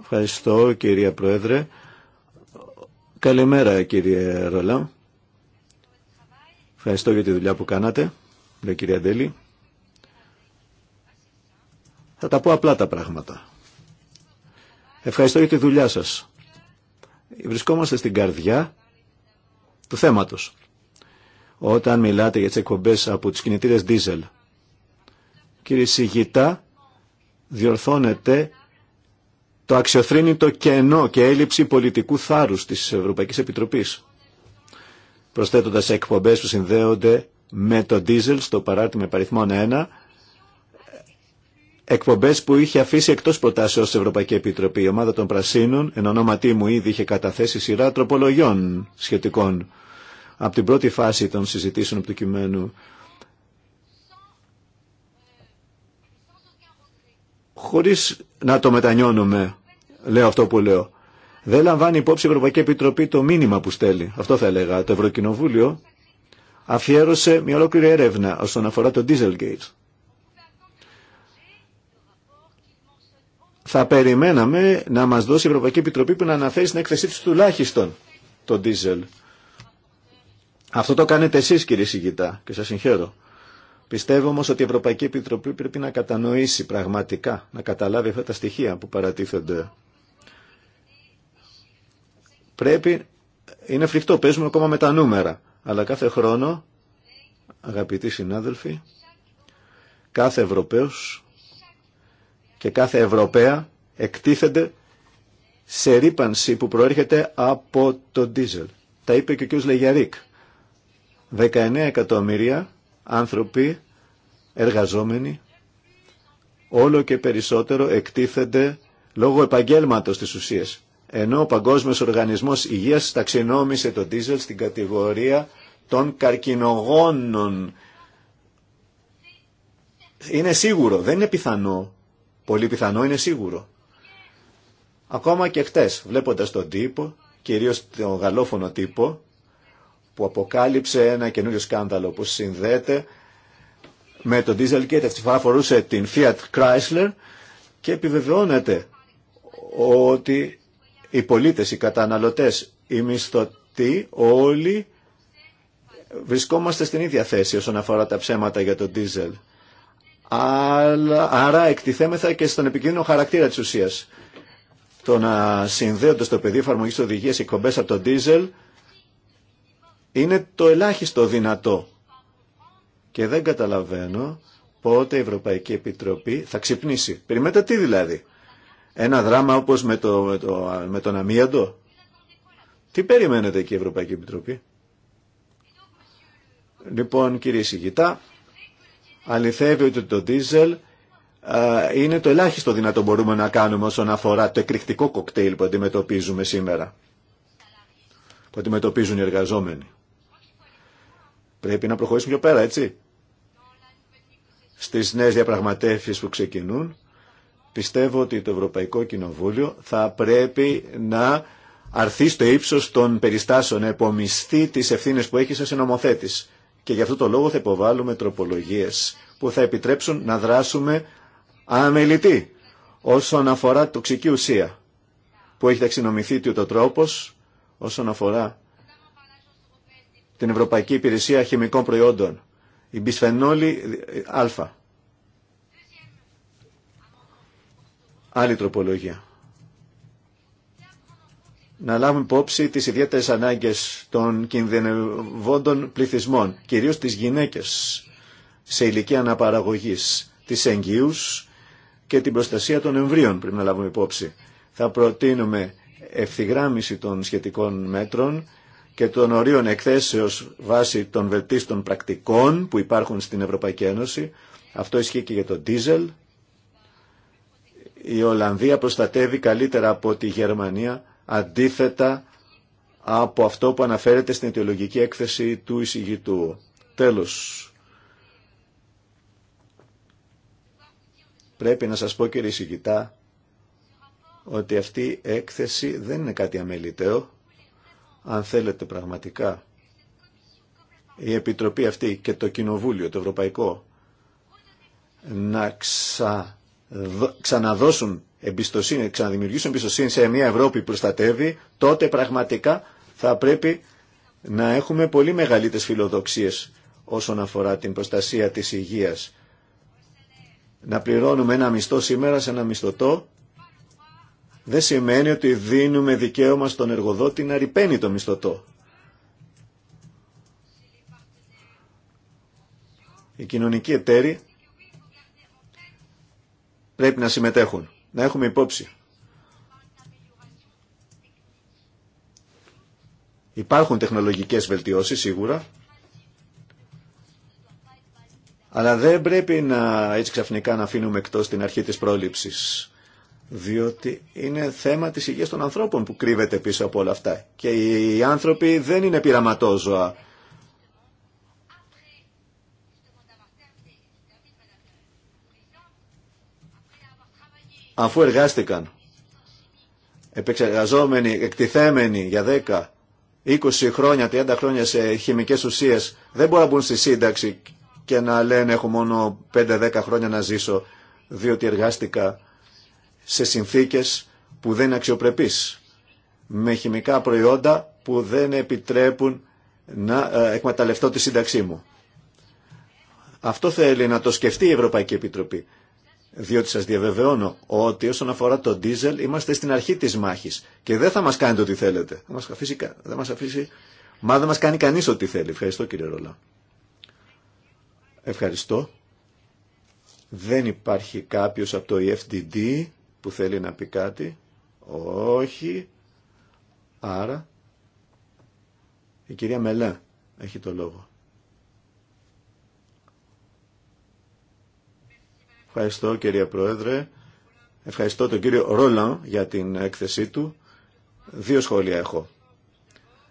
Ευχαριστώ κυρία Πρόεδρε. Καλημέρα κύριε Ρολά. Ευχαριστώ για τη δουλειά που κάνατε, λέει κυρία Ντέλη. Θα τα πω απλά τα πράγματα. Ευχαριστώ για τη δουλειά σας. Βρισκόμαστε στην καρδιά του θέματος. Όταν μιλάτε για τις εκπομπές από τις κινητήρες diesel Κύριε Σιγητά, διορθώνεται το αξιοθρύνητο κενό και έλλειψη πολιτικού θάρρους της Ευρωπαϊκής Επιτροπής. Προσθέτοντας εκπομπές που συνδέονται με το ντίζελ στο παράρτημα παριθμών 1, εκπομπές που είχε αφήσει εκτός προτάσεως στην Ευρωπαϊκή Επιτροπή. Η ομάδα των Πρασίνων, εν ονόματί μου ήδη είχε καταθέσει σειρά τροπολογιών σχετικών από την πρώτη φάση των συζητήσεων του κειμένου χωρίς να το μετανιώνουμε, λέω αυτό που λέω. Δεν λαμβάνει υπόψη η Ευρωπαϊκή Επιτροπή το μήνυμα που στέλνει. Αυτό θα έλεγα. Το Ευρωκοινοβούλιο αφιέρωσε μια ολόκληρη έρευνα όσον αφορά το Dieselgate. Θα περιμέναμε να μας δώσει η Ευρωπαϊκή Επιτροπή που να αναφέρει στην έκθεσή τη τουλάχιστον το Diesel. Αυτό το κάνετε εσείς κύριε Σιγητά και σας συγχαίρω. Πιστεύω όμως ότι η Ευρωπαϊκή Επιτροπή πρέπει να κατανοήσει πραγματικά, να καταλάβει αυτά τα στοιχεία που παρατίθενται. Πρέπει, είναι φρικτό, παίζουμε ακόμα με τα νούμερα, αλλά κάθε χρόνο, αγαπητοί συνάδελφοι, κάθε Ευρωπαίος και κάθε Ευρωπαία εκτίθενται σε ρήπανση που προέρχεται από το ντίζελ. Τα είπε και ο κ. Λεγιαρίκ. 19 εκατομμύρια άνθρωποι, εργαζόμενοι, όλο και περισσότερο εκτίθενται λόγω επαγγέλματος της ουσίας. Ενώ ο Παγκόσμιος Οργανισμός Υγείας ταξινόμησε το ντίζελ στην κατηγορία των καρκινογόνων. Είναι σίγουρο, δεν είναι πιθανό. Πολύ πιθανό είναι σίγουρο. Ακόμα και χτες, βλέποντας τον τύπο, κυρίως τον γαλλόφωνο τύπο, που αποκάλυψε ένα καινούριο σκάνδαλο που συνδέεται με το Dieselgate. Αυτή τη φορά αφορούσε την Fiat Chrysler και επιβεβαιώνεται ότι οι πολίτες, οι καταναλωτές, οι μισθωτοί, όλοι βρισκόμαστε στην ίδια θέση όσον αφορά τα ψέματα για το Diesel. Αλλά, άρα εκτιθέμεθα και στον επικίνδυνο χαρακτήρα της ουσίας. Το να συνδέονται στο πεδίο εφαρμογής οδηγίας οι από το Diesel είναι το ελάχιστο δυνατό. Και δεν καταλαβαίνω πότε η Ευρωπαϊκή Επιτροπή θα ξυπνήσει. Περιμένετε τι δηλαδή. Ένα δράμα όπως με, το, με, το, με τον αμίαντο. Τι περιμένετε εκεί η Ευρωπαϊκή Επιτροπή. Λοιπόν κύριε Σιγητά, αληθεύει ότι το δίζελ είναι το ελάχιστο δυνατό μπορούμε να κάνουμε όσον αφορά το εκρηκτικό κοκτέιλ που αντιμετωπίζουμε σήμερα. Που αντιμετωπίζουν οι εργαζόμενοι. Πρέπει να προχωρήσουμε πιο πέρα, έτσι. Στις νέες διαπραγματεύσεις που ξεκινούν, πιστεύω ότι το Ευρωπαϊκό Κοινοβούλιο θα πρέπει να αρθεί στο ύψος των περιστάσεων, να επομιστεί τις ευθύνες που έχει σαν νομοθέτης. Και γι' αυτό το λόγο θα υποβάλουμε τροπολογίες που θα επιτρέψουν να δράσουμε αμελητή όσον αφορά τοξική ουσία που έχει ταξινομηθεί το τρόπος όσον αφορά την Ευρωπαϊκή Υπηρεσία Χημικών Προϊόντων, η Μπισφενόλη ε, Α. Άλλη τροπολογία. Να λάβουμε υπόψη τις ιδιαίτερες ανάγκες των κινδυνευόντων πληθυσμών, κυρίως τις γυναίκες σε ηλικία αναπαραγωγής, τις εγγύους και την προστασία των εμβρίων πρέπει να λάβουμε υπόψη. Θα προτείνουμε ευθυγράμμιση των σχετικών μέτρων και των ορίων εκθέσεως βάσει των βελτίστων πρακτικών που υπάρχουν στην Ευρωπαϊκή Ένωση. Αυτό ισχύει και για το ντίζελ. Η Ολλανδία προστατεύει καλύτερα από τη Γερμανία αντίθετα από αυτό που αναφέρεται στην αιτιολογική έκθεση του εισηγητού. Τέλος. Πρέπει να σας πω κύριε εισηγητά ότι αυτή η έκθεση δεν είναι κάτι αμεληταίο αν θέλετε πραγματικά η Επιτροπή αυτή και το Κοινοβούλιο, το Ευρωπαϊκό, να ξαναδώσουν εμπιστοσύνη, ξαναδημιουργήσουν εμπιστοσύνη σε μια Ευρώπη που προστατεύει, τότε πραγματικά θα πρέπει να έχουμε πολύ μεγαλύτερες φιλοδοξίες όσον αφορά την προστασία της υγείας. Να πληρώνουμε ένα μισθό σήμερα σε ένα μισθωτό δεν σημαίνει ότι δίνουμε δικαίωμα στον εργοδότη να ρηπαίνει το μισθωτό. Οι κοινωνικοί εταίροι πρέπει να συμμετέχουν, να έχουμε υπόψη. Υπάρχουν τεχνολογικές βελτιώσεις σίγουρα, αλλά δεν πρέπει να έτσι ξαφνικά να αφήνουμε εκτός την αρχή της πρόληψης διότι είναι θέμα της υγείας των ανθρώπων που κρύβεται πίσω από όλα αυτά. Και οι άνθρωποι δεν είναι πειραματόζωα. Αφού εργάστηκαν, επεξεργαζόμενοι, εκτιθέμενοι για 10, 20 χρόνια, 30 χρόνια σε χημικές ουσίες, δεν μπορούν να μπουν στη σύνταξη και να λένε έχω μόνο 5-10 χρόνια να ζήσω, διότι εργάστηκα σε συνθήκες που δεν είναι αξιοπρεπείς, με χημικά προϊόντα που δεν επιτρέπουν να ε, εκμεταλλευτώ τη σύνταξή μου. Αυτό θέλει να το σκεφτεί η Ευρωπαϊκή Επιτροπή, διότι σας διαβεβαιώνω ότι όσον αφορά το ντίζελ είμαστε στην αρχή της μάχης και δεν θα μας κάνετε ό,τι θέλετε. Δεν μας αφήσει, δεν μας αφήσει, μα δεν μας κάνει κανείς ό,τι θέλει. Ευχαριστώ κύριε Ρολά. Ευχαριστώ. Δεν υπάρχει κάποιος από το EFDD που θέλει να πει κάτι. Όχι. Άρα η κυρία Μελέ έχει το λόγο. Ευχαριστώ κυρία Πρόεδρε. Ευχαριστώ τον κύριο Ρόλαν για την έκθεσή του. Δύο σχόλια έχω.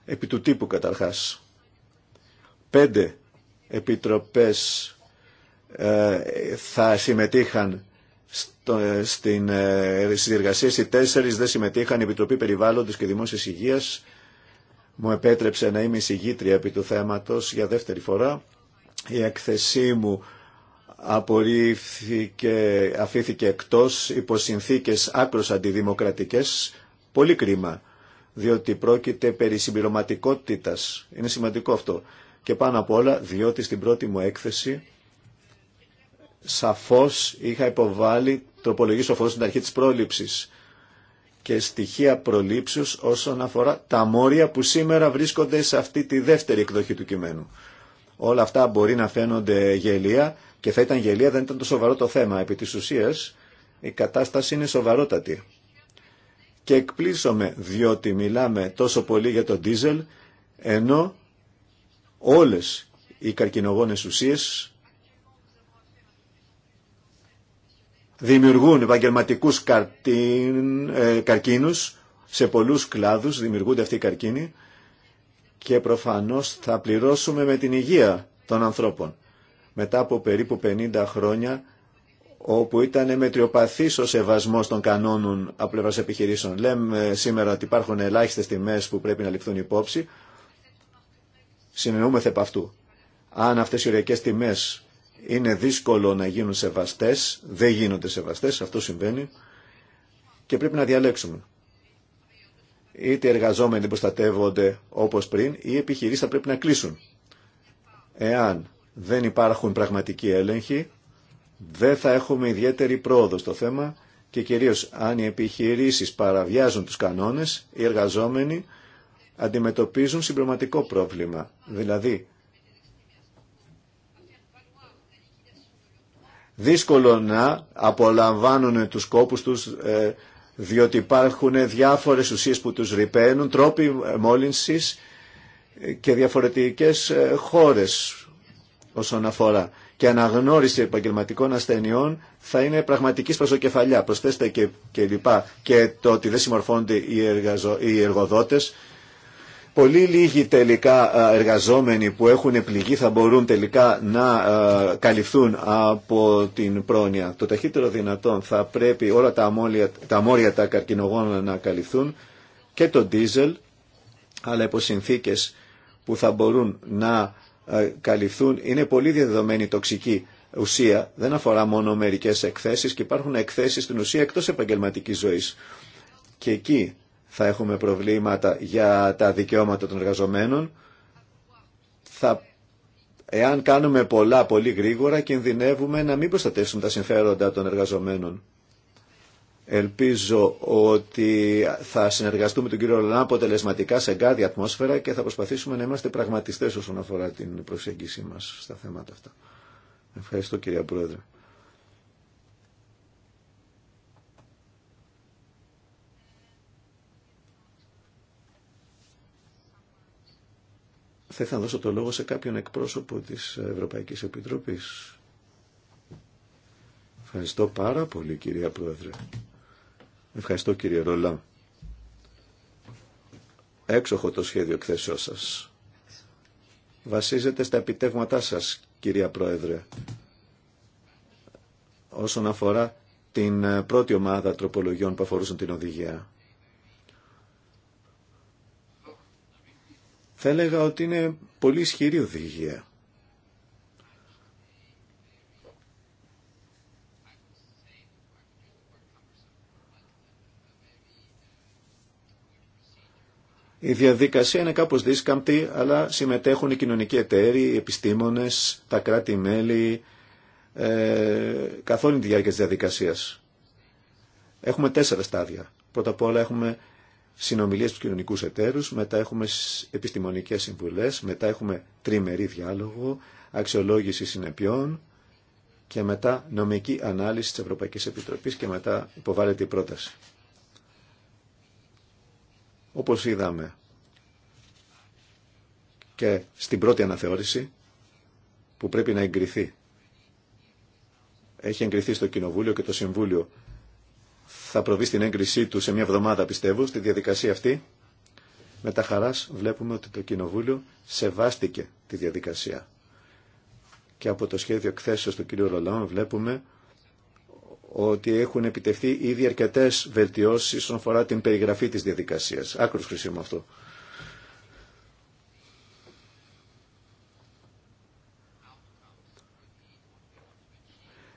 Επί του τύπου καταρχάς. Πέντε επιτροπές ε, θα συμμετείχαν ε, στην ε, συνεργασία οι τέσσερις δεν συμμετείχαν η Επιτροπή Περιβάλλοντος και Δημόσιας Υγείας μου επέτρεψε να είμαι εισηγήτρια επί του θέματος για δεύτερη φορά η έκθεσή μου απορρίφθηκε, αφήθηκε εκτός υπό συνθήκες άκρως αντιδημοκρατικές πολύ κρίμα διότι πρόκειται περί συμπληρωματικότητας είναι σημαντικό αυτό και πάνω απ' όλα διότι στην πρώτη μου έκθεση σαφώς είχα υποβάλει το σοφώς στην αρχή της πρόληψης και στοιχεία προλήψεως όσον αφορά τα μόρια που σήμερα βρίσκονται σε αυτή τη δεύτερη εκδοχή του κειμένου. Όλα αυτά μπορεί να φαίνονται γελία και θα ήταν γελία δεν ήταν το σοβαρό το θέμα. Επί της ουσίας η κατάσταση είναι σοβαρότατη. Και εκπλήσωμε διότι μιλάμε τόσο πολύ για τον ντίζελ ενώ όλες οι καρκινογόνες ουσίες δημιουργούν επαγγελματικούς ε, καρκίνους σε πολλούς κλάδους, δημιουργούνται αυτοί οι καρκίνοι και προφανώς θα πληρώσουμε με την υγεία των ανθρώπων. Μετά από περίπου 50 χρόνια όπου ήταν μετριοπαθής ο σεβασμός των κανόνων από πλευράς επιχειρήσεων. Λέμε σήμερα ότι υπάρχουν ελάχιστες τιμές που πρέπει να ληφθούν υπόψη. Συνεννοούμεθα επ' αυτού. Αν αυτές οι οριακές τιμές είναι δύσκολο να γίνουν σεβαστές, δεν γίνονται σεβαστές, αυτό συμβαίνει και πρέπει να διαλέξουμε. Είτε οι εργαζόμενοι προστατεύονται όπως πριν ή οι επιχειρήσεις θα πρέπει να κλείσουν. Εάν δεν υπάρχουν πραγματικοί έλεγχοι, δεν θα έχουμε ιδιαίτερη πρόοδο στο θέμα και κυρίως αν οι επιχειρήσεις παραβιάζουν τους κανόνες, οι εργαζόμενοι αντιμετωπίζουν συμπληρωματικό πρόβλημα. Δηλαδή, δύσκολο να απολαμβάνουν τους κόπους τους ε, διότι υπάρχουν διάφορες ουσίες που τους ρηπαίνουν, τρόποι μόλυνσης και διαφορετικές ε, χώρες όσον αφορά. Και αναγνώριση επαγγελματικών ασθενειών θα είναι πραγματική προσοκεφαλιά. Προσθέστε και, και λοιπά και το ότι δεν συμμορφώνονται οι, εργαζο... οι εργοδότες Πολύ λίγοι τελικά εργαζόμενοι που έχουν πληγεί θα μπορούν τελικά να καλυφθούν από την πρόνοια. Το ταχύτερο δυνατόν θα πρέπει όλα τα, τα μόρια τα καρκινογόνα να καλυφθούν και το ντίζελ, αλλά υπό συνθήκε που θα μπορούν να καλυφθούν είναι πολύ διαδεδομένη τοξική ουσία. Δεν αφορά μόνο μερικές εκθέσεις και υπάρχουν εκθέσεις στην ουσία εκτός επαγγελματικής ζωής. Και εκεί θα έχουμε προβλήματα για τα δικαιώματα των εργαζομένων. Θα, εάν κάνουμε πολλά πολύ γρήγορα κινδυνεύουμε να μην προστατεύσουμε τα συμφέροντα των εργαζομένων. Ελπίζω ότι θα συνεργαστούμε τον κύριο Λονά αποτελεσματικά σε κάτι ατμόσφαιρα και θα προσπαθήσουμε να είμαστε πραγματιστές όσον αφορά την προσέγγιση μας στα θέματα αυτά. Ευχαριστώ κύριε Πρόεδρε. Θα ήθελα να δώσω το λόγο σε κάποιον εκπρόσωπο της Ευρωπαϊκής Επιτροπής. Ευχαριστώ πάρα πολύ κυρία Πρόεδρε. Ευχαριστώ κύριε Ρολά. Έξοχο το σχέδιο εκθέσεώ σας. Βασίζεται στα επιτεύγματά σας κυρία Πρόεδρε. Όσον αφορά την πρώτη ομάδα τροπολογιών που αφορούσαν την οδηγία. θα έλεγα ότι είναι πολύ ισχυρή οδηγία. Η διαδικασία είναι κάπως δίσκαμπτη, αλλά συμμετέχουν οι κοινωνικοί εταίροι, οι επιστήμονες, τα κράτη-μέλη, ε, καθ' τη διάρκεια της διαδικασίας. Έχουμε τέσσερα στάδια. Πρώτα απ' όλα έχουμε συνομιλίες του κοινωνικού εταίρους, μετά έχουμε επιστημονικές συμβουλές, μετά έχουμε τριμερή διάλογο, αξιολόγηση συνεπιών και μετά νομική ανάλυση της Ευρωπαϊκής Επιτροπής και μετά υποβάλλεται η πρόταση. Όπως είδαμε και στην πρώτη αναθεώρηση που πρέπει να εγκριθεί. Έχει εγκριθεί στο Κοινοβούλιο και το Συμβούλιο θα προβεί στην έγκρισή του σε μια εβδομάδα πιστεύω. Στη διαδικασία αυτή με τα χαράς βλέπουμε ότι το Κοινοβούλιο σεβάστηκε τη διαδικασία. Και από το σχέδιο εκθέσεως του κ. Ρολαού βλέπουμε ότι έχουν επιτευχθεί ήδη αρκετέ βελτιώσει όσον αφορά την περιγραφή τη διαδικασία. Άκρο χρήσιμο αυτό.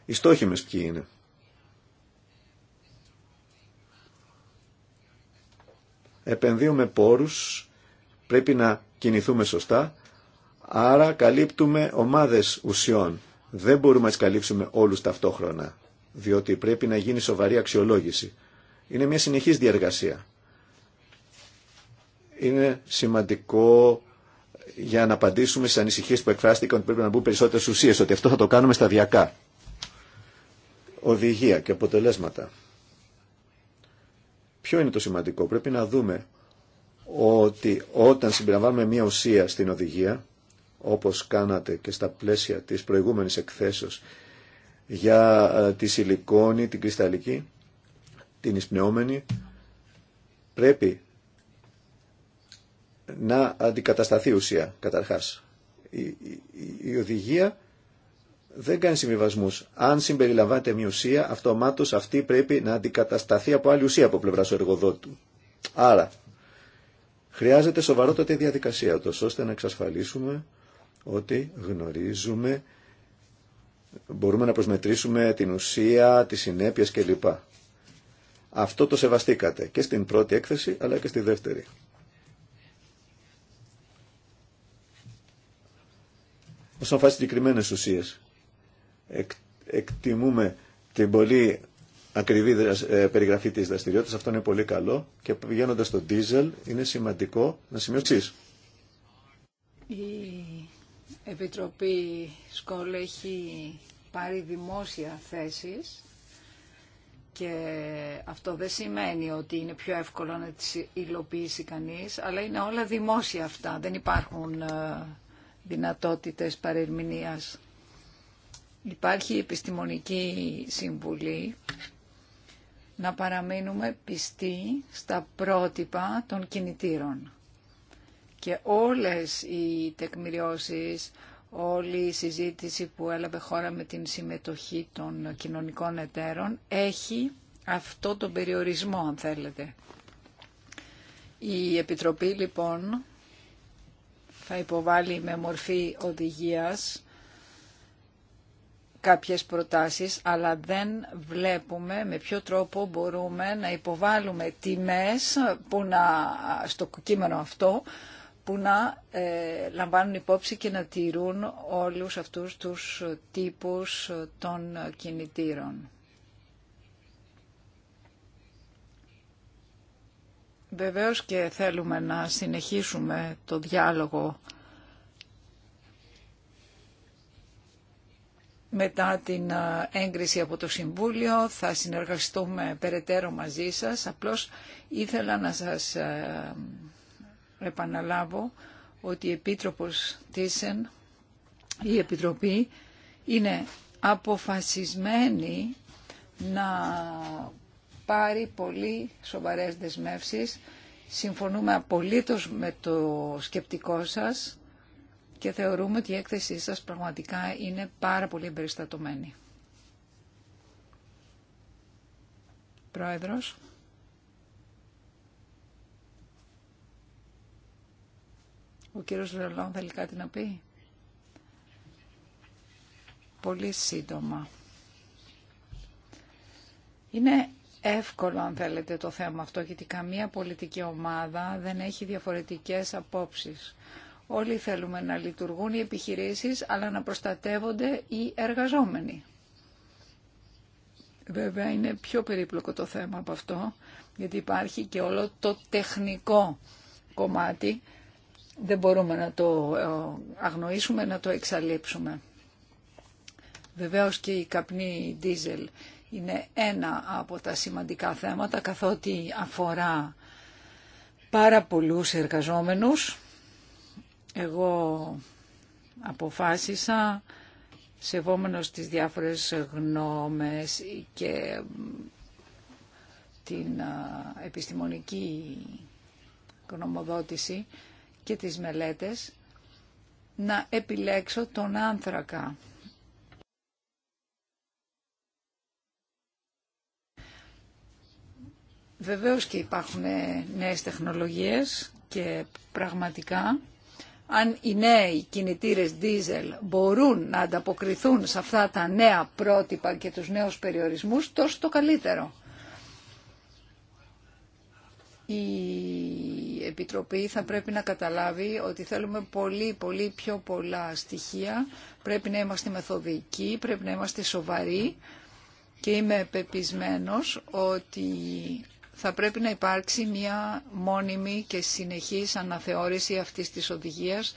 Οι στόχοι μας ποιοι είναι. επενδύουμε πόρους, πρέπει να κινηθούμε σωστά, άρα καλύπτουμε ομάδες ουσιών. Δεν μπορούμε να τις καλύψουμε όλους ταυτόχρονα, διότι πρέπει να γίνει σοβαρή αξιολόγηση. Είναι μια συνεχής διαργασία. Είναι σημαντικό για να απαντήσουμε στι ανησυχίε που εκφράστηκαν ότι πρέπει να μπουν περισσότερε ουσίε, ότι αυτό θα το κάνουμε σταδιακά. Οδηγία και αποτελέσματα. Ποιο είναι το σημαντικό. Πρέπει να δούμε ότι όταν συμπεριλαμβάνουμε μία ουσία στην οδηγία, όπως κάνατε και στα πλαίσια της προηγούμενης εκθέσεως για ε, τη σιλικόνη, την κρυσταλλική, την εισπνεόμενη, πρέπει να αντικατασταθεί ουσία καταρχάς. Η, η οδηγία δεν κάνει συμβιβασμού. Αν συμπεριλαμβάνεται μια ουσία, αυτομάτω αυτή πρέπει να αντικατασταθεί από άλλη ουσία από πλευρά του εργοδότου. Άρα, χρειάζεται σοβαρότατη διαδικασία, ώστε να εξασφαλίσουμε ότι γνωρίζουμε, μπορούμε να προσμετρήσουμε την ουσία, τις συνέπειες κλπ. Αυτό το σεβαστήκατε και στην πρώτη έκθεση αλλά και στη δεύτερη. Όσον αφορά συγκεκριμένε ουσίε εκτιμούμε την πολύ ακριβή ε, περιγραφή της δραστηριότητας, αυτό είναι πολύ καλό και πηγαίνοντας στο diesel είναι σημαντικό να σημειώσεις Η Επιτροπή Σκολ έχει πάρει δημόσια θέσεις και αυτό δεν σημαίνει ότι είναι πιο εύκολο να τις υλοποιήσει κανείς, αλλά είναι όλα δημόσια αυτά, δεν υπάρχουν ε, δυνατότητες παρερμηνίας. Υπάρχει επιστημονική συμβουλή να παραμείνουμε πιστοί στα πρότυπα των κινητήρων. Και όλες οι τεκμηριώσεις, όλη η συζήτηση που έλαβε χώρα με την συμμετοχή των κοινωνικών εταίρων έχει αυτό τον περιορισμό, αν θέλετε. Η Επιτροπή, λοιπόν, θα υποβάλει με μορφή οδηγίας κάποιες προτάσεις, αλλά δεν βλέπουμε με ποιο τρόπο μπορούμε να υποβάλουμε τιμές που να, στο κείμενο αυτό που να ε, λαμβάνουν υπόψη και να τηρούν όλους αυτούς τους τύπους των κινητήρων. Βεβαίως και θέλουμε να συνεχίσουμε το διάλογο Μετά την έγκριση από το Συμβούλιο θα συνεργαστούμε περαιτέρω μαζί σας. Απλώς ήθελα να σας επαναλάβω ότι η Επίτροπος Τίσεν, η Επιτροπή, είναι αποφασισμένη να πάρει πολύ σοβαρές δεσμεύσεις. Συμφωνούμε απολύτως με το σκεπτικό σας και θεωρούμε ότι η έκθεσή σας πραγματικά είναι πάρα πολύ εμπεριστατωμένη. Πρόεδρος. Ο κύριος Ρελόν θέλει κάτι να πει. Πολύ σύντομα. Είναι εύκολο αν θέλετε το θέμα αυτό γιατί καμία πολιτική ομάδα δεν έχει διαφορετικές απόψεις. Όλοι θέλουμε να λειτουργούν οι επιχειρήσεις, αλλά να προστατεύονται οι εργαζόμενοι. Βέβαια είναι πιο περίπλοκο το θέμα από αυτό, γιατί υπάρχει και όλο το τεχνικό κομμάτι. Δεν μπορούμε να το ε, αγνοήσουμε, να το εξαλείψουμε. Βεβαίως και η καπνή δίζελ είναι ένα από τα σημαντικά θέματα, καθότι αφορά πάρα πολλούς εργαζόμενους εγώ αποφάσισα σεβόμενος τις διάφορες γνώμες και την επιστημονική γνωμοδότηση και τις μελέτες να επιλέξω τον άνθρακα. Βεβαίως και υπάρχουν νέες τεχνολογίες και πραγματικά αν οι νέοι κινητήρες δίζελ μπορούν να ανταποκριθούν σε αυτά τα νέα πρότυπα και τους νέους περιορισμούς, τόσο το καλύτερο. Η Επιτροπή θα πρέπει να καταλάβει ότι θέλουμε πολύ, πολύ πιο πολλά στοιχεία. Πρέπει να είμαστε μεθοδικοί, πρέπει να είμαστε σοβαροί και είμαι πεπισμένος ότι θα πρέπει να υπάρξει μια μόνιμη και συνεχής αναθεώρηση αυτής της οδηγίας.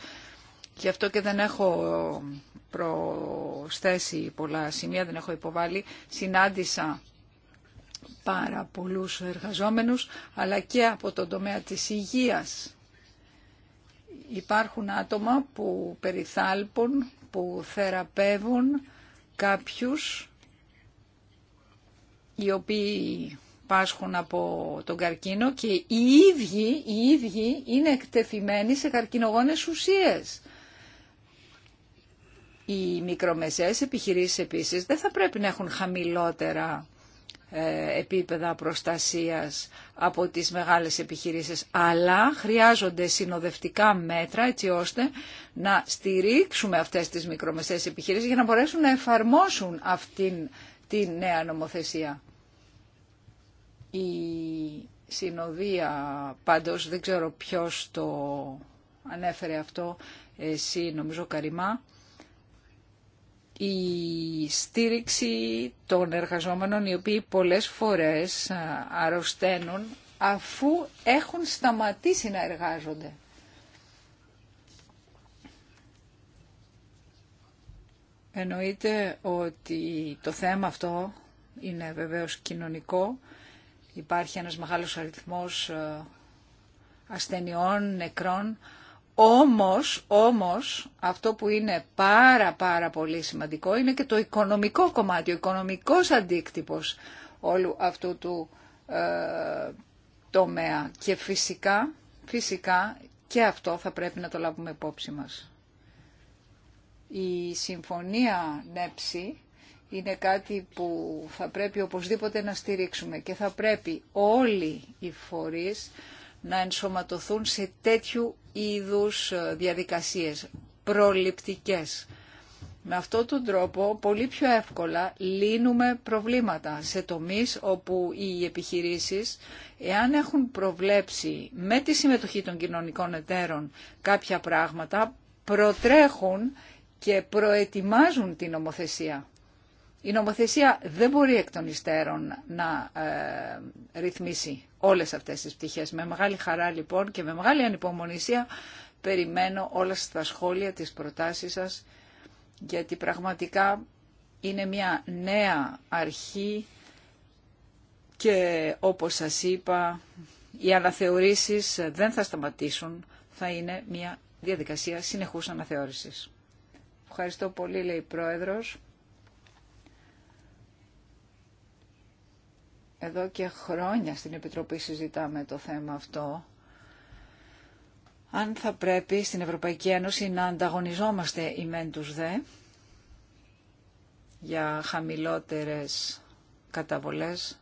Γι' αυτό και δεν έχω προσθέσει πολλά σημεία, δεν έχω υποβάλει. Συνάντησα πάρα πολλούς εργαζόμενους, αλλά και από τον τομέα της υγείας. Υπάρχουν άτομα που περιθάλπουν, που θεραπεύουν κάποιους οι οποίοι πάσχουν από τον καρκίνο και οι ίδιοι, οι ίδιοι είναι εκτεθειμένοι σε καρκινογόνες ουσίες. Οι μικρομεσαίες επιχειρήσεις επίσης δεν θα πρέπει να έχουν χαμηλότερα ε, επίπεδα προστασίας από τις μεγάλες επιχειρήσεις, αλλά χρειάζονται συνοδευτικά μέτρα έτσι ώστε να στηρίξουμε αυτές τις μικρομεσαίες επιχειρήσεις για να μπορέσουν να εφαρμόσουν αυτήν την νέα νομοθεσία. Η συνοδεία πάντως, δεν ξέρω ποιος το ανέφερε αυτό, εσύ νομίζω Καριμά, η στήριξη των εργαζόμενων οι οποίοι πολλές φορές αρρωσταίνουν αφού έχουν σταματήσει να εργάζονται. Εννοείται ότι το θέμα αυτό είναι βεβαίως κοινωνικό Υπάρχει ένας μεγάλος αριθμός ε, ασθενειών, νεκρών. Όμως, όμως, αυτό που είναι πάρα πάρα πολύ σημαντικό είναι και το οικονομικό κομμάτι, ο οικονομικός αντίκτυπος όλου αυτού του ε, τομέα. Και φυσικά, και αυτό θα πρέπει να το λάβουμε υπόψη μας. Η συμφωνία ΝΕΠΣΗ είναι κάτι που θα πρέπει οπωσδήποτε να στηρίξουμε και θα πρέπει όλοι οι φορείς να ενσωματωθούν σε τέτοιου είδους ε, διαδικασίες προληπτικές. Με αυτόν τον τρόπο πολύ πιο εύκολα λύνουμε προβλήματα σε τομείς όπου οι επιχειρήσεις, εάν έχουν προβλέψει με τη συμμετοχή των κοινωνικών εταίρων κάποια πράγματα, προτρέχουν και προετοιμάζουν την νομοθεσία. Η νομοθεσία δεν μπορεί εκ των υστέρων να ε, ρυθμίσει όλες αυτές τις πτυχές. Με μεγάλη χαρά λοιπόν και με μεγάλη ανυπομονησία περιμένω όλα στα σχόλια της προτάσεις σας γιατί πραγματικά είναι μια νέα αρχή και όπως σας είπα οι αναθεωρήσεις δεν θα σταματήσουν, θα είναι μια διαδικασία συνεχούς αναθεώρησης. Ευχαριστώ πολύ λέει η Πρόεδρος. Εδώ και χρόνια στην Επιτροπή συζητάμε το θέμα αυτό. Αν θα πρέπει στην Ευρωπαϊκή Ένωση να ανταγωνιζόμαστε η μεν τους δε για χαμηλότερες καταβολές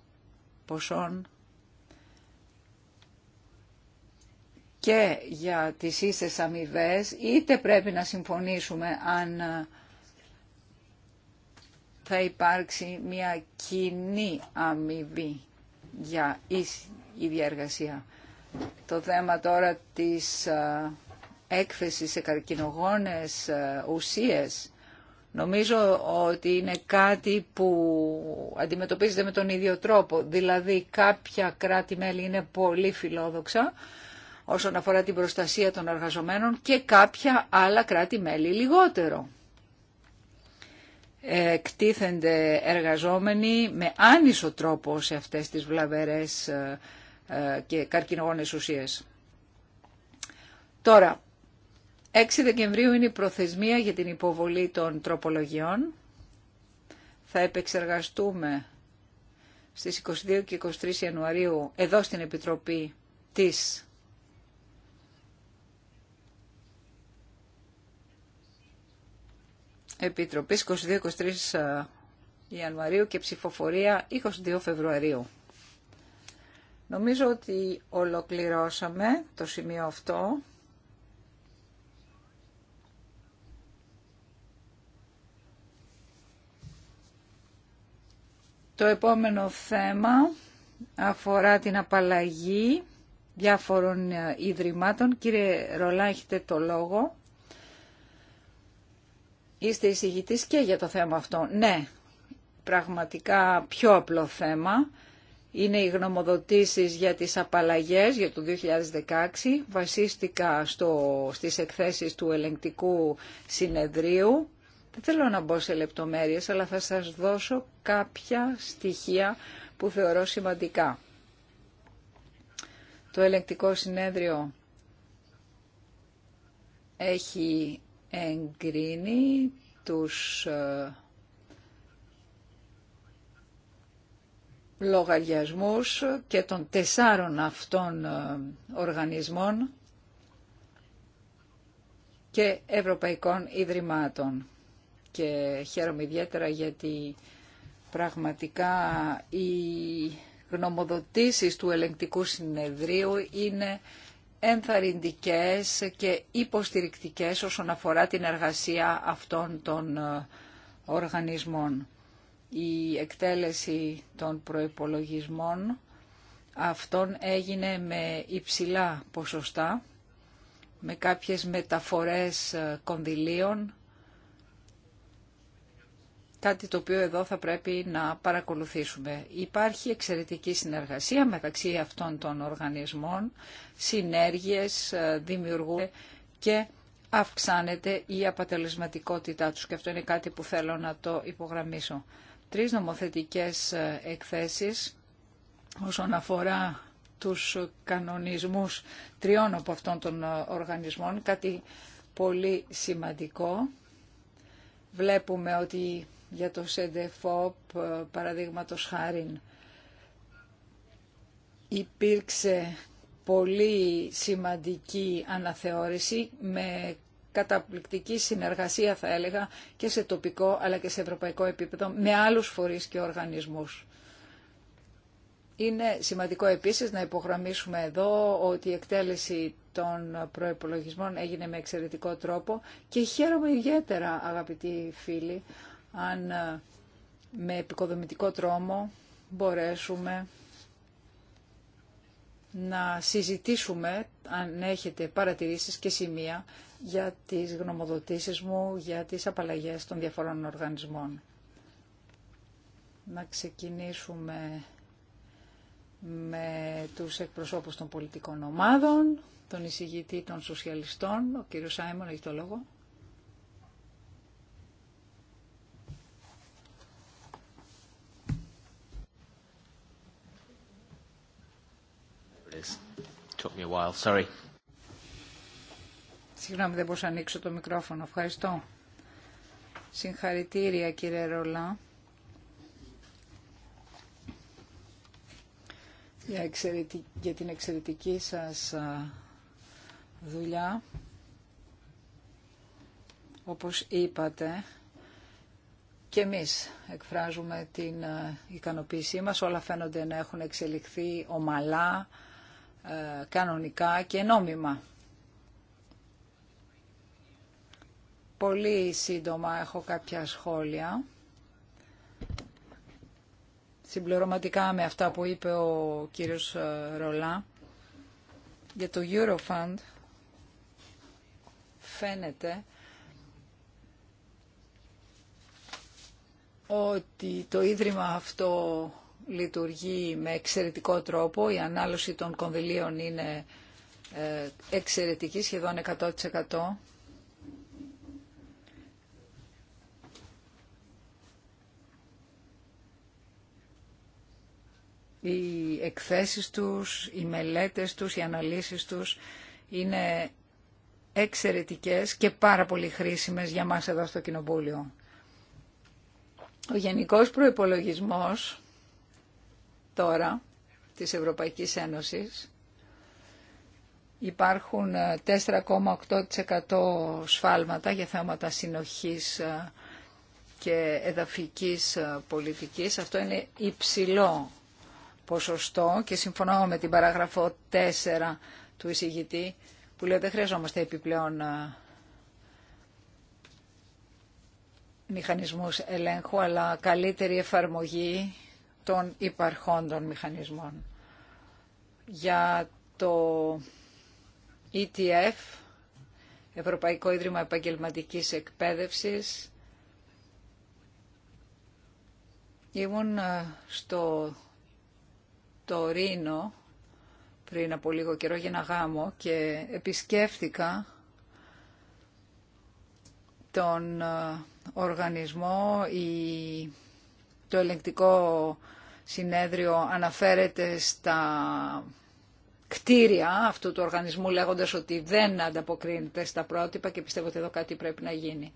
ποσών και για τις ίσες αμοιβέ, είτε πρέπει να συμφωνήσουμε αν θα υπάρξει μια κοινή αμοιβή για η διαργασία. Το θέμα τώρα της ε, έκθεσης σε καρκινογόνες ε, ουσίες νομίζω ότι είναι κάτι που αντιμετωπίζεται με τον ίδιο τρόπο. Δηλαδή κάποια κράτη-μέλη είναι πολύ φιλόδοξα όσον αφορά την προστασία των εργαζομένων και κάποια άλλα κράτη-μέλη λιγότερο εκτίθενται εργαζόμενοι με άνισο τρόπο σε αυτές τις βλαβερές ε, ε, και καρκινογόνες ουσίες. Τώρα, 6 Δεκεμβρίου είναι η προθεσμία για την υποβολή των τροπολογιών. Θα επεξεργαστούμε στις 22 και 23 Ιανουαρίου εδώ στην Επιτροπή της Επιτροπής 22-23 ε, Ιανουαρίου και ψηφοφορία 22 Φεβρουαρίου. Νομίζω ότι ολοκληρώσαμε το σημείο αυτό. Το επόμενο θέμα αφορά την απαλλαγή διάφορων ε, ιδρυμάτων. Κύριε Ρολά, έχετε το λόγο. Είστε εισηγητής και για το θέμα αυτό. Ναι, πραγματικά πιο απλό θέμα. Είναι οι γνωμοδοτήσεις για τις απαλλαγές για το 2016. Βασίστηκα στο, στις εκθέσεις του ελεγκτικού συνεδρίου. Δεν θέλω να μπω σε λεπτομέρειες, αλλά θα σας δώσω κάποια στοιχεία που θεωρώ σημαντικά. Το ελεγκτικό συνέδριο έχει εγκρίνει τους ε, λογαριασμούς και των τεσσάρων αυτών ε, οργανισμών και Ευρωπαϊκών Ιδρυμάτων. Και χαίρομαι ιδιαίτερα γιατί πραγματικά οι γνωμοδοτήσεις του ελεγκτικού συνεδρίου είναι ενθαρρυντικές και υποστηρικτικές όσον αφορά την εργασία αυτών των ε, οργανισμών. Η εκτέλεση των προϋπολογισμών αυτών έγινε με υψηλά ποσοστά, με κάποιες μεταφορές ε, κονδυλίων κάτι το οποίο εδώ θα πρέπει να παρακολουθήσουμε. Υπάρχει εξαιρετική συνεργασία μεταξύ αυτών των οργανισμών, συνέργειες ε, δημιουργούν και αυξάνεται η απατελεσματικότητά τους και αυτό είναι κάτι που θέλω να το υπογραμμίσω. Τρεις νομοθετικές ε, εκθέσεις όσον αφορά τους κανονισμούς τριών από αυτών των ε, οργανισμών, κάτι πολύ σημαντικό. Βλέπουμε ότι για το ΣΕΝΤΕΦΟΠ ε, παραδείγματος χάριν. Υπήρξε πολύ σημαντική αναθεώρηση με καταπληκτική συνεργασία θα έλεγα και σε τοπικό αλλά και σε ευρωπαϊκό επίπεδο με άλλους φορείς και οργανισμούς. Είναι σημαντικό επίσης να υπογραμμίσουμε εδώ ότι η εκτέλεση των προϋπολογισμών έγινε με εξαιρετικό τρόπο και χαίρομαι ιδιαίτερα αγαπητοί φίλοι αν ε, με επικοδομητικό τρόμο μπορέσουμε να συζητήσουμε, αν έχετε παρατηρήσεις και σημεία, για τις γνωμοδοτήσεις μου, για τις απαλλαγές των διαφορών οργανισμών. Να ξεκινήσουμε με τους εκπροσώπους των πολιτικών ομάδων, τον εισηγητή των σοσιαλιστών, ο κύριος Σάιμον έχει το λόγο. Συγγνώμη, δεν μπορούσα να ανοίξω το μικρόφωνο. Ευχαριστώ. Συγχαρητήρια, κύριε Ρολά. Για, για την εξαιρετική σας δουλειά. Όπως είπατε, και εμείς εκφράζουμε την ικανοποίησή μας. Όλα φαίνονται να έχουν εξελιχθεί ομαλά ε, κανονικά και νόμιμα. Πολύ σύντομα έχω κάποια σχόλια. Συμπληρωματικά με αυτά που είπε ο κύριος ε, Ρολά για το Eurofund φαίνεται ότι το Ίδρυμα αυτό λειτουργεί με εξαιρετικό τρόπο. Η ανάλωση των κονδυλίων είναι ε, εξαιρετική, σχεδόν 100%. Οι εκθέσεις τους, οι μελέτες τους, οι αναλύσεις τους είναι εξαιρετικές και πάρα πολύ χρήσιμες για μας εδώ στο Κοινοβούλιο. Ο γενικός προϋπολογισμός τώρα της Ευρωπαϊκής Ένωσης υπάρχουν 4,8% ε, σφάλματα για θέματα συνοχής ε, και εδαφικής ε, πολιτικής. Αυτό είναι υψηλό ποσοστό και συμφωνώ με την παράγραφο 4 του εισηγητή που λέει δεν χρειαζόμαστε επιπλέον μηχανισμούς ελέγχου αλλά καλύτερη εφαρμογή των υπαρχόντων μηχανισμών. Για το ETF, Ευρωπαϊκό Ίδρυμα Επαγγελματικής Εκπαίδευσης, ήμουν ε, στο Τωρίνο πριν από λίγο καιρό για ένα γάμο και επισκέφτηκα τον ε, οργανισμό η το ελεγκτικό συνέδριο αναφέρεται στα κτίρια αυτού του οργανισμού λέγοντας ότι δεν ανταποκρίνεται στα πρότυπα και πιστεύω ότι εδώ κάτι πρέπει να γίνει.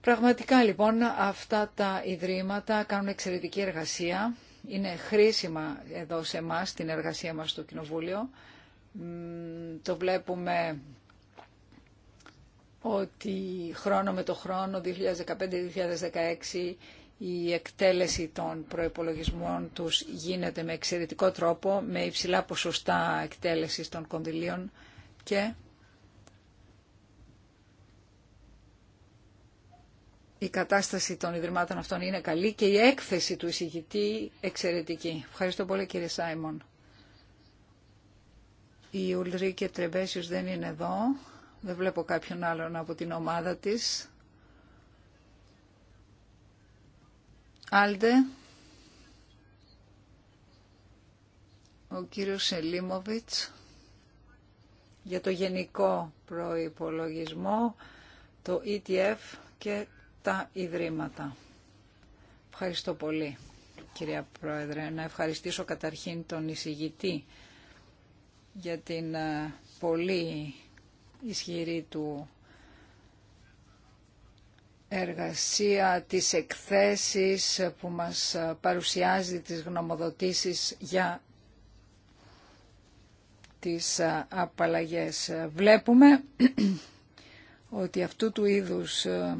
Πραγματικά λοιπόν αυτά τα ιδρύματα κάνουν εξαιρετική εργασία. Είναι χρήσιμα εδώ σε εμά την εργασία μας στο Κοινοβούλιο. Το βλέπουμε ότι χρόνο με το χρόνο, 2015-2016, η εκτέλεση των προϋπολογισμών τους γίνεται με εξαιρετικό τρόπο, με υψηλά ποσοστά εκτέλεσης των κονδυλίων και η κατάσταση των Ιδρυμάτων αυτών είναι καλή και η έκθεση του εισηγητή εξαιρετική. Ευχαριστώ πολύ κύριε Σάιμον. Η Ουλρίκε Τρεμπέσιος δεν είναι εδώ. Δεν βλέπω κάποιον άλλον από την ομάδα της. Άλτε. Ο κύριος Σελίμοβιτς για το γενικό προϋπολογισμό, το ETF και τα Ιδρύματα. Ευχαριστώ πολύ, κυρία Πρόεδρε. Να ευχαριστήσω καταρχήν τον εισηγητή για την ε, πολύ ισχυρή του εργασία, τις εκθέσεις που μας παρουσιάζει τις γνωμοδοτήσεις για τις απαλλαγές. Βλέπουμε ότι αυτού του είδους ε,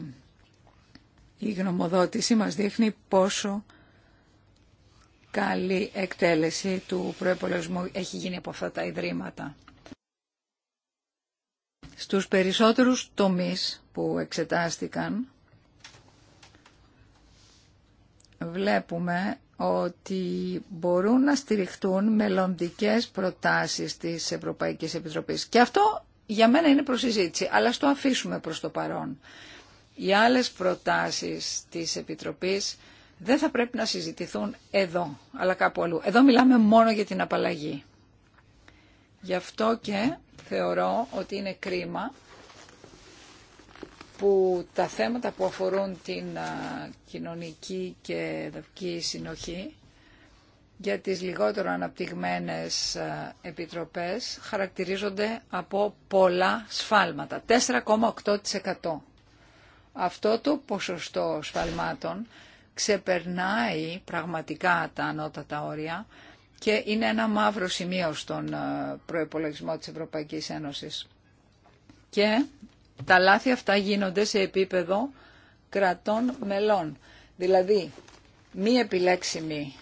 η γνωμοδότηση μας δείχνει πόσο καλή εκτέλεση του προεπολογισμού έχει γίνει από αυτά τα ιδρύματα. Στους περισσότερους τομείς που εξετάστηκαν, βλέπουμε ότι μπορούν να στηριχτούν μελλοντικέ προτάσεις της Ευρωπαϊκής Επιτροπής. Και αυτό για μένα είναι προσυζήτηση, αλλά στο αφήσουμε προς το παρόν. Οι άλλες προτάσεις της Επιτροπής δεν θα πρέπει να συζητηθούν εδώ, αλλά κάπου αλλού. Εδώ μιλάμε μόνο για την απαλλαγή. Γι' αυτό και θεωρώ ότι είναι κρίμα που τα θέματα που αφορούν την κοινωνική και δαυκή συνοχή για τις λιγότερο αναπτυγμένες επιτροπές χαρακτηρίζονται από πολλά σφάλματα, 4,8%. Αυτό το ποσοστό σφαλμάτων ξεπερνάει πραγματικά τα ανώτατα όρια και είναι ένα μαύρο σημείο στον προϋπολογισμό της Ευρωπαϊκής Ένωσης. Και τα λάθη αυτά γίνονται σε επίπεδο κρατών μελών. Δηλαδή, μη επιλέξιμη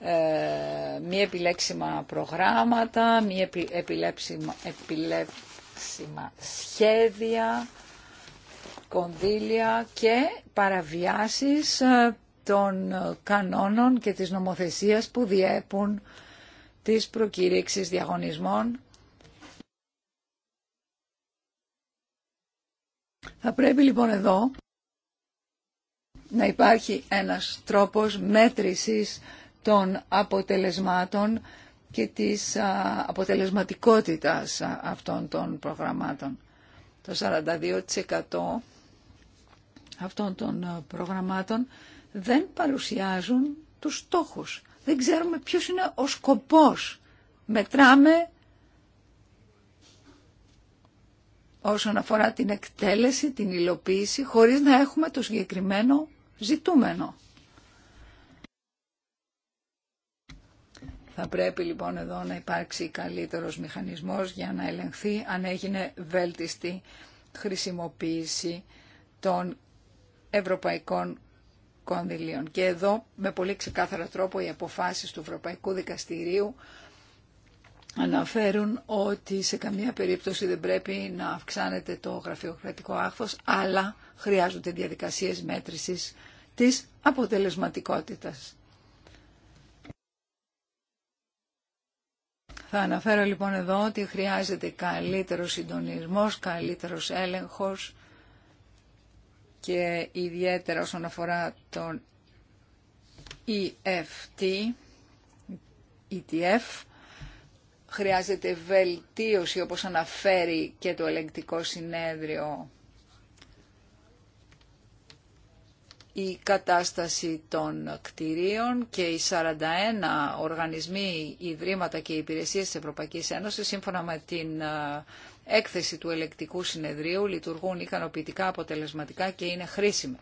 ε, μη επιλέξιμα προγράμματα, μη επι, επιλέξιμα, σχέδια, κονδύλια και παραβιάσεις ε, των κανόνων και της νομοθεσίας που διέπουν τις προκήρυξεις διαγωνισμών Θα πρέπει λοιπόν εδώ να υπάρχει ένας τρόπος μέτρησης των αποτελεσμάτων και της αποτελεσματικότητας αυτών των προγραμμάτων. Το 42% αυτών των προγραμμάτων δεν παρουσιάζουν τους στόχους. Δεν ξέρουμε ποιος είναι ο σκοπός. Μετράμε όσον αφορά την εκτέλεση, την υλοποίηση, χωρίς να έχουμε το συγκεκριμένο ζητούμενο. Θα πρέπει λοιπόν εδώ να υπάρξει καλύτερος μηχανισμός για να ελεγχθεί αν έγινε βέλτιστη χρησιμοποίηση των ευρωπαϊκών κονδυλίων. Και εδώ με πολύ ξεκάθαρο τρόπο οι αποφάσεις του Ευρωπαϊκού Δικαστηρίου αναφέρουν ότι σε καμία περίπτωση δεν πρέπει να αυξάνεται το γραφειοκρατικό άγχος, αλλά χρειάζονται διαδικασίες μέτρησης της αποτελεσματικότητας. Θα αναφέρω λοιπόν εδώ ότι χρειάζεται καλύτερος συντονισμός, καλύτερος έλεγχος και ιδιαίτερα όσον αφορά τον EFT, ETF, χρειάζεται βελτίωση όπως αναφέρει και το ελεγκτικό συνέδριο η κατάσταση των κτηρίων και οι 41 οργανισμοί, ιδρύματα και υπηρεσίες της Ευρωπαϊκής Ένωσης σύμφωνα με την ε, έκθεση του ελεκτικού συνεδρίου λειτουργούν ικανοποιητικά, αποτελεσματικά και είναι χρήσιμα.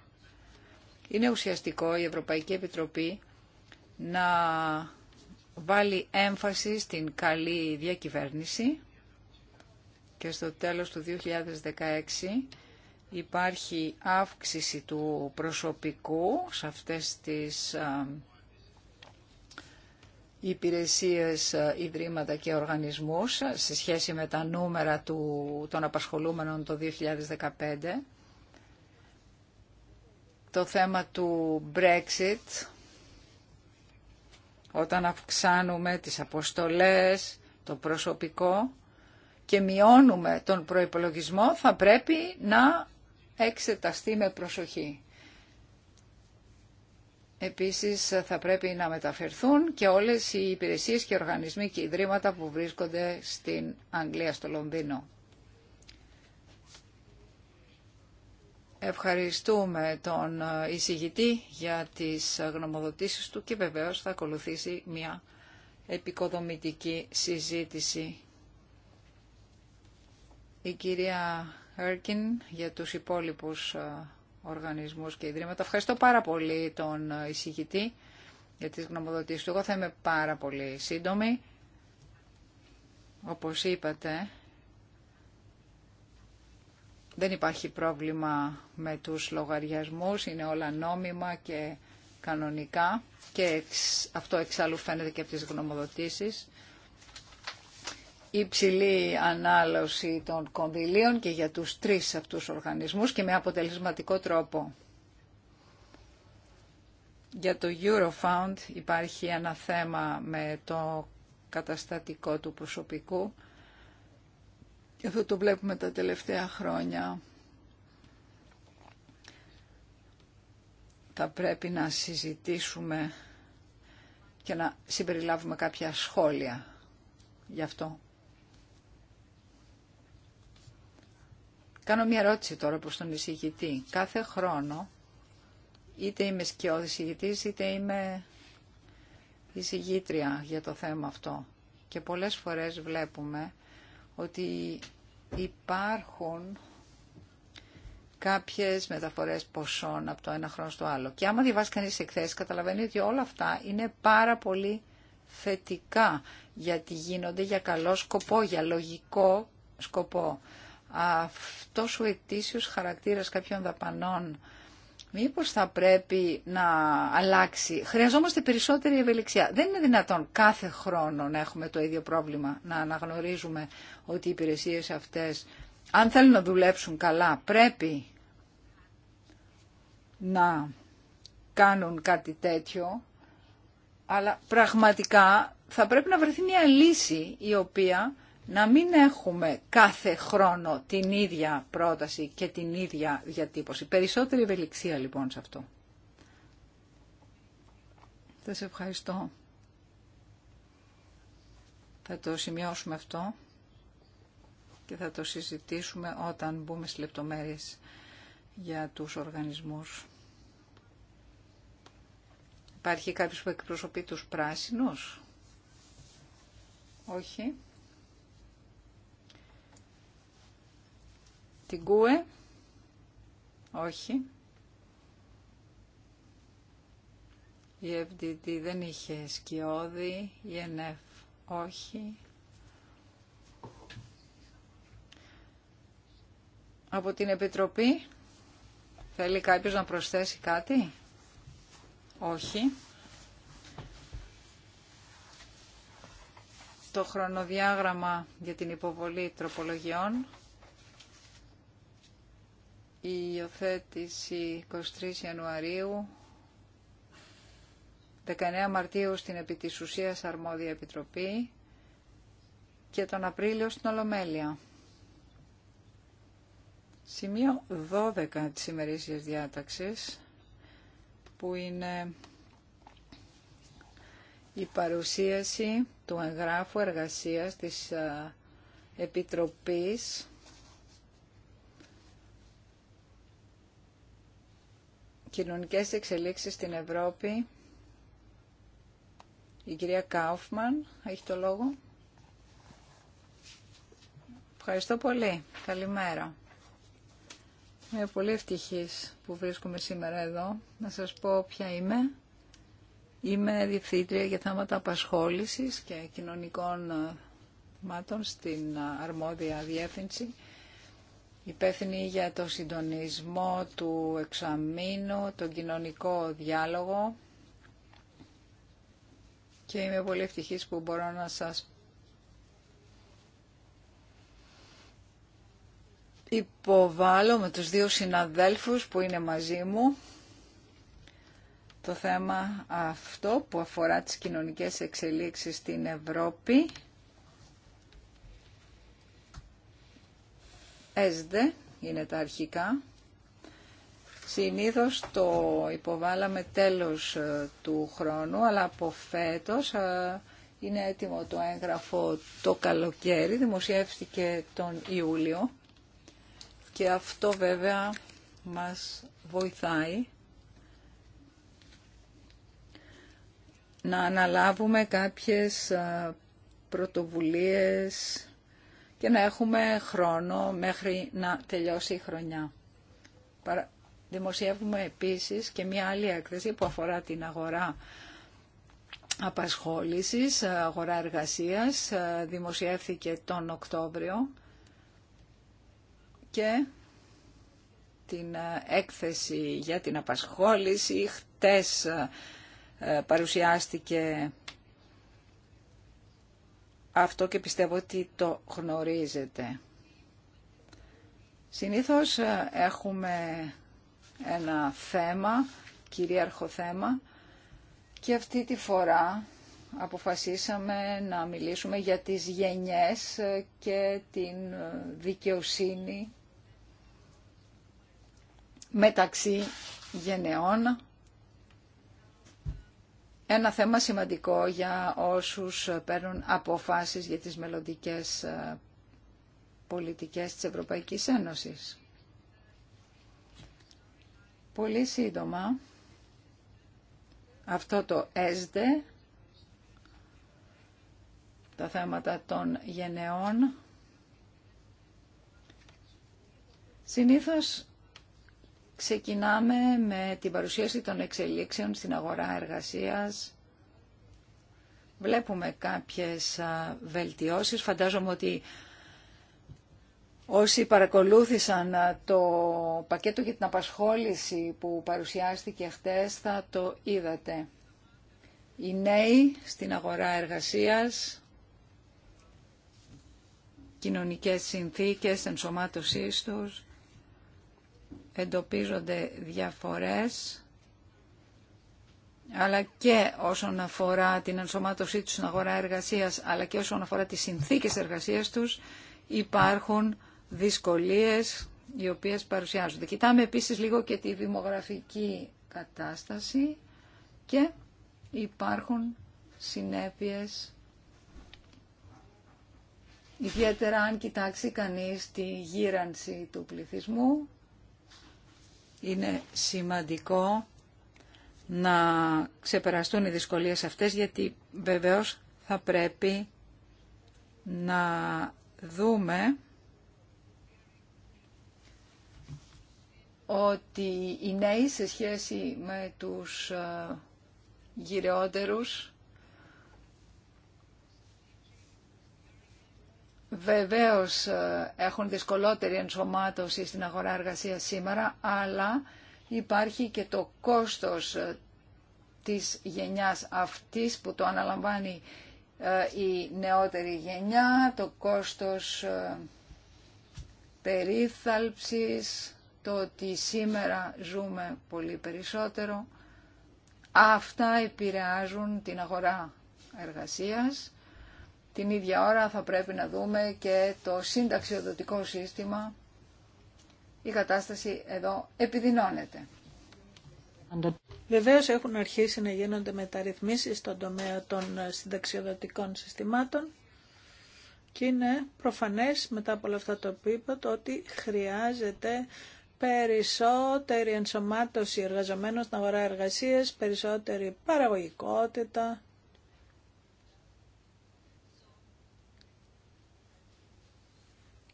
Είναι ουσιαστικό η Ευρωπαϊκή Επιτροπή να βάλει έμφαση στην καλή διακυβέρνηση και στο τέλος του 2016 υπάρχει αύξηση του προσωπικού σε αυτές τις υπηρεσίες, ιδρύματα και οργανισμούς σε σχέση με τα νούμερα του, των απασχολούμενων το 2015. Το θέμα του Brexit όταν αυξάνουμε τις αποστολές, το προσωπικό και μειώνουμε τον προϋπολογισμό, θα πρέπει να εξεταστεί με προσοχή. Επίσης θα πρέπει να μεταφερθούν και όλες οι υπηρεσίες και οργανισμοί και ιδρύματα που βρίσκονται στην Αγγλία, στο Λονδίνο. Ευχαριστούμε τον ε, εισηγητή για τις ε, γνωμοδοτήσεις του και βεβαίως θα ακολουθήσει μια επικοδομητική συζήτηση. Η κυρία Έρκιν για τους υπόλοιπους ε, οργανισμούς και ιδρύματα. Ευχαριστώ πάρα πολύ τον εισηγητή για τις γνωμοδοτήσεις του. Εγώ θα είμαι πάρα πολύ σύντομη. Όπως είπατε, δεν υπάρχει πρόβλημα με τους λογαριασμούς, είναι όλα νόμιμα και κανονικά και αυτό εξάλλου φαίνεται και από τις γνωμοδοτήσεις. Υψηλή ανάλωση των κονδυλίων και για τους τρεις αυτούς οργανισμούς και με αποτελεσματικό τρόπο. Για το Eurofound υπάρχει ένα θέμα με το καταστατικό του προσωπικού. Και αυτό το βλέπουμε τα τελευταία χρόνια. Θα πρέπει να συζητήσουμε και να συμπεριλάβουμε κάποια σχόλια γι' αυτό. Κάνω μια ερώτηση τώρα προς τον εισηγητή. Κάθε χρόνο, είτε είμαι σκιώδη εισηγητής, είτε είμαι εισηγήτρια για το θέμα αυτό. Και πολλές φορές βλέπουμε ότι υπάρχουν κάποιες μεταφορές ποσών από το ένα χρόνο στο άλλο. Και άμα διαβάσει κανείς εκθέσεις καταλαβαίνει ότι όλα αυτά είναι πάρα πολύ θετικά γιατί γίνονται για καλό σκοπό, για λογικό σκοπό. Αυτός ο ετήσιος χαρακτήρας κάποιων δαπανών Μήπως θα πρέπει να αλλάξει. Χρειαζόμαστε περισσότερη ευελιξία. Δεν είναι δυνατόν κάθε χρόνο να έχουμε το ίδιο πρόβλημα, να αναγνωρίζουμε ότι οι υπηρεσίες αυτές, αν θέλουν να δουλέψουν καλά, πρέπει να κάνουν κάτι τέτοιο, αλλά πραγματικά θα πρέπει να βρεθεί μια λύση η οποία να μην έχουμε κάθε χρόνο την ίδια πρόταση και την ίδια διατύπωση. Περισσότερη ευελιξία λοιπόν σε αυτό. Θα σε ευχαριστώ. Θα το σημειώσουμε αυτό και θα το συζητήσουμε όταν μπούμε στις λεπτομέρειες για τους οργανισμούς. Υπάρχει κάποιος που εκπροσωπεί τους πράσινους. Όχι. Την κουέ; Όχι. Η FDD δεν είχε σκιώδη. Η NF όχι. Από την Επιτροπή θέλει κάποιος να προσθέσει κάτι. Όχι. Το χρονοδιάγραμμα για την υποβολή τροπολογιών η υιοθέτηση 23 Ιανουαρίου 19 Μαρτίου στην επί Σαρμόδια επιτροπή και τον Απρίλιο στην Ολομέλεια. Σημείο 12 της ημερήσιας διάταξης που είναι η παρουσίαση του εγγράφου εργασίας της ε, Επιτροπής κοινωνικές εξελίξεις στην Ευρώπη. Η κυρία Κάουφμαν έχει το λόγο. Ευχαριστώ πολύ. Καλημέρα. Είμαι πολύ ευτυχής που βρίσκομαι σήμερα εδώ. Να σας πω ποια είμαι. Είμαι διευθύντρια για θέματα απασχόλησης και κοινωνικών θεμάτων στην ε, αρμόδια διεύθυνση υπεύθυνη για το συντονισμό του εξαμήνου, τον κοινωνικό διάλογο και είμαι πολύ ευτυχής που μπορώ να σας υποβάλλω με τους δύο συναδέλφους που είναι μαζί μου το θέμα αυτό που αφορά τις κοινωνικές εξελίξεις στην Ευρώπη. ΕΣΔΕ είναι τα αρχικά. Συνήθως το υποβάλαμε τέλος ε, του χρόνου, αλλά από φέτος ε, είναι έτοιμο το έγγραφο το καλοκαίρι, δημοσιεύτηκε τον Ιούλιο και αυτό βέβαια μας βοηθάει να αναλάβουμε κάποιες ε, πρωτοβουλίες και να έχουμε χρόνο μέχρι να τελειώσει η χρονιά. Δημοσιεύουμε επίσης και μια άλλη έκθεση που αφορά την αγορά απασχόλησης, αγορά εργασίας, ε, δημοσιεύθηκε τον Οκτώβριο και την ε, έκθεση για την απασχόληση χτες ε, παρουσιάστηκε αυτό και πιστεύω ότι το γνωρίζετε. Συνήθως ε, έχουμε ένα θέμα, κυρίαρχο θέμα, και αυτή τη φορά αποφασίσαμε να μιλήσουμε για τις γενιές ε, και την ε, δικαιοσύνη μεταξύ γενεών ένα θέμα σημαντικό για όσους παίρνουν αποφάσεις για τις μελλοντικές ε, πολιτικές της Ευρωπαϊκής Ένωσης. Πολύ σύντομα, αυτό το ΕΣΔΕ, τα θέματα των γενεών, συνήθως Ξεκινάμε με την παρουσίαση των εξελίξεων στην αγορά εργασίας. Βλέπουμε κάποιες βελτιώσεις. Φαντάζομαι ότι όσοι παρακολούθησαν το πακέτο για την απασχόληση που παρουσιάστηκε χτες θα το είδατε. Οι νέοι στην αγορά εργασίας, κοινωνικές συνθήκες ενσωμάτωσής τους, εντοπίζονται διαφορές αλλά και όσον αφορά την ενσωμάτωσή τους στην αγορά εργασίας αλλά και όσον αφορά τις συνθήκες εργασίας τους υπάρχουν δυσκολίες οι οποίες παρουσιάζονται. Κοιτάμε επίσης λίγο και τη δημογραφική κατάσταση και υπάρχουν συνέπειες ιδιαίτερα αν κοιτάξει κανείς τη γύρανση του πληθυσμού είναι σημαντικό να ξεπεραστούν οι δυσκολίες αυτές γιατί βεβαίως θα πρέπει να δούμε ότι οι νέοι σε σχέση με τους ε, γυρεότερους βεβαίως ε, έχουν δυσκολότερη ενσωμάτωση στην αγορά εργασίας σήμερα, αλλά υπάρχει και το κόστος ε, της γενιάς αυτής που το αναλαμβάνει ε, η νεότερη γενιά, το κόστος περίθαλψης, το ότι σήμερα ζούμε πολύ περισσότερο. Αυτά επηρεάζουν την αγορά εργασίας την ίδια ώρα θα πρέπει να δούμε και το συνταξιοδοτικό σύστημα. Η κατάσταση εδώ επιδεινώνεται. Βεβαίω έχουν αρχίσει να γίνονται μεταρρυθμίσει στον τομέα των συνταξιοδοτικών συστημάτων και είναι προφανές μετά από όλα αυτά το που είπα το ότι χρειάζεται περισσότερη ενσωμάτωση εργαζομένων στην αγορά εργασία, περισσότερη παραγωγικότητα,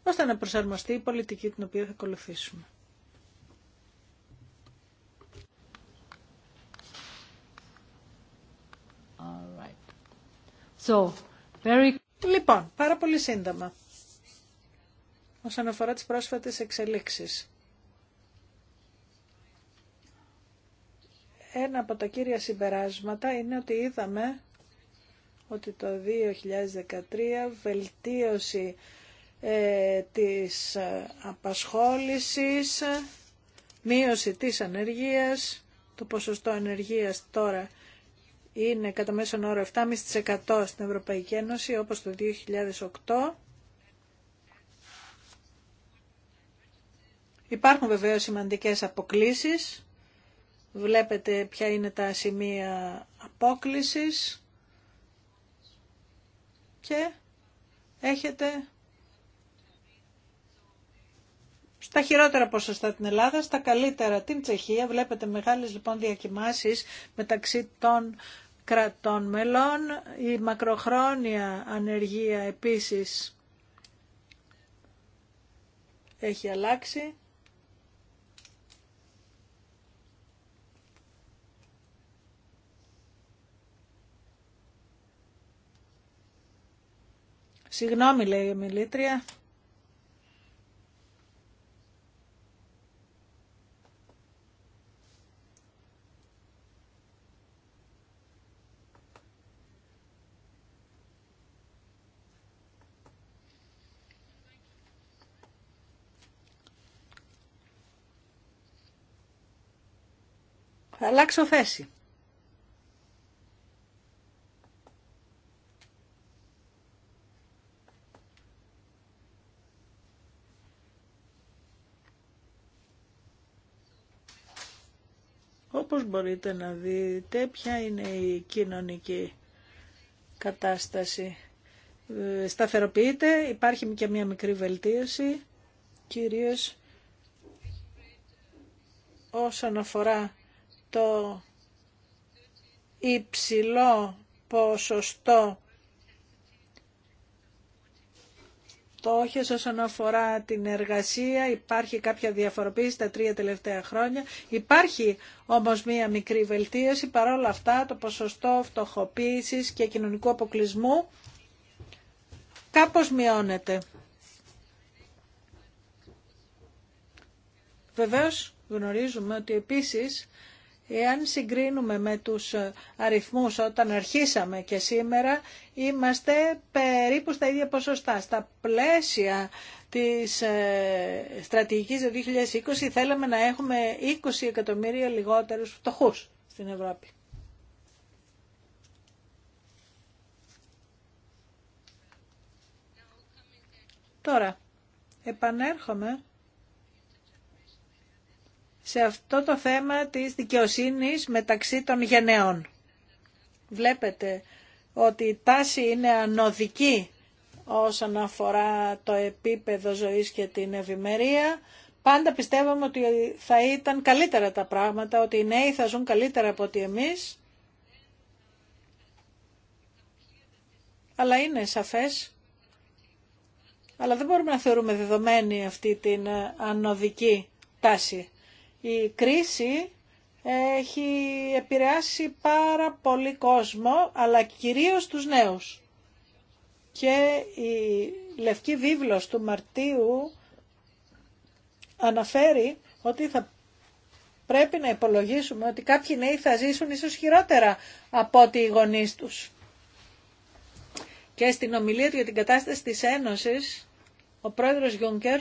ώστε να προσαρμοστεί η πολιτική την οποία θα ακολουθήσουμε. so, very... Λοιπόν, πάρα πολύ σύντομα όσον αφορά τις πρόσφατες εξελίξεις. Ένα από τα κύρια συμπεράσματα είναι ότι είδαμε ότι το 2013 βελτίωση ε, της ε, απασχόλησης, μείωση της ανεργίας. Το ποσοστό ανεργίας τώρα είναι κατά μέσον όρο 7,5% στην Ευρωπαϊκή Ένωση όπως το 2008. Υπάρχουν βεβαίως σημαντικές αποκλίσεις. Βλέπετε ποια είναι τα σημεία απόκλησης και έχετε στα χειρότερα ποσοστά την Ελλάδα, στα καλύτερα την Τσεχία. Βλέπετε μεγάλες λοιπόν διακοιμάσεις μεταξύ των κρατών μελών. Η μακροχρόνια ανεργία επίσης έχει αλλάξει. Συγγνώμη λέει η μιλήτρια. Θα αλλάξω θέση. Όπως μπορείτε να δείτε ποια είναι η κοινωνική κατάσταση. Ε, σταθεροποιείται, υπάρχει και μια μικρή βελτίωση, κυρίως όσον αφορά το υψηλό ποσοστό το όχι όσον αφορά την εργασία, υπάρχει κάποια διαφοροποίηση τα τρία τελευταία χρόνια. Υπάρχει όμως μία μικρή βελτίωση, παρόλα αυτά το ποσοστό φτωχοποίησης και κοινωνικού αποκλεισμού κάπως μειώνεται. Βεβαίως γνωρίζουμε ότι επίσης Εάν συγκρίνουμε με τους ε, αριθμούς όταν αρχίσαμε και σήμερα, είμαστε περίπου στα ίδια ποσοστά. Στα πλαίσια της ε, στρατηγικής 2020 θέλαμε να έχουμε 20 εκατομμύρια λιγότερους φτωχούς στην Ευρώπη. Τώρα, επανέρχομαι σε αυτό το θέμα της δικαιοσύνης μεταξύ των γενναίων. Βλέπετε ότι η τάση είναι ανωδική όσον αφορά το επίπεδο ζωής και την ευημερία. Πάντα πιστεύαμε ότι θα ήταν καλύτερα τα πράγματα, ότι οι νέοι θα ζουν καλύτερα από ότι εμείς. Αλλά είναι σαφές. Αλλά δεν μπορούμε να θεωρούμε δεδομένη αυτή την ανωδική τάση η κρίση έχει επηρεάσει πάρα πολύ κόσμο, αλλά κυρίως τους νέους. Και η Λευκή Βίβλος του Μαρτίου αναφέρει ότι θα πρέπει να υπολογίσουμε ότι κάποιοι νέοι θα ζήσουν ίσως χειρότερα από ό,τι οι γονείς τους. Και στην ομιλία του για την κατάσταση της Ένωσης, ο πρόεδρος Γιούγκερ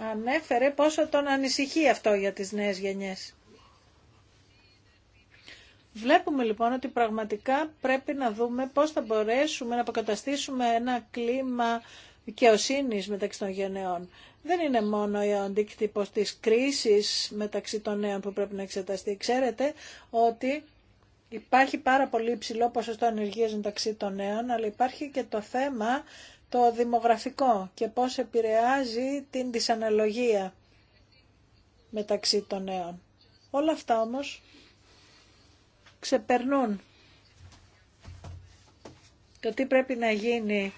ανέφερε πόσο τον ανησυχεί αυτό για τις νέες γενιές. Βλέπουμε λοιπόν ότι πραγματικά πρέπει να δούμε πώς θα μπορέσουμε να αποκαταστήσουμε ένα κλίμα δικαιοσύνη μεταξύ των γενεών. Δεν είναι μόνο ο αντίκτυπο της κρίση μεταξύ των νέων που πρέπει να εξεταστεί. Ξέρετε ότι υπάρχει πάρα πολύ υψηλό ποσοστό ανεργία μεταξύ των νέων, αλλά υπάρχει και το θέμα το δημογραφικό και πώς επηρεάζει την δυσαναλογία μεταξύ των νέων. Όλα αυτά όμως ξεπερνούν το τι πρέπει να γίνει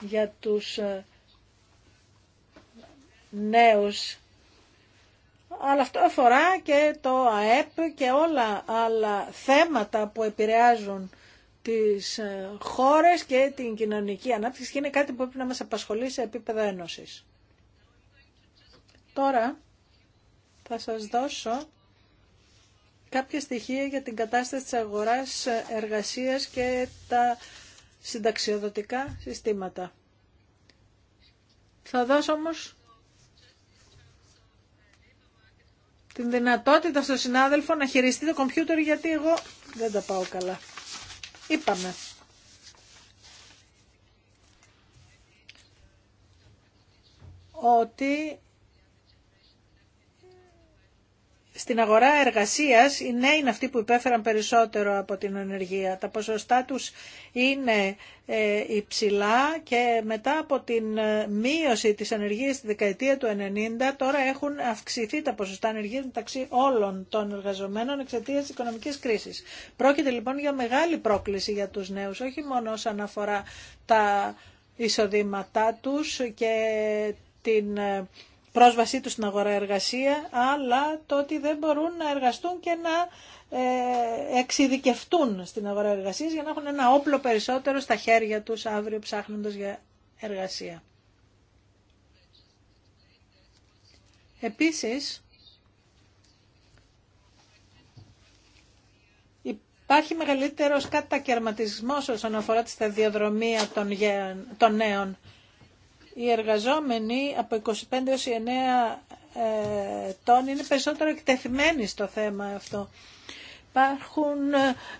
για τους ε, νέους. Αλλά αυτό αφορά και το ΑΕΠ και όλα άλλα θέματα που επηρεάζουν τις ε, χώρες και την κοινωνική ανάπτυξη και είναι κάτι που πρέπει να μας απασχολεί σε επίπεδο ένωσης. Τώρα θα σας δώσω κάποια στοιχεία για την κατάσταση της αγοράς ε, εργασίας και τα συνταξιοδοτικά συστήματα. Θα δώσω όμως την δυνατότητα στον συνάδελφο να χειριστεί το κομπιούτερ γιατί εγώ δεν τα πάω καλά. Είπαμε. ότι στην αγορά εργασίας οι νέοι είναι αυτοί που υπέφεραν περισσότερο από την ενεργεία. Τα ποσοστά τους είναι ε, υψηλά και μετά από την ε, μείωση της ενεργείας στη δεκαετία του 90 τώρα έχουν αυξηθεί τα ποσοστά ενεργείας μεταξύ όλων των εργαζομένων εξαιτίας της οικονομικής κρίσης. Πρόκειται λοιπόν για μεγάλη πρόκληση για τους νέους, όχι μόνο όσον αφορά τα εισοδήματά τους και την ε, πρόσβασή τους στην αγορά εργασία, αλλά το ότι δεν μπορούν να εργαστούν και να ε, εξειδικευτούν στην αγορά εργασίας για να έχουν ένα όπλο περισσότερο στα χέρια τους αύριο ψάχνοντας για εργασία. Επίσης, υπάρχει μεγαλύτερος κατακαιρματισμός όσον αφορά τη σταδιοδρομία των, των νέων οι εργαζόμενοι από 25 έως 9 ε, ετών είναι περισσότερο εκτεθειμένοι στο θέμα αυτό. Υπάρχουν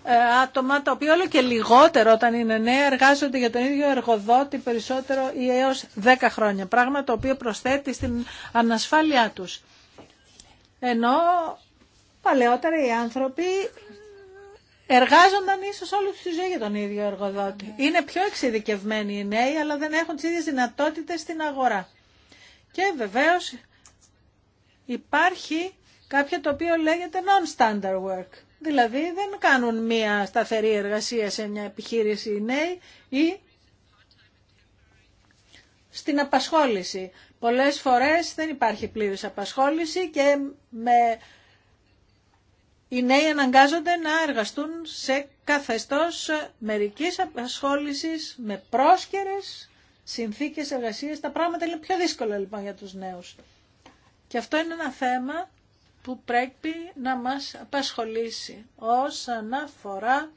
ε, άτομα τα οποία όλο και λιγότερο όταν είναι νέα εργάζονται για τον ίδιο εργοδότη περισσότερο ή έως 10 χρόνια. Πράγμα το οποίο προσθέτει στην ανασφάλειά τους. Ενώ παλαιότερα οι άνθρωποι εργάζονταν ίσω όλη τη ζωή για τον ίδιο εργοδότη. Ναι. Είναι πιο εξειδικευμένοι οι νέοι, αλλά δεν έχουν τι ίδιες δυνατότητες στην αγορά. Και βεβαίως υπάρχει κάποιο το οποίο λέγεται non-standard work. Δηλαδή δεν κάνουν μία σταθερή εργασία σε μια επιχείρηση οι νέοι ή στην απασχόληση. Πολλές φορές δεν υπάρχει πλήρης απασχόληση και με οι νέοι αναγκάζονται να εργαστούν σε καθεστώς μερικής απασχόλησης με πρόσκαιρες συνθήκες εργασίας. Τα πράγματα είναι πιο δύσκολα λοιπόν για τους νέους. Και αυτό είναι ένα θέμα που πρέπει να μας απασχολήσει όσον αφορά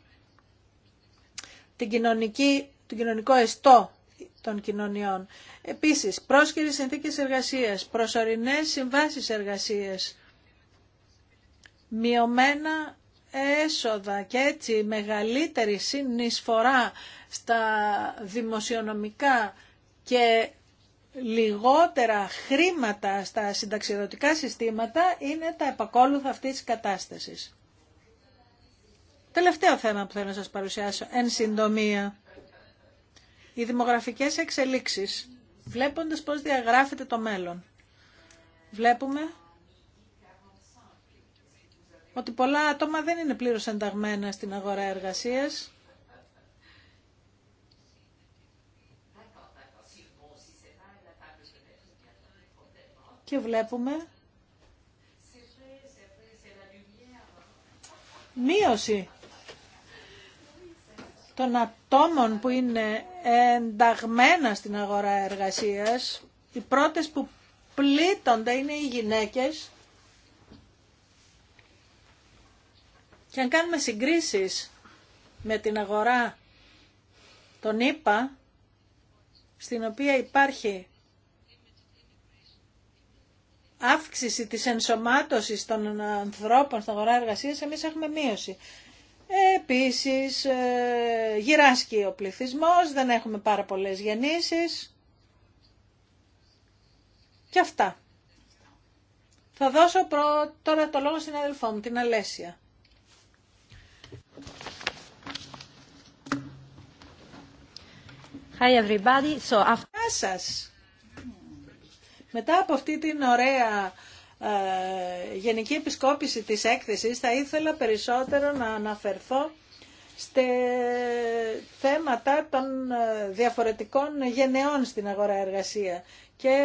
την κοινωνική, τον κοινωνικό εστό των κοινωνιών. Επίσης, πρόσκαιρες συνθήκες εργασίας, προσωρινές συμβάσεις εργασίας, μειωμένα έσοδα και έτσι μεγαλύτερη συνεισφορά στα δημοσιονομικά και λιγότερα χρήματα στα συνταξιδοτικά συστήματα είναι τα επακόλουθα αυτής της κατάστασης. Τελευταίο θέμα που θέλω να σας παρουσιάσω, εν συντομία. Οι δημογραφικές εξελίξεις, βλέποντας πώς διαγράφεται το μέλλον. Βλέπουμε ότι πολλά άτομα δεν είναι πλήρως ενταγμένα στην αγορά εργασίας. Και βλέπουμε μείωση των ατόμων που είναι ενταγμένα στην αγορά εργασίας. Οι πρώτες που πλήττονται είναι οι γυναίκες Και αν κάνουμε συγκρίσεις με την αγορά τον ΗΠΑ, στην οποία υπάρχει αύξηση της ενσωμάτωσης των ανθρώπων στην αγορά εργασίας, εμείς έχουμε μείωση. Επίσης, ε, γυράσκει ο πληθυσμός, δεν έχουμε πάρα πολλές γεννήσεις και αυτά. Θα δώσω τώρα το λόγο στην αδελφό μου, την Αλέσια. Hi everybody. So after... Μετά από αυτή την ωραία ε, γενική επισκόπηση της έκθεσης θα ήθελα περισσότερο να αναφερθώ στα θέματα των ε, διαφορετικών γενεών στην αγορά εργασία και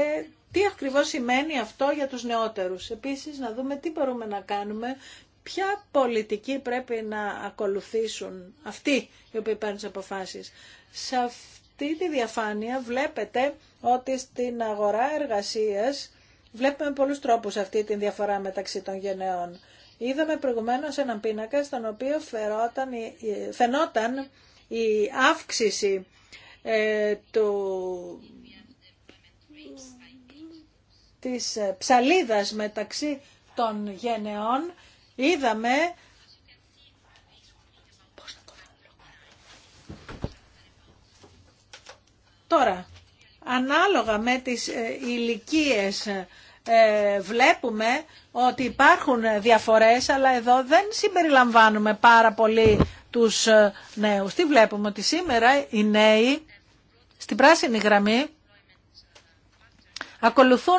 τι ακριβώς σημαίνει αυτό για τους νεότερους. Επίσης να δούμε τι μπορούμε να κάνουμε, ποια πολιτική πρέπει να ακολουθήσουν αυτοί οι οποίοι παίρνουν αποφάσεις αυτή τη διαφάνεια βλέπετε ότι στην αγορά εργασίας βλέπουμε πολλούς τρόπους αυτή τη διαφορά μεταξύ των γενεών. Είδαμε προηγουμένως έναν πίνακα στον οποίο φερόταν, φαινόταν η αύξηση ε, του, της ψαλίδας μεταξύ των γενεών. Είδαμε Τώρα, ανάλογα με τις ε, ηλικίε ε, βλέπουμε ότι υπάρχουν διαφορές, αλλά εδώ δεν συμπεριλαμβάνουμε πάρα πολύ τους ε, νέους. Τι βλέπουμε, ότι σήμερα οι νέοι στην πράσινη γραμμή ακολουθούν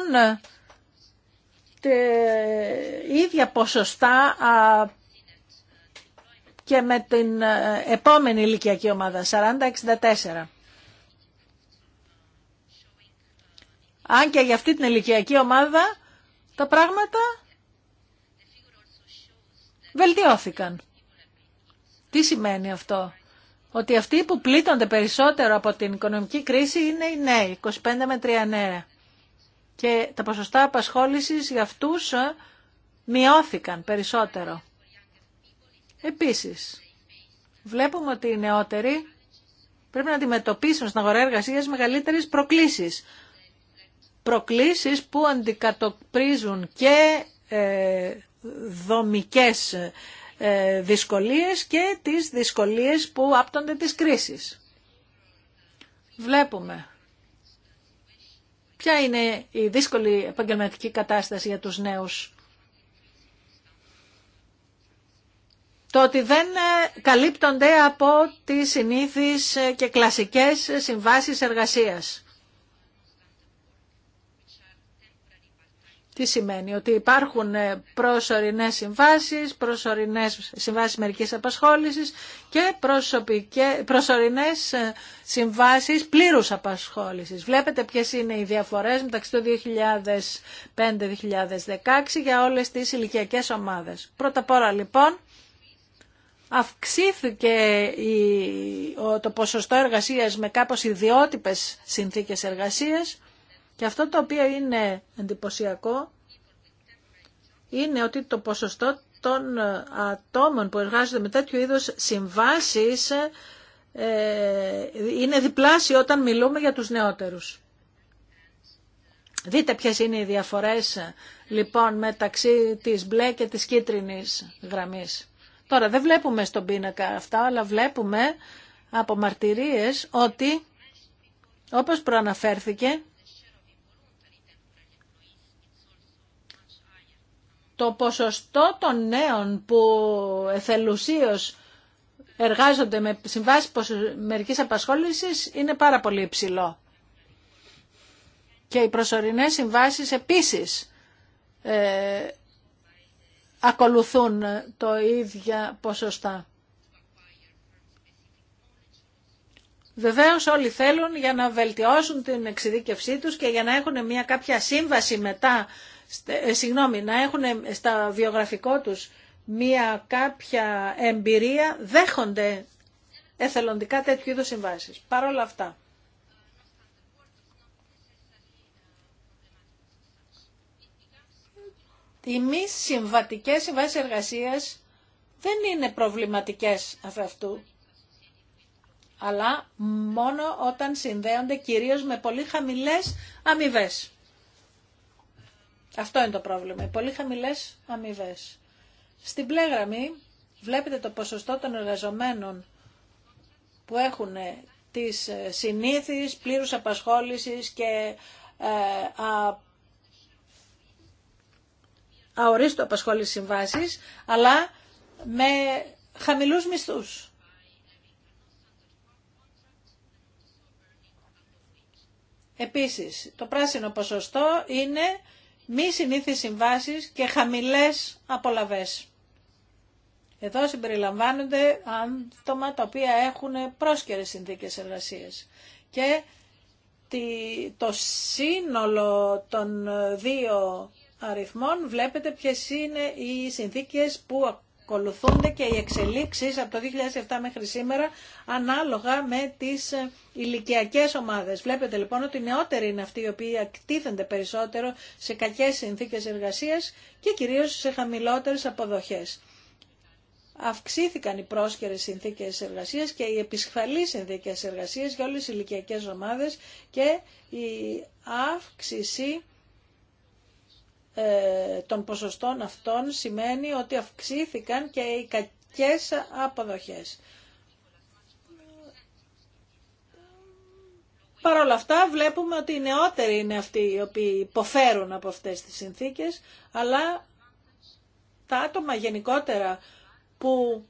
ίδια ποσοστά και με την επόμενη ηλικιακή ομάδα, 40-64. αν και για αυτή την ηλικιακή ομάδα τα πράγματα βελτιώθηκαν. Τι σημαίνει αυτό. Ότι αυτοί που πλήττονται περισσότερο από την οικονομική κρίση είναι οι νέοι, 25 με 3 νέα. Και τα ποσοστά απασχόλησης για αυτούς ε, μειώθηκαν περισσότερο. Επίσης, βλέπουμε ότι οι νεότεροι πρέπει να αντιμετωπίσουν στην αγορά εργασίας μεγαλύτερες προκλήσεις προκλήσεις που αντικατοπρίζουν και ε, δομικές ε, δυσκολίες και τις δυσκολίες που άπτονται της κρίσεις. Βλέπουμε ποια είναι η δύσκολη επαγγελματική κατάσταση για τους νέους. Το ότι δεν ε, καλύπτονται από τις συνήθεις και κλασικές συμβάσεις εργασίας. Τι σημαίνει ότι υπάρχουν ε, προσωρινές συμβάσεις, προσωρινές συμβάσεις μερικής απασχόλησης και προσωρινές ε, συμβάσεις πλήρους απασχόλησης. Βλέπετε ποιες είναι οι διαφορές μεταξύ του 2005-2016 για όλες τις ηλικιακές ομάδες. Πρώτα απ' όλα λοιπόν αυξήθηκε το ποσοστό εργασίας με κάπως ιδιότυπες συνθήκες εργασίας και αυτό το οποίο είναι εντυπωσιακό είναι ότι το ποσοστό των ε, ατόμων που εργάζονται με τέτοιου είδους συμβάσεις ε, είναι διπλάσιο όταν μιλούμε για τους νεότερους. Δείτε ποιες είναι οι διαφορές ε, λοιπόν μεταξύ της μπλε και της κίτρινης γραμμής. Τώρα δεν βλέπουμε στον πίνακα αυτά, αλλά βλέπουμε από μαρτυρίες ότι όπως προαναφέρθηκε το ποσοστό των νέων που εθελουσίως εργάζονται με συμβάσει μερικής απασχόλησης είναι πάρα πολύ υψηλό. Και οι προσωρινές συμβάσεις επίσης ε, ακολουθούν το ίδια ποσοστά. Βεβαίω όλοι θέλουν για να βελτιώσουν την εξειδίκευσή τους και για να έχουν μια κάποια σύμβαση μετά, ε, συγγνώμη, να έχουν στα βιογραφικό τους μια κάποια εμπειρία, δέχονται εθελοντικά τέτοιου είδους συμβάσεις. Παρ' όλα αυτά. Οι μη συμβατικές συμβάσεις εργασίας δεν είναι προβληματικές αφ' αυτού αλλά μόνο όταν συνδέονται κυρίως με πολύ χαμηλές αμοιβέ. Αυτό είναι το πρόβλημα, πολύ χαμηλές αμοιβέ. Στην πλεγραμμή βλέπετε το ποσοστό των εργαζομένων που έχουν ε, τις ε, συνήθεις πλήρους απασχόλησης και ε, α, αορίστου απασχόληση συμβάσεις, αλλά με χαμηλούς μισθούς. Επίσης, το πράσινο ποσοστό είναι μη συνήθεις συμβάσεις και χαμηλές απολαβές. Εδώ συμπεριλαμβάνονται άτομα τα οποία έχουν πρόσκαιρες συνθήκες εργασίας. Και το σύνολο των δύο αριθμών βλέπετε ποιες είναι οι συνθήκες που Ακολουθούνται και οι εξελίξεις από το 2007 μέχρι σήμερα ανάλογα με τις ε, ηλικιακέ ομάδες. Βλέπετε λοιπόν ότι οι νεότεροι είναι αυτοί οι οποίοι ακτίθενται περισσότερο σε κακές συνθήκες εργασίας και κυρίως σε χαμηλότερες αποδοχές. Αυξήθηκαν οι πρόσχερες συνθήκες εργασίας και οι επισφαλείς συνθήκες εργασίας για όλες τις ηλικιακέ ομάδες και η αύξηση ε, των ποσοστών αυτών σημαίνει ότι αυξήθηκαν και οι κακές αποδοχές. Παρ' όλα αυτά βλέπουμε ότι οι νεότεροι είναι αυτοί οι οποίοι υποφέρουν από αυτές τις συνθήκες, αλλά τα άτομα γενικότερα που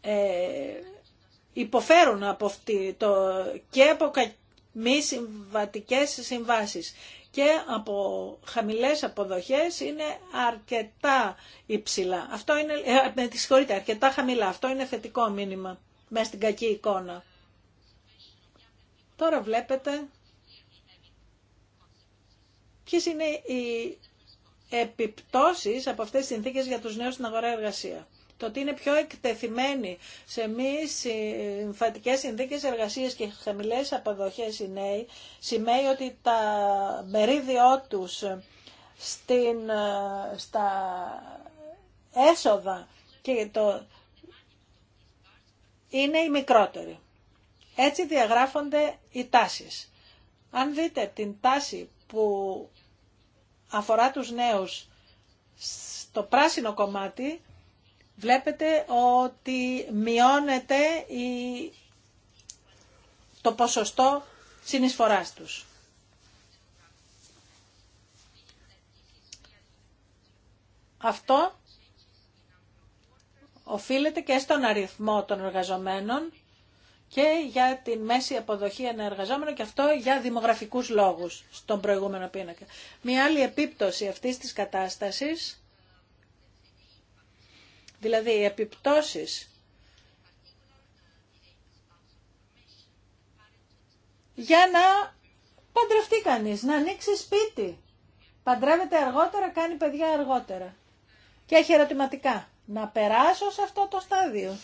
ε, υποφέρουν από αυτή το, και από μη συμβατικές συμβάσεις και από χαμηλές αποδοχές είναι αρκετά υψηλά. Αυτό είναι, ε, ναι, τη συγχωρείτε, αρκετά χαμηλά. Αυτό είναι θετικό μήνυμα μέσα στην κακή εικόνα. Τώρα βλέπετε ποιες είναι οι επιπτώσεις από αυτές τις συνθήκες για τους νέους στην αγορά εργασία το ότι είναι πιο εκτεθειμένοι σε μη συμφατικές συνθήκες εργασίας και χαμηλές αποδοχές οι νέοι, σημαίνει ότι τα μερίδιό τους στην, στα έσοδα και το, είναι οι μικρότεροι. Έτσι διαγράφονται οι τάσεις. Αν δείτε την τάση που αφορά τους νέους στο πράσινο κομμάτι, βλέπετε ότι μειώνεται η... το ποσοστό συνεισφοράς τους. Αυτό οφείλεται και στον αριθμό των εργαζομένων και για τη μέση αποδοχή ένα εργαζόμενο και αυτό για δημογραφικούς λόγους στον προηγούμενο πίνακα. Μία άλλη επίπτωση αυτής της κατάστασης δηλαδή οι επιπτώσεις για να παντρευτεί κανείς, να ανοίξει σπίτι. Παντρεύεται αργότερα, κάνει παιδιά αργότερα. Και έχει ερωτηματικά. Να περάσω σε αυτό το στάδιο.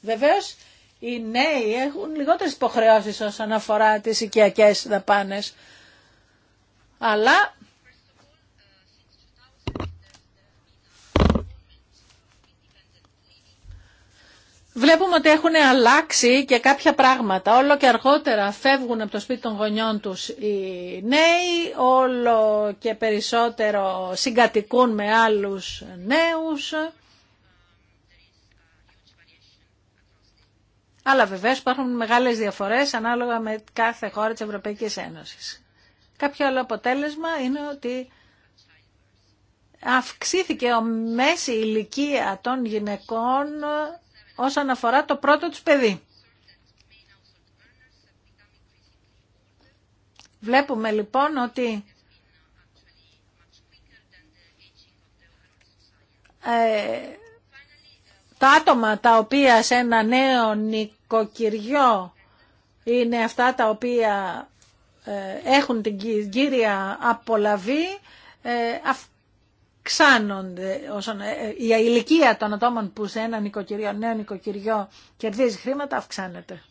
Βεβαίως, οι νέοι έχουν λιγότερες υποχρεώσεις όσον αφορά τις οικιακές δαπάνες. Αλλά Βλέπουμε ότι έχουν αλλάξει και κάποια πράγματα. Όλο και αργότερα φεύγουν από το σπίτι των γονιών τους οι νέοι, όλο και περισσότερο συγκατοικούν με άλλους νέους. Αλλά βεβαίως υπάρχουν μεγάλες διαφορές ανάλογα με κάθε χώρα της Ευρωπαϊκής Ένωσης. Κάποιο άλλο αποτέλεσμα είναι ότι αυξήθηκε ο μέση ηλικία των γυναικών όσον αφορά το πρώτο τους παιδί. Βλέπουμε λοιπόν ότι ε, τα άτομα τα οποία σε ένα νέο νοικοκυριό είναι αυτά τα οποία ε, έχουν την κύρια απολαβή, ε, αυξάνονται, όσον, ε, ε, η ηλικία των ατόμων που σε ένα νοικοκυριό, νέο νοικοκυριό κερδίζει χρήματα αυξάνεται.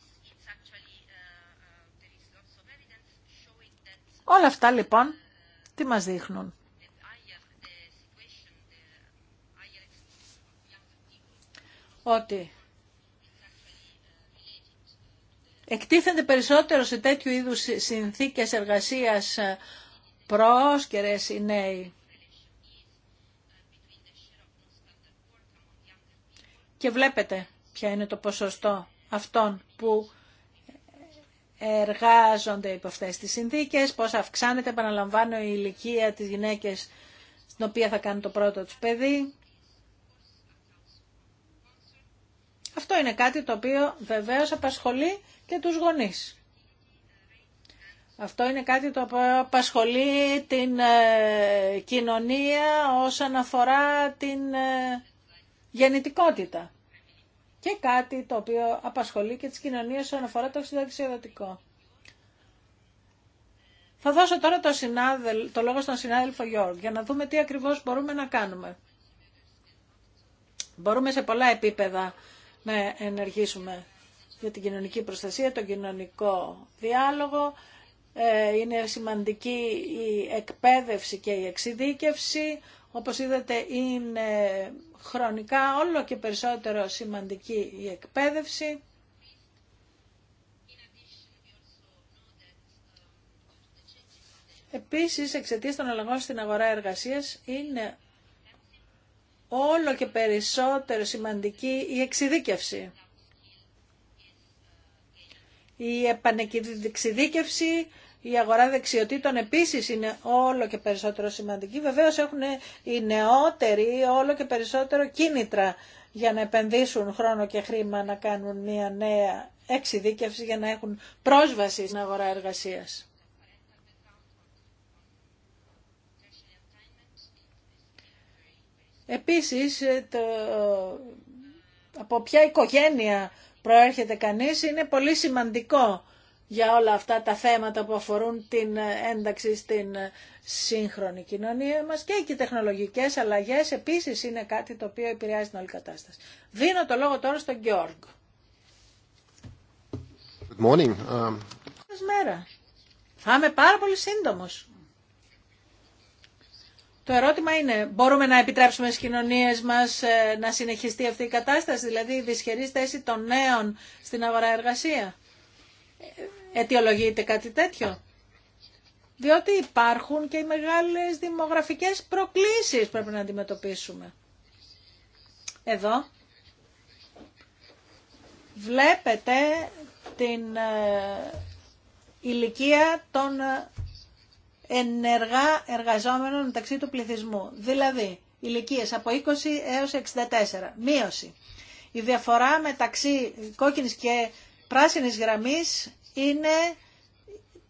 Όλα αυτά λοιπόν τι μας δείχνουν. Ότι εκτίθενται περισσότερο σε τέτοιου είδους συνθήκες εργασίας ε, πρόσκαιρες οι νέοι. και βλέπετε ποια είναι το ποσοστό αυτών που εργάζονται υπό αυτές τις συνθήκες, πώς αυξάνεται, επαναλαμβάνω, η ηλικία της γυναίκες στην οποία θα κάνει το πρώτο του παιδί. Αυτό είναι κάτι το οποίο βεβαίως απασχολεί και τους γονείς. Αυτό είναι κάτι το οποίο απασχολεί την ε, κοινωνία όσον αφορά την ε, γεννητικότητα και κάτι το οποίο απασχολεί και τις κοινωνίες όσον αφορά το συνταξιδοτικό. Θα δώσω τώρα το, το λόγο στον συνάδελφο Γιώργ για να δούμε τι ακριβώς μπορούμε να κάνουμε. Μπορούμε σε πολλά επίπεδα να ενεργήσουμε για την κοινωνική προστασία, τον κοινωνικό διάλογο. Ε, είναι σημαντική η εκπαίδευση και η εξειδίκευση όπως είδατε είναι χρονικά όλο και περισσότερο σημαντική η εκπαίδευση. Επίσης, εξαιτία των αλλαγών στην αγορά εργασίας, είναι όλο και περισσότερο σημαντική η εξειδίκευση. Η επανεξειδίκευση η αγορά δεξιοτήτων επίσης είναι όλο και περισσότερο σημαντική. βεβαίω έχουν οι νεότεροι όλο και περισσότερο κίνητρα για να επενδύσουν χρόνο και χρήμα να κάνουν μια νέα εξειδίκευση για να έχουν πρόσβαση στην αγορά εργασίας. Επίσης, το, από ποια οικογένεια προέρχεται κανείς είναι πολύ σημαντικό για όλα αυτά τα θέματα που αφορούν την ένταξη στην σύγχρονη κοινωνία μας και οι τεχνολογικές αλλαγές επίσης είναι κάτι το οποίο επηρεάζει την όλη κατάσταση. Δίνω το λόγο τώρα στον Γιώργο. Good morning. Um, Καλησπέρα. Θα είμαι πάρα πολύ σύντομος. Το ερώτημα είναι, μπορούμε να επιτρέψουμε στις κοινωνίες μας ε, να συνεχιστεί αυτή η κατάσταση, δηλαδή η δυσχερή θέση των νέων στην αγορά εργασία αιτιολογείται κάτι τέτοιο. Διότι υπάρχουν και οι μεγάλες δημογραφικές προκλήσεις πρέπει να αντιμετωπίσουμε. Εδώ βλέπετε την ε, ηλικία των ε, ενεργά εργαζόμενων μεταξύ του πληθυσμού. Δηλαδή, ηλικίες από 20 έως 64. Μείωση. Η διαφορά μεταξύ κόκκινης και πράσινης γραμμής είναι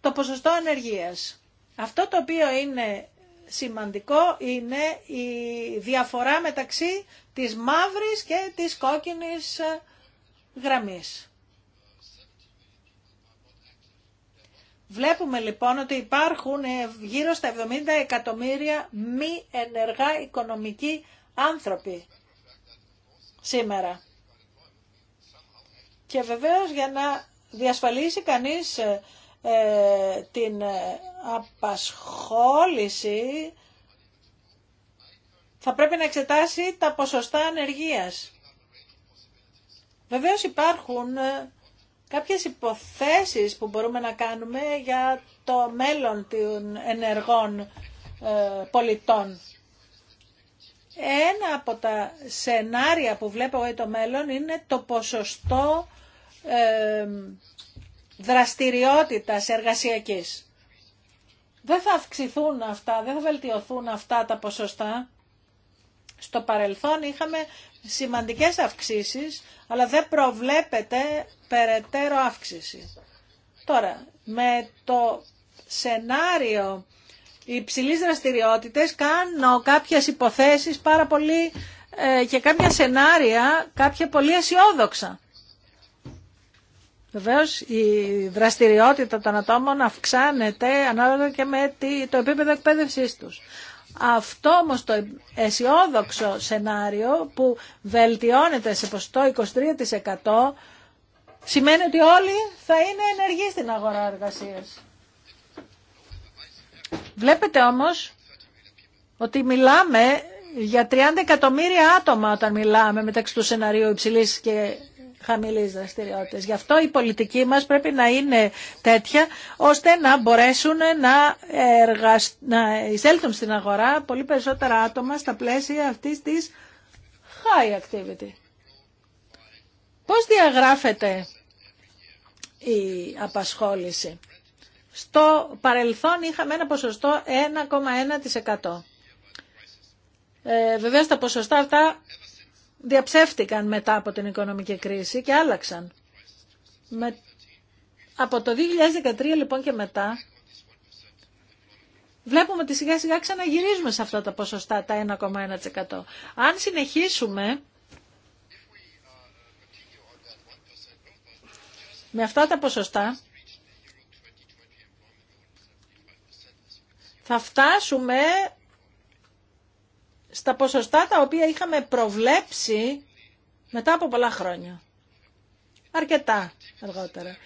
το ποσοστό ανεργίας. Αυτό το οποίο είναι σημαντικό είναι η διαφορά μεταξύ της μαύρης και της κόκκινης ε, γραμμής. Βλέπουμε λοιπόν ότι υπάρχουν ε, γύρω στα 70 εκατομμύρια μη ενεργά οικονομικοί άνθρωποι σήμερα. Και βεβαίως για να διασφαλίσει κανείς ε, ε, την απασχόληση θα πρέπει να εξετάσει τα ποσοστά ανεργίας. Βεβαίως υπάρχουν ε, κάποιες υποθέσεις που μπορούμε να κάνουμε για το μέλλον των ενεργών πολιτών. Ένα από τα σενάρια που βλέπω για το μέλλον είναι το ποσοστό δραστηριότητας εργασιακής. Δεν θα αυξηθούν αυτά, δεν θα βελτιωθούν αυτά τα ποσοστά. Στο παρελθόν είχαμε σημαντικές αυξήσεις, αλλά δεν προβλέπεται περαιτέρω αύξηση. Τώρα, με το σενάριο υψηλής δραστηριότητες κάνω κάποιες υποθέσεις πάρα πολύ ε, και κάποια σενάρια, κάποια πολύ αισιόδοξα. Βεβαίω, η δραστηριότητα των ατόμων αυξάνεται ανάλογα και με το επίπεδο εκπαίδευσή τους. Αυτό όμως το αισιόδοξο σενάριο που βελτιώνεται σε ποστό 23% σημαίνει ότι όλοι θα είναι ενεργοί στην αγορά εργασίας. Βλέπετε όμως ότι μιλάμε για 30 εκατομμύρια άτομα όταν μιλάμε μεταξύ του σενάριου υψηλής και Χαμηλή Γι' αυτό η πολιτική μας πρέπει να είναι τέτοια ώστε να μπορέσουν να, να εισέλθουν στην αγορά πολύ περισσότερα άτομα στα πλαίσια αυτής της high activity. Πώς διαγράφεται η απασχόληση. Στο παρελθόν είχαμε ένα ποσοστό 1,1%. Ε, Βεβαίω τα ποσοστά αυτά διαψεύτηκαν μετά από την οικονομική κρίση και άλλαξαν. Από το 2013 λοιπόν και μετά βλέπουμε ότι σιγά σιγά ξαναγυρίζουμε σε αυτά τα ποσοστά, τα 1,1%. Αν συνεχίσουμε με αυτά τα ποσοστά θα φτάσουμε στα ποσοστά τα οποία είχαμε προβλέψει μετά από πολλά χρόνια. Αρκετά αργότερα.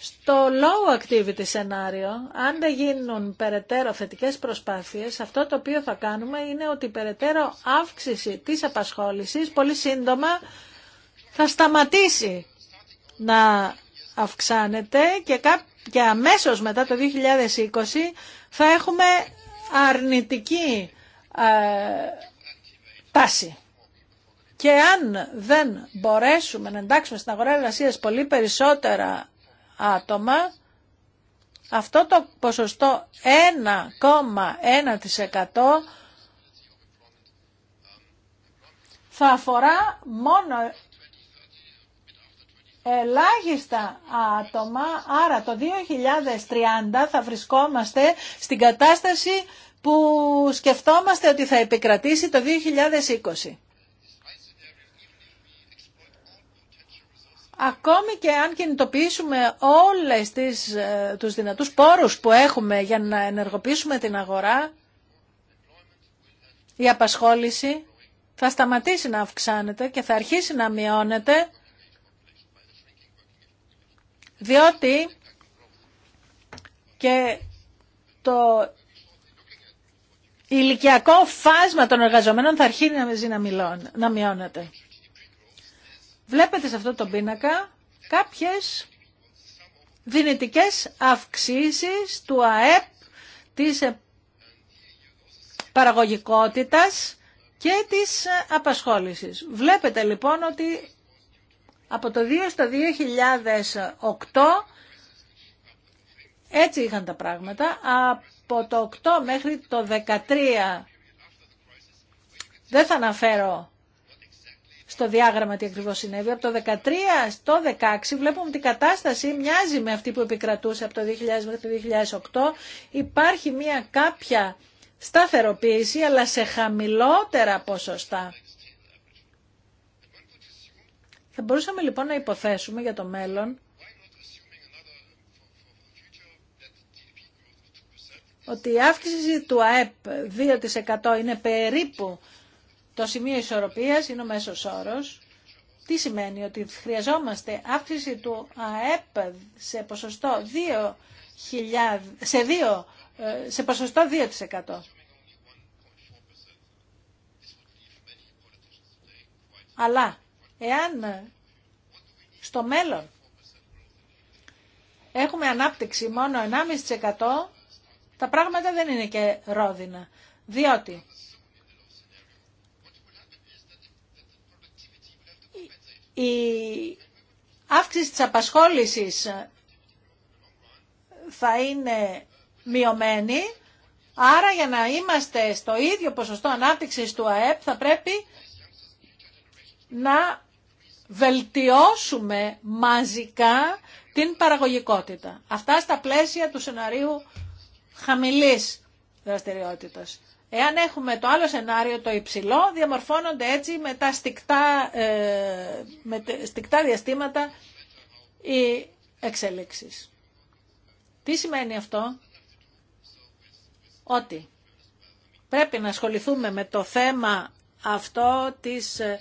Στο low activity σενάριο, αν δεν γίνουν περαιτέρω θετικές προσπάθειες, αυτό το οποίο θα κάνουμε είναι ότι η περαιτέρω αύξηση της απασχόλησης πολύ σύντομα θα σταματήσει να αυξάνεται και, κά... και αμέσως μετά το 2020 θα έχουμε αρνητική ε, και αν δεν μπορέσουμε να εντάξουμε στην αγορά εργασίας πολύ περισσότερα άτομα, αυτό το ποσοστό 1,1% θα αφορά μόνο ελάχιστα άτομα, άρα το 2030 θα βρισκόμαστε στην κατάσταση που σκεφτόμαστε ότι θα επικρατήσει το 2020. Ακόμη και αν κινητοποιήσουμε όλες τις, ε, τους δυνατούς πόρους που έχουμε για να ενεργοποιήσουμε την αγορά, η απασχόληση θα σταματήσει να αυξάνεται και θα αρχίσει να μειώνεται, διότι και το ηλικιακό φάσμα των εργαζομένων θα αρχίσει να, μιλών, να μειώνεται. Βλέπετε σε αυτό το πίνακα κάποιες δυνητικές αυξήσεις του ΑΕΠ της παραγωγικότητας και της απασχόλησης. Βλέπετε λοιπόν ότι από το 2 στο 2008 έτσι είχαν τα πράγματα από το 8 μέχρι το 13. Δεν θα αναφέρω στο διάγραμμα τι ακριβώς συνέβη. Από το 13 στο 16 βλέπουμε ότι η κατάσταση μοιάζει με αυτή που επικρατούσε από το 2000 μέχρι το 2008. Υπάρχει μια κάποια σταθεροποίηση αλλά σε χαμηλότερα ποσοστά. Θα μπορούσαμε λοιπόν να υποθέσουμε για το μέλλον ότι η αύξηση του ΑΕΠ 2% είναι περίπου το σημείο ισορροπίας, είναι ο μέσος όρος. Τι σημαίνει ότι χρειαζόμαστε αύξηση του ΑΕΠ σε ποσοστό 2% σε, 2, ε, σε ποσοστό 2%. Αλλά εάν στο μέλλον έχουμε ανάπτυξη μόνο 1,5%, τα πράγματα δεν είναι και ρόδινα. Διότι η αύξηση της απασχόλησης θα είναι μειωμένη, άρα για να είμαστε στο ίδιο ποσοστό ανάπτυξης του ΑΕΠ θα πρέπει να βελτιώσουμε μαζικά την παραγωγικότητα. Αυτά στα πλαίσια του σενάριου Χαμηλή δραστηριότητα. Εάν έχουμε το άλλο σενάριο, το υψηλό, διαμορφώνονται έτσι με τα στικτά, ε, με στικτά διαστήματα οι εξελίξεις. Τι σημαίνει αυτό? Ότι πρέπει να ασχοληθούμε με το θέμα αυτό της ε,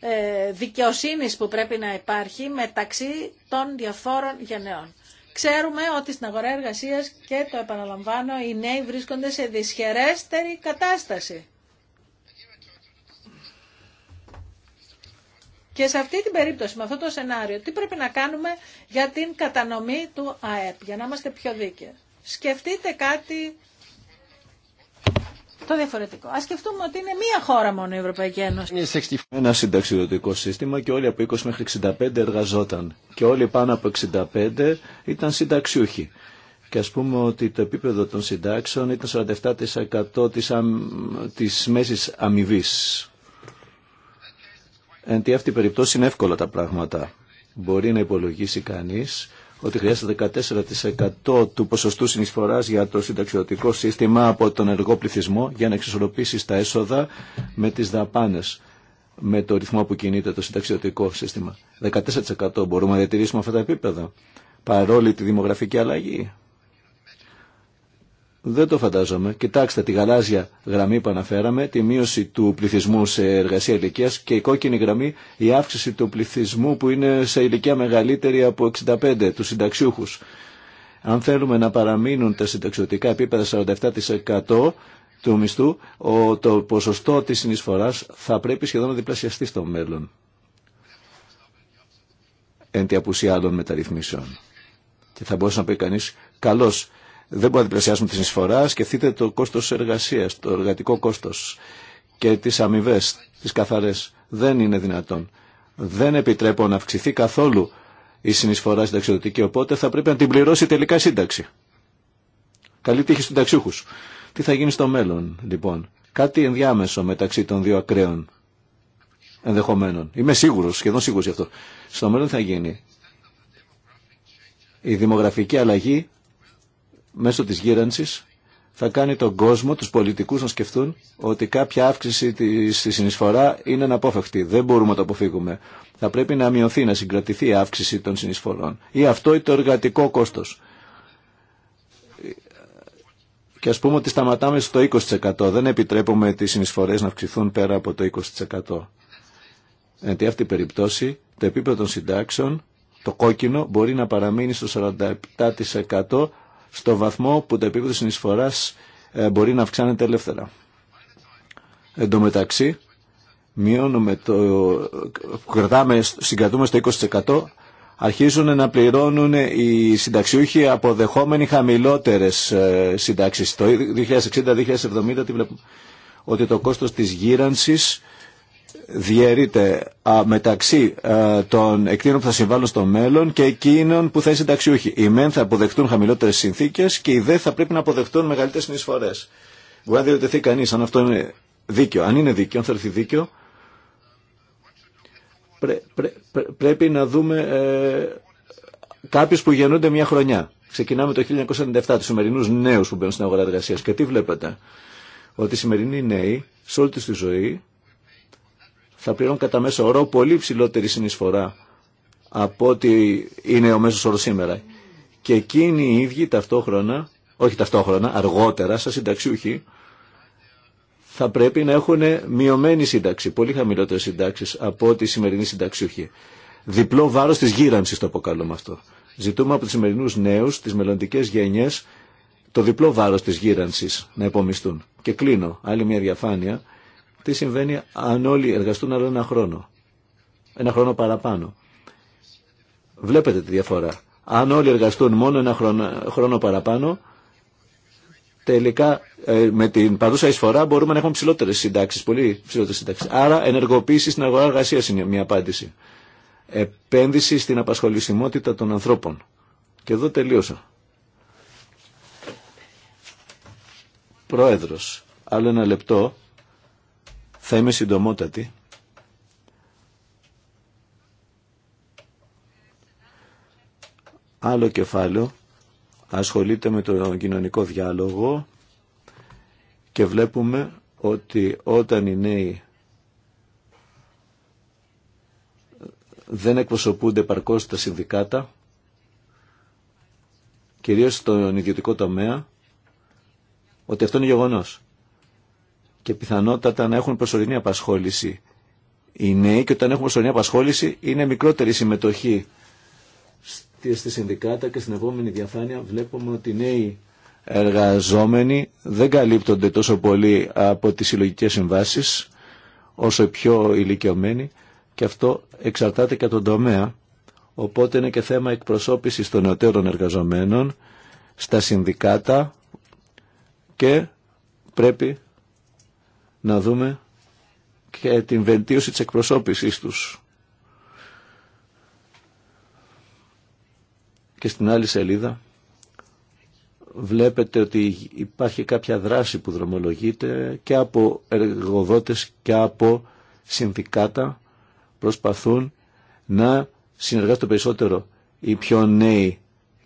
ε, δικαιοσύνης που πρέπει να υπάρχει μεταξύ των διαφόρων γενεών. Ξέρουμε ότι στην αγορά εργασίας και το επαναλαμβάνω οι νέοι βρίσκονται σε δυσχερέστερη κατάσταση. Και σε αυτή την περίπτωση, με αυτό το σενάριο, τι πρέπει να κάνουμε για την κατανομή του ΑΕΠ, για να είμαστε πιο δίκαιοι. Σκεφτείτε κάτι το διαφορετικό. Α σκεφτούμε ότι είναι μία χώρα μόνο η Ευρωπαϊκή Ένωση. Είναι ένα συνταξιδοτικό σύστημα και όλοι από 20 μέχρι 65 εργαζόταν. Και όλοι πάνω από 65 ήταν συνταξιούχοι. Και ας πούμε ότι το επίπεδο των συντάξεων ήταν 47% τη μέση της μέσης αμοιβή. Εν τη αυτή περιπτώσει είναι εύκολα τα πράγματα. Μπορεί να υπολογίσει κανείς ότι χρειάζεται 14% του ποσοστού συνεισφοράς για το συνταξιωτικό σύστημα από τον εργό πληθυσμό για να εξισορροπήσει τα έσοδα με τις δαπάνες με το ρυθμό που κινείται το συνταξιωτικό σύστημα. 14% μπορούμε να διατηρήσουμε αυτά τα επίπεδα παρόλη τη δημογραφική αλλαγή. Δεν το φαντάζομαι. Κοιτάξτε τη γαλάζια γραμμή που αναφέραμε, τη μείωση του πληθυσμού σε εργασία ηλικία και η κόκκινη γραμμή, η αύξηση του πληθυσμού που είναι σε ηλικία μεγαλύτερη από 65, του συνταξιούχου. Αν θέλουμε να παραμείνουν τα συνταξιωτικά επίπεδα 47% του μισθού, το ποσοστό της συνεισφορά θα πρέπει σχεδόν να διπλασιαστεί στο μέλλον. Εν τη απουσία άλλων μεταρρυθμίσεων. Και θα μπορούσε να πει κανεί καλώ δεν μπορούμε να διπλασιάσουμε τη συνεισφορά. Σκεφτείτε το κόστο εργασία, το εργατικό κόστο και τι αμοιβέ, τι καθαρέ. Δεν είναι δυνατόν. Δεν επιτρέπω να αυξηθεί καθόλου η συνεισφορά συνταξιδοτική, οπότε θα πρέπει να την πληρώσει τελικά η σύνταξη. Καλή τύχη στους συνταξιούχους. Τι θα γίνει στο μέλλον, λοιπόν. Κάτι ενδιάμεσο μεταξύ των δύο ακραίων ενδεχομένων. Είμαι σίγουρος, σχεδόν σίγουρος γι' αυτό. Στο μέλλον θα γίνει. Η δημογραφική αλλαγή μέσω της γύρανσης θα κάνει τον κόσμο, τους πολιτικούς να σκεφτούν ότι κάποια αύξηση στη συνεισφορά είναι αναπόφευκτη. Δεν μπορούμε να το αποφύγουμε. Θα πρέπει να μειωθεί, να συγκρατηθεί η αύξηση των συνεισφορών. Ή αυτό ή το εργατικό κόστος. Και ας πούμε ότι σταματάμε στο 20%. Δεν επιτρέπουμε τις συνεισφορές να αυξηθούν πέρα από το 20%. Γιατί αυτή αυτή περίπτωση το επίπεδο των συντάξεων, το κόκκινο, μπορεί να παραμείνει στο 47% στο βαθμό που το επίπεδο συνεισφοράς ε, μπορεί να αυξάνεται ελεύθερα. Εν τω μεταξύ, μειώνουμε το, κρατάμε, συγκρατούμε στο 20%, αρχίζουν να πληρώνουν οι συνταξιούχοι αποδεχόμενοι χαμηλότερες ε, συντάξεις. Το 2060-2070 ότι το κόστος της γύρανσης διαιρείται μεταξύ των εκείνων που θα συμβάλλουν στο μέλλον και εκείνων που θα είναι συνταξιούχοι. Οι μεν θα αποδεχτούν χαμηλότερε συνθήκε και οι δε θα πρέπει να αποδεχτούν μεγαλύτερε συνεισφορέ. Μπορεί να διερωτηθεί κανεί αν αυτό είναι δίκαιο. Αν είναι δίκαιο, αν θεωρηθεί δίκαιο, πρέ, πρέ, πρέπει να δούμε ε, κάποιου που γεννούνται μια χρονιά. Ξεκινάμε το 1997, του σημερινού νέου που μπαίνουν στην αγορά εργασία. Και τι βλέπετε, ότι οι σημερινοί νέοι σε όλη τη ζωή θα πληρώνουν κατά μέσο όρο πολύ ψηλότερη συνεισφορά από ό,τι είναι ο μέσος όρος σήμερα. Και εκείνοι οι ίδιοι ταυτόχρονα, όχι ταυτόχρονα, αργότερα, σαν συνταξιούχοι, θα πρέπει να έχουν μειωμένη σύνταξη, πολύ χαμηλότερες συντάξεις από ό,τι οι σημερινοί συνταξιούχοι. Διπλό βάρος της γύρανσης το αποκαλούμε αυτό. Ζητούμε από τους σημερινούς νέους, τις μελλοντικέ γενιές, το διπλό βάρος της γύρανσης να υπομισθούν. Και κλείνω άλλη μια διαφάνεια τι συμβαίνει αν όλοι εργαστούν άλλο ένα χρόνο. Ένα χρόνο παραπάνω. Βλέπετε τη διαφορά. Αν όλοι εργαστούν μόνο ένα χρόνο, χρόνο παραπάνω, τελικά ε, με την παρούσα εισφορά μπορούμε να έχουμε ψηλότερε συντάξει, πολύ ψηλότερε συντάξει. Άρα, ενεργοποίηση στην αγορά εργασία είναι μια απάντηση. Επένδυση στην απασχολησιμότητα των ανθρώπων. Και εδώ τελείωσα. Πρόεδρος, άλλο ένα λεπτό. Θα είμαι συντομότατη. Άλλο κεφάλαιο ασχολείται με τον κοινωνικό διάλογο και βλέπουμε ότι όταν οι νέοι δεν εκπροσωπούνται παρκώς τα συνδικάτα, κυρίως στον ιδιωτικό τομέα, ότι αυτό είναι γεγονός και πιθανότατα να έχουν προσωρινή απασχόληση οι νέοι και όταν έχουν προσωρινή απασχόληση είναι μικρότερη συμμετοχή στη συνδικάτα και στην επόμενη διαφάνεια βλέπουμε ότι οι νέοι εργαζόμενοι δεν καλύπτονται τόσο πολύ από τις συλλογικέ συμβάσεις όσο οι πιο ηλικιωμένοι και αυτό εξαρτάται και από τον τομέα οπότε είναι και θέμα εκπροσώπησης των νεωτέρων εργαζομένων στα συνδικάτα και πρέπει να δούμε και την βελτίωση της εκπροσώπησής τους. Και στην άλλη σελίδα βλέπετε ότι υπάρχει κάποια δράση που δρομολογείται και από εργοδότες και από συνδικάτα προσπαθούν να το περισσότερο οι πιο νέοι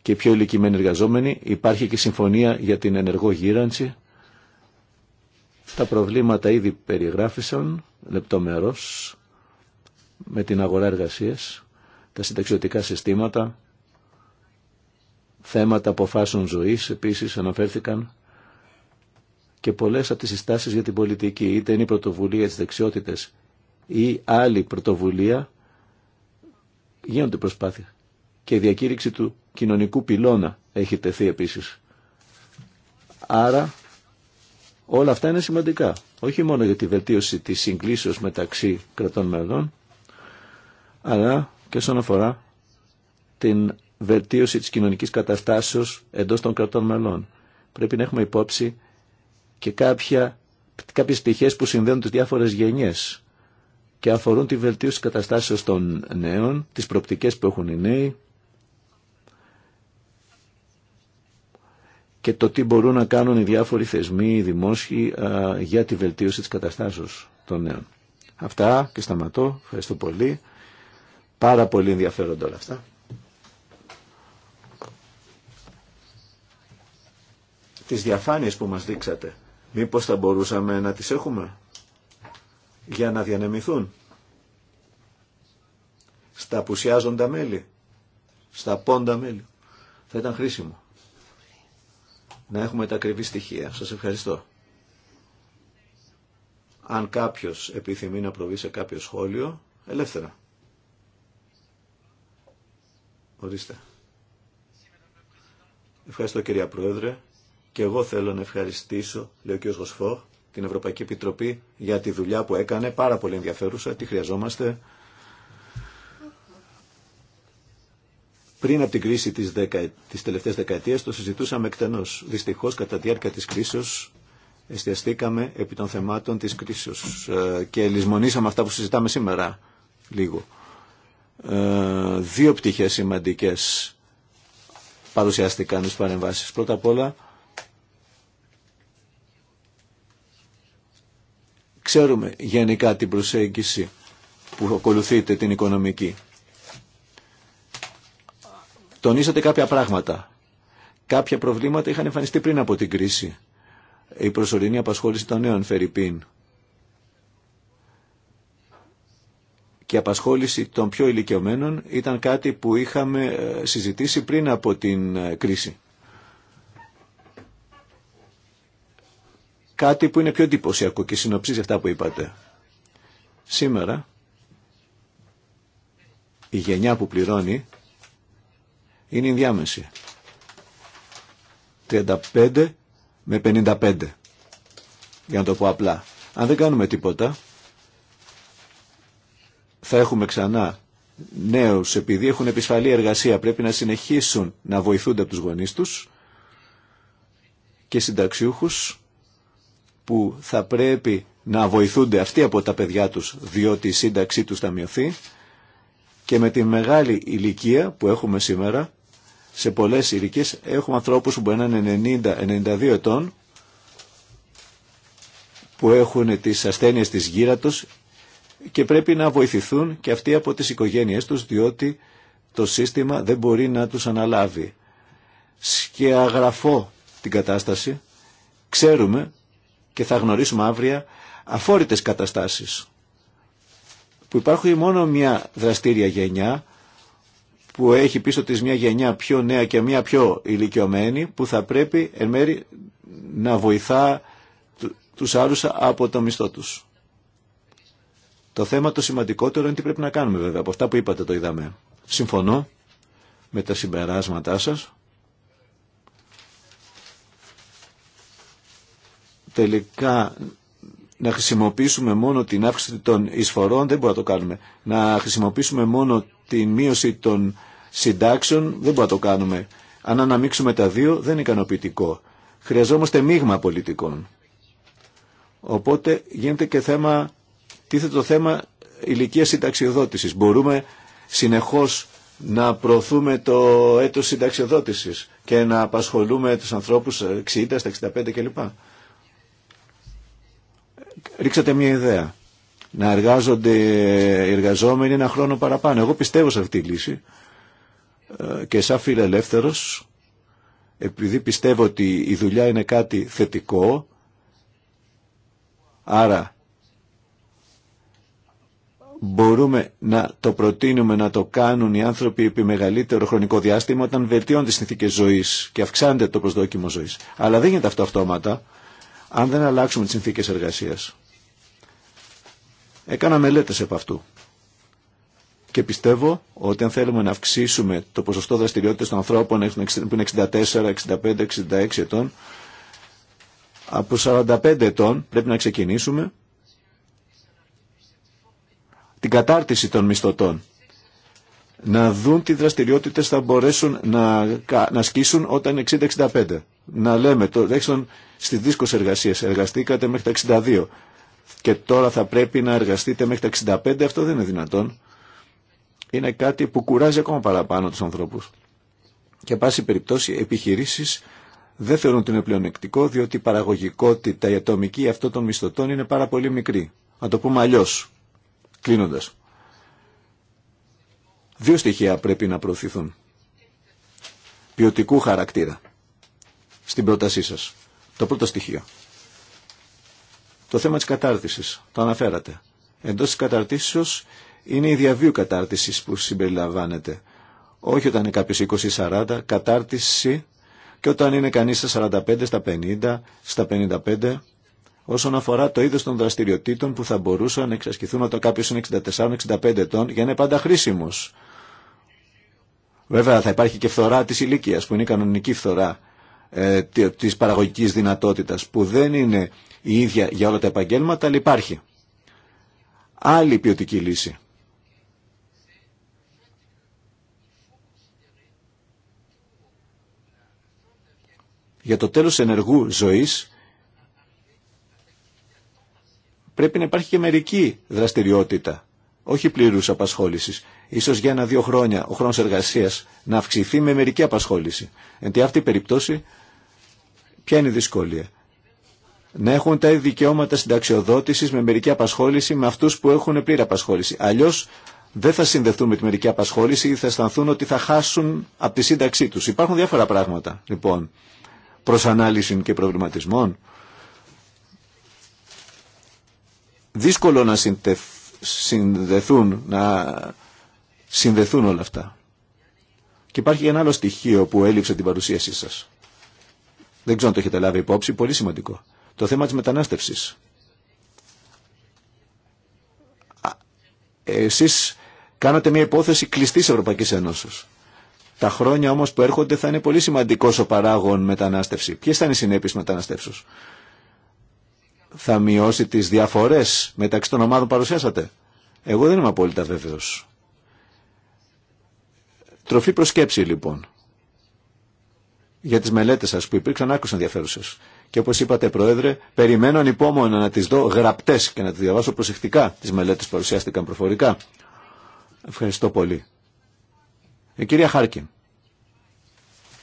και οι πιο ηλικιμένοι εργαζόμενοι. Υπάρχει και συμφωνία για την ενεργό γύρανση τα προβλήματα ήδη περιγράφησαν λεπτομερώς με την αγορά εργασίας, τα συνταξιωτικά συστήματα, θέματα αποφάσεων ζωής επίσης αναφέρθηκαν και πολλές από τις συστάσεις για την πολιτική, είτε είναι η πρωτοβουλία της δεξιότητες ή άλλη πρωτοβουλία, γίνονται προσπάθεια. Και η διακήρυξη του κοινωνικού πυλώνα έχει τεθεί επίσης. Άρα Όλα αυτά είναι σημαντικά, όχι μόνο για τη βελτίωση της συγκλήσεως μεταξύ κρατών μελών, αλλά και όσον αφορά την βελτίωση της κοινωνικής καταστάσεως εντός των κρατών μελών. Πρέπει να έχουμε υπόψη και κάποια, κάποιες πτυχές που συνδέουν τις διάφορες γενιές και αφορούν τη βελτίωση της καταστάσεως των νέων, τις προπτικές που έχουν οι νέοι, και το τι μπορούν να κάνουν οι διάφοροι θεσμοί, οι δημόσιοι για τη βελτίωση της καταστάσεως των νέων. Αυτά και σταματώ. Ευχαριστώ πολύ. Πάρα πολύ ενδιαφέροντα όλα αυτά. Τις διαφάνειες που μας δείξατε, μήπως θα μπορούσαμε να τις έχουμε για να διανεμηθούν στα απουσιάζοντα μέλη, στα πόντα μέλη. Θα ήταν χρήσιμο να έχουμε τα ακριβή στοιχεία. Σας ευχαριστώ. Αν κάποιος επιθυμεί να προβεί σε κάποιο σχόλιο, ελεύθερα. Ορίστε. Ευχαριστώ κυρία Πρόεδρε και εγώ θέλω να ευχαριστήσω, λέει ο κ. Γοσφό, την Ευρωπαϊκή Επιτροπή για τη δουλειά που έκανε, πάρα πολύ ενδιαφέρουσα, τη χρειαζόμαστε. Πριν από την κρίση της, δεκα... της τελευταίας δεκαετίας το συζητούσαμε εκτενώς. Δυστυχώς κατά τη διάρκεια της κρίσεως εστιαστήκαμε επί των θεμάτων της κρίσεως ε, και λησμονήσαμε αυτά που συζητάμε σήμερα λίγο. Ε, δύο πτυχές σημαντικές παρουσιάστηκαν στις παρεμβάσεις. Πρώτα απ' όλα ξέρουμε γενικά την προσέγγιση που ακολουθείται την οικονομική. Τονίσατε κάποια πράγματα. Κάποια προβλήματα είχαν εμφανιστεί πριν από την κρίση. Η προσωρινή απασχόληση των νέων Φερρυπίν και η απασχόληση των πιο ηλικιωμένων ήταν κάτι που είχαμε ε, συζητήσει πριν από την ε, κρίση. Κάτι που είναι πιο εντυπωσιακό και συνοψίζει αυτά που είπατε. Σήμερα η γενιά που πληρώνει είναι η διάμεση. 35 με 55. Για να το πω απλά. Αν δεν κάνουμε τίποτα, θα έχουμε ξανά νέους, επειδή έχουν επισφαλή εργασία, πρέπει να συνεχίσουν να βοηθούνται από τους γονείς τους και συνταξιούχους που θα πρέπει να βοηθούνται αυτοί από τα παιδιά τους, διότι η σύνταξή τους θα μειωθεί και με τη μεγάλη ηλικία που έχουμε σήμερα, σε πολλές ηλικίες έχουμε ανθρώπους που μπορεί να είναι 90-92 ετών που έχουν τις ασθένειες της γύρατος και πρέπει να βοηθηθούν και αυτοί από τις οικογένειές τους διότι το σύστημα δεν μπορεί να τους αναλάβει. Και την κατάσταση, ξέρουμε και θα γνωρίσουμε αύριο αφόρητες καταστάσεις που υπάρχουν μόνο μια δραστήρια γενιά που έχει πίσω της μια γενιά πιο νέα και μια πιο ηλικιωμένη που θα πρέπει εν μέρη να βοηθά τους άλλους από το μισθό τους. Το θέμα το σημαντικότερο είναι τι πρέπει να κάνουμε βέβαια. Από αυτά που είπατε το είδαμε. Συμφωνώ με τα συμπεράσματά σας. Τελικά να χρησιμοποιήσουμε μόνο την αύξηση των εισφορών δεν μπορούμε να το κάνουμε. Να χρησιμοποιήσουμε μόνο την μείωση των συντάξεων δεν μπορούμε να το κάνουμε. Αν αναμίξουμε τα δύο δεν είναι ικανοποιητικό. Χρειαζόμαστε μείγμα πολιτικών. Οπότε γίνεται και θέμα, τίθεται το θέμα ηλικία συνταξιοδότησης. Μπορούμε συνεχώς να προωθούμε το έτος συνταξιοδότησης και να απασχολούμε τους ανθρώπους 60, στα 65 κλπ. Ρίξατε μια ιδέα να εργάζονται οι εργαζόμενοι ένα χρόνο παραπάνω. Εγώ πιστεύω σε αυτή τη λύση ε, και σαν φιλελεύθερος, επειδή πιστεύω ότι η δουλειά είναι κάτι θετικό, άρα μπορούμε να το προτείνουμε να το κάνουν οι άνθρωποι επί μεγαλύτερο χρονικό διάστημα όταν βελτιώνται τις συνθήκες ζωής και αυξάνεται το προσδόκιμο ζωής. Αλλά δεν γίνεται αυτό αυτόματα αν δεν αλλάξουμε τις συνθήκες εργασίας. Έκανα μελέτες επ' αυτού. Και πιστεύω ότι αν θέλουμε να αυξήσουμε το ποσοστό δραστηριότητας των ανθρώπων που είναι 64, 65, 66 ετών, από 45 ετών πρέπει να ξεκινήσουμε την κατάρτιση των μισθωτών. Να δουν τι δραστηριότητες θα μπορέσουν να, να ασκήσουν όταν όταν 60-65. Να λέμε, το, στις δίσκος εργασίες εργαστήκατε μέχρι τα 62 και τώρα θα πρέπει να εργαστείτε μέχρι τα 65, αυτό δεν είναι δυνατόν. Είναι κάτι που κουράζει ακόμα παραπάνω τους ανθρώπους. Και πάση περιπτώσει επιχειρήσεις δεν θεωρούν ότι είναι πλεονεκτικό, διότι η παραγωγικότητα, η ατομική αυτών των μισθωτών είναι πάρα πολύ μικρή. Να το πούμε αλλιώ, κλείνοντα. Δύο στοιχεία πρέπει να προωθηθούν. Ποιοτικού χαρακτήρα. Στην πρότασή σας. Το πρώτο στοιχείο. Το θέμα της κατάρτισης, το αναφέρατε. Εντός της καταρτήσεως είναι η διαβίου κατάρτισης που συμπεριλαμβάνεται. Όχι όταν είναι κάποιος 20-40, κατάρτιση και όταν είναι κανείς στα 45, στα 50, στα 55, όσον αφορά το είδος των δραστηριοτήτων που θα μπορούσαν να εξασκηθούν όταν κάποιος είναι 64-65 ετών για να είναι πάντα χρήσιμος. Βέβαια θα υπάρχει και φθορά της ηλικία που είναι η κανονική φθορά ε, της παραγωγικής δυνατότητας που δεν είναι η ίδια για όλα τα επαγγέλματα, αλλά υπάρχει. Άλλη ποιοτική λύση. Για το τέλος ενεργού ζωής πρέπει να υπάρχει και μερική δραστηριότητα, όχι πλήρους απασχόλησης. Ίσως για ένα-δύο χρόνια ο χρόνος εργασίας να αυξηθεί με μερική απασχόληση. Εν τη αυτή η περιπτώση, ποια είναι η δυσκολία να έχουν τα δικαιώματα συνταξιοδότηση με μερική απασχόληση με αυτού που έχουν πλήρη απασχόληση. Αλλιώ δεν θα συνδεθούν με τη μερική απασχόληση ή θα αισθανθούν ότι θα χάσουν από τη σύνταξή του. Υπάρχουν διάφορα πράγματα λοιπόν προ ανάλυση και προβληματισμών. Δύσκολο να συνδεθούν, να συνδεθούν όλα αυτά. Και υπάρχει ένα άλλο στοιχείο που έλειψε την παρουσίασή σας. Δεν ξέρω αν το έχετε λάβει υπόψη, πολύ σημαντικό. Το θέμα της μετανάστευσης. Εσείς κάνατε μια υπόθεση κλειστής Ευρωπαϊκής Ένωσης. Τα χρόνια όμως που έρχονται θα είναι πολύ σημαντικός ο παράγων μετανάστευση. Ποιες θα είναι οι συνέπειες μετανάστευσης; Θα μειώσει τις διαφορές μεταξύ των ομάδων που παρουσιάσατε. Εγώ δεν είμαι απόλυτα βέβαιος. Τροφή προσκέψη λοιπόν. Για τις μελέτες σας που υπήρξαν άκουσαν ενδιαφέρουσες. Και όπως είπατε Πρόεδρε, περιμένω ανυπόμονα να τις δω γραπτές και να τις διαβάσω προσεκτικά. Τις μελέτες παρουσιάστηκαν προφορικά. Ευχαριστώ πολύ. Η ε, κυρία Χάρκιν.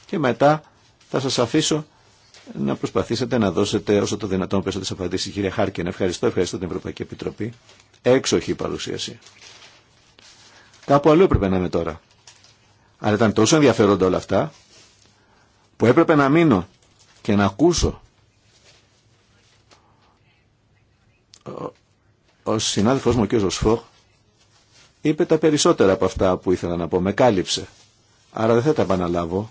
Και μετά θα σας αφήσω να προσπαθήσετε να δώσετε όσο το δυνατόν περισσότερες απαντήσει Η κυρία Χάρκιν, ευχαριστώ, ευχαριστώ την Ευρωπαϊκή Επιτροπή. Έξοχη παρουσίαση. Κάπου αλλού έπρεπε να είμαι τώρα. Αλλά ήταν τόσο ενδιαφέροντα όλα αυτά που έπρεπε να μείνω και να ακούσω ο συνάδελφός μου ο κ. είπε τα περισσότερα από αυτά που ήθελα να πω, με κάλυψε. Άρα δεν θα τα επαναλάβω.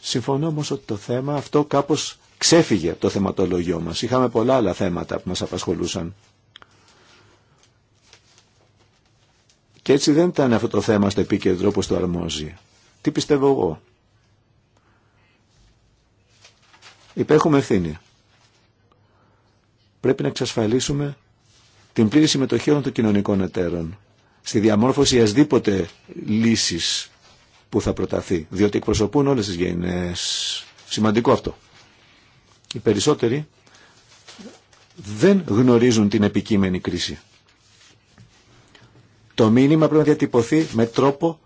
Συμφωνώ όμως ότι το θέμα αυτό κάπως ξέφυγε από το θεματολογιό μας. Είχαμε πολλά άλλα θέματα που μας απασχολούσαν. Και έτσι δεν ήταν αυτό το θέμα στο επίκεντρο όπως το αρμόζει. Τι πιστεύω εγώ. Υπέχουμε ευθύνη πρέπει να εξασφαλίσουμε την πλήρη συμμετοχή όλων των κοινωνικών εταίρων στη διαμόρφωση ασδήποτε λύσης που θα προταθεί, διότι εκπροσωπούν όλες τις γενιές. Σημαντικό αυτό. Οι περισσότεροι δεν γνωρίζουν την επικείμενη κρίση. Το μήνυμα πρέπει να διατυπωθεί με τρόπο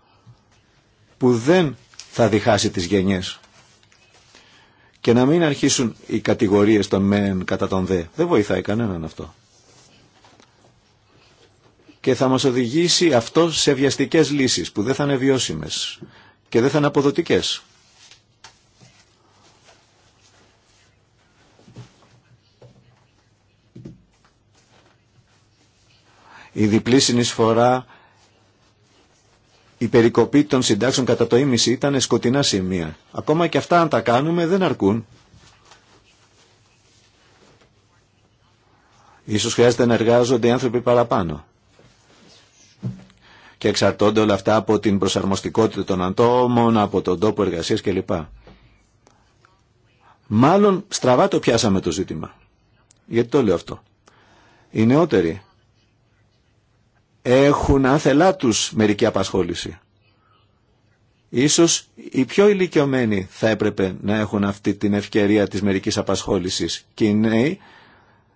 που δεν θα διχάσει τις γενιές και να μην αρχίσουν οι κατηγορίες των μεν κατά τον δε. Δεν βοηθάει κανέναν αυτό. Και θα μας οδηγήσει αυτό σε βιαστικές λύσεις που δεν θα είναι βιώσιμες και δεν θα είναι αποδοτικές. Η διπλή συνεισφορά η περικοπή των συντάξεων κατά το ίμιση ήταν σκοτεινά σημεία. Ακόμα και αυτά αν τα κάνουμε δεν αρκούν. Ίσως χρειάζεται να εργάζονται οι άνθρωποι παραπάνω. Και εξαρτώνται όλα αυτά από την προσαρμοστικότητα των αντόμων, από τον τόπο εργασίας κλπ. Μάλλον στραβά το πιάσαμε το ζήτημα. Γιατί το λέω αυτό. Οι νεότεροι έχουν άθελά τους μερική απασχόληση. Ίσως οι πιο ηλικιωμένοι θα έπρεπε να έχουν αυτή την ευκαιρία της μερικής απασχόλησης και οι νέοι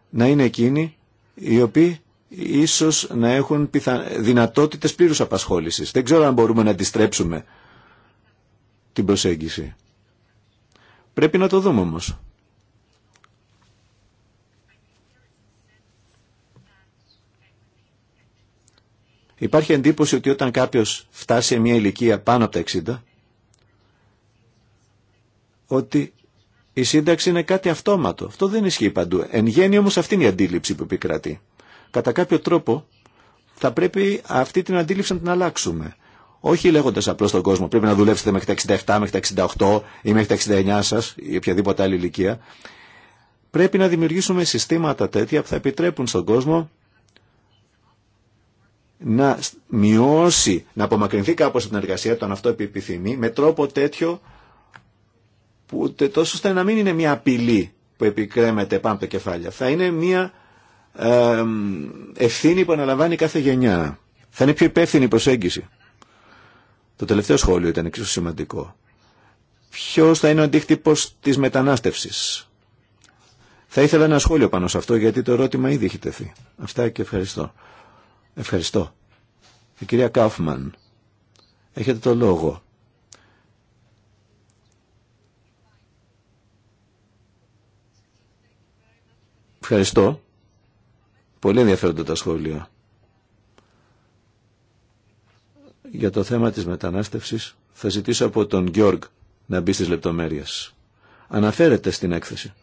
να είναι εκείνοι οι οποίοι ίσως να έχουν πιθα... δυνατότητες πλήρους απασχόλησης. Δεν ξέρω αν μπορούμε να αντιστρέψουμε την προσέγγιση. Πρέπει να το δούμε όμως. Υπάρχει εντύπωση ότι όταν κάποιος φτάσει σε μια ηλικία πάνω από τα 60, ότι η σύνταξη είναι κάτι αυτόματο. Αυτό δεν ισχύει παντού. Εν γένει όμως αυτή είναι η αντίληψη που επικρατεί. Κατά κάποιο τρόπο θα πρέπει αυτή την αντίληψη να την αλλάξουμε. Όχι λέγοντας απλώς στον κόσμο πρέπει να δουλέψετε μέχρι τα 67, μέχρι τα 68 ή μέχρι τα 69 σας ή οποιαδήποτε άλλη ηλικία. Πρέπει να δημιουργήσουμε συστήματα τέτοια που θα επιτρέπουν στον κόσμο να μειώσει, να απομακρυνθεί κάπως από την εργασία του αν αυτό επιθυμεί με τρόπο τέτοιο που ούτε τόσο ώστε να μην είναι μια απειλή που επικρέμεται πάνω από το κεφάλια. Θα είναι μια ευθύνη που αναλαμβάνει κάθε γενιά. Θα είναι πιο υπεύθυνη η προσέγγιση. Το τελευταίο σχόλιο ήταν εξίσου σημαντικό. Ποιο θα είναι ο αντίκτυπο τη μετανάστευση. Θα ήθελα ένα σχόλιο πάνω σε αυτό γιατί το ερώτημα ήδη έχει τεθεί. Αυτά και ευχαριστώ. Ευχαριστώ. Η κυρία Κάφμαν, έχετε το λόγο. Ευχαριστώ. Πολύ ενδιαφέροντα τα σχόλια. Για το θέμα της μετανάστευσης θα ζητήσω από τον Γιώργ να μπει στις λεπτομέρειες. Αναφέρεται στην έκθεση.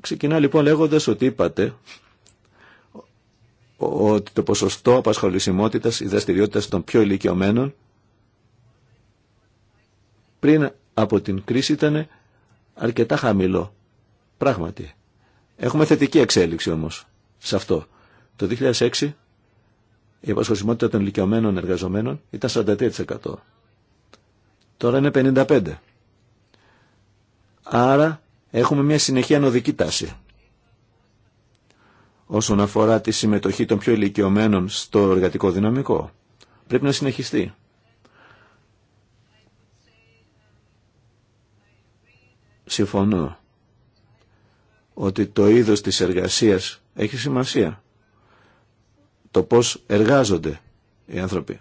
Ξεκινά λοιπόν λέγοντας ότι είπατε ότι το ποσοστό απασχολησιμότητας ή δραστηριότητα των πιο ηλικιωμένων πριν από την κρίση ήταν αρκετά χαμηλό. Πράγματι. Έχουμε θετική εξέλιξη όμως σε αυτό. Το 2006 η απασχολησιμότητα των ηλικιωμένων εργαζομένων ήταν 43%. Τώρα είναι 55%. Άρα έχουμε μια συνεχή ανωδική τάση όσον αφορά τη συμμετοχή των πιο ηλικιωμένων στο εργατικό δυναμικό. Πρέπει να συνεχιστεί. Συμφωνώ ότι το είδος της εργασίας έχει σημασία. Το πώς εργάζονται οι άνθρωποι.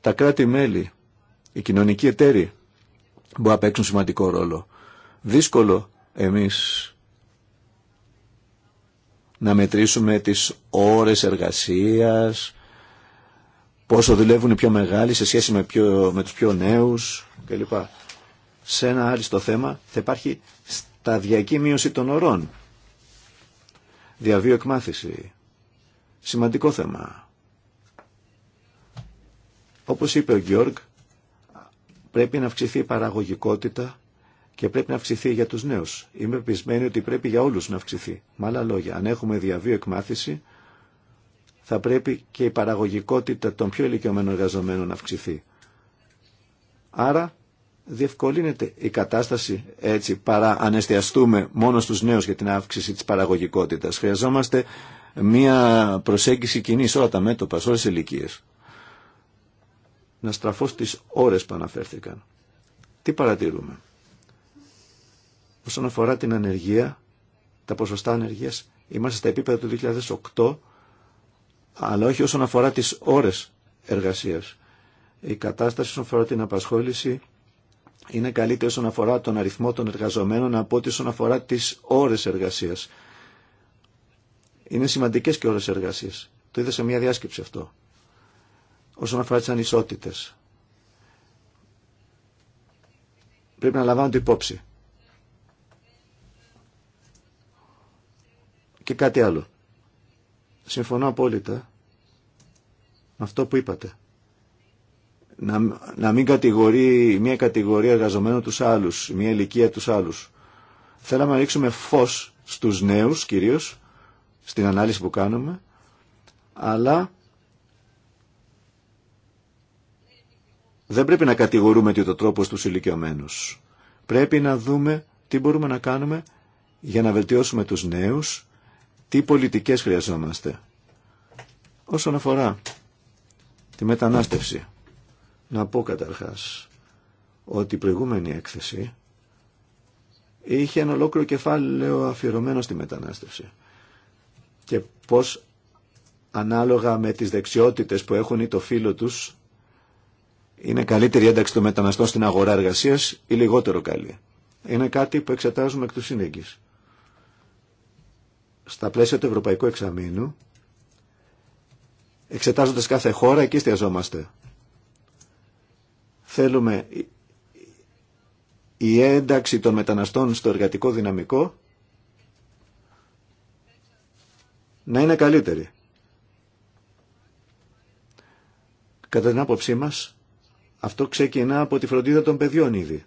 Τα κράτη-μέλη, οι κοινωνικοί εταίροι μπορούν να παίξουν σημαντικό ρόλο. Δύσκολο εμείς να μετρήσουμε τις ώρες εργασίας, πόσο δουλεύουν οι πιο μεγάλοι σε σχέση με, πιο, τους πιο νέους κλπ. Σε ένα άριστο θέμα θα υπάρχει σταδιακή μείωση των ωρών. Διαβίω εκμάθηση. Σημαντικό θέμα. Όπως είπε ο Γιώργ, πρέπει να αυξηθεί η παραγωγικότητα και πρέπει να αυξηθεί για τους νέους. Είμαι πεισμένοι ότι πρέπει για όλους να αυξηθεί. Με άλλα λόγια, αν έχουμε διαβίω εκμάθηση, θα πρέπει και η παραγωγικότητα των πιο ηλικιωμένων εργαζομένων να αυξηθεί. Άρα, διευκολύνεται η κατάσταση έτσι, παρά αν εστιαστούμε μόνο στους νέους για την αύξηση της παραγωγικότητας. Χρειαζόμαστε μία προσέγγιση κοινή σε όλα τα μέτωπα, σε όλες τις ηλικίες. Να στραφώ στις ώρες που αναφέρθηκαν. Τι παρατηρούμε Όσον αφορά την ανεργία, τα ποσοστά ανεργίας, είμαστε στα επίπεδα του 2008, αλλά όχι όσον αφορά τις ώρες εργασίας. Η κατάσταση όσον αφορά την απασχόληση είναι καλύτερη όσον αφορά τον αριθμό των εργαζομένων από ό,τι όσον αφορά τις ώρες εργασίας. Είναι σημαντικές και ώρες εργασίας. Το είδα σε μια διάσκεψη αυτό. Όσον αφορά τις ανισότητες. Πρέπει να λαμβάνονται υπόψη. Και κάτι άλλο. Συμφωνώ απόλυτα με αυτό που είπατε. Να, μην κατηγορεί μια κατηγορία εργαζομένων τους άλλους, μια ηλικία τους άλλους. Θέλαμε να ρίξουμε φως στους νέους κυρίως, στην ανάλυση που κάνουμε, αλλά δεν πρέπει να κατηγορούμε το τρόπο στους ηλικιωμένους. Πρέπει να δούμε τι μπορούμε να κάνουμε για να βελτιώσουμε τους νέους τι πολιτικές χρειαζόμαστε. Όσον αφορά τη μετανάστευση, να πω καταρχάς ότι η προηγούμενη έκθεση είχε ένα ολόκληρο κεφάλαιο αφιερωμένο στη μετανάστευση και πώς ανάλογα με τις δεξιότητες που έχουν ή το φίλο τους είναι καλύτερη ένταξη των μεταναστών στην αγορά εργασίας ή λιγότερο καλή. Είναι κάτι που εξετάζουμε εκ του στα πλαίσια του Ευρωπαϊκού Εξαμήνου, εξετάζοντας κάθε χώρα, εκεί εστιαζόμαστε. Θέλουμε η ένταξη των μεταναστών στο εργατικό δυναμικό να είναι καλύτερη. Κατά την άποψή μας, αυτό ξεκινά από τη φροντίδα των παιδιών ήδη.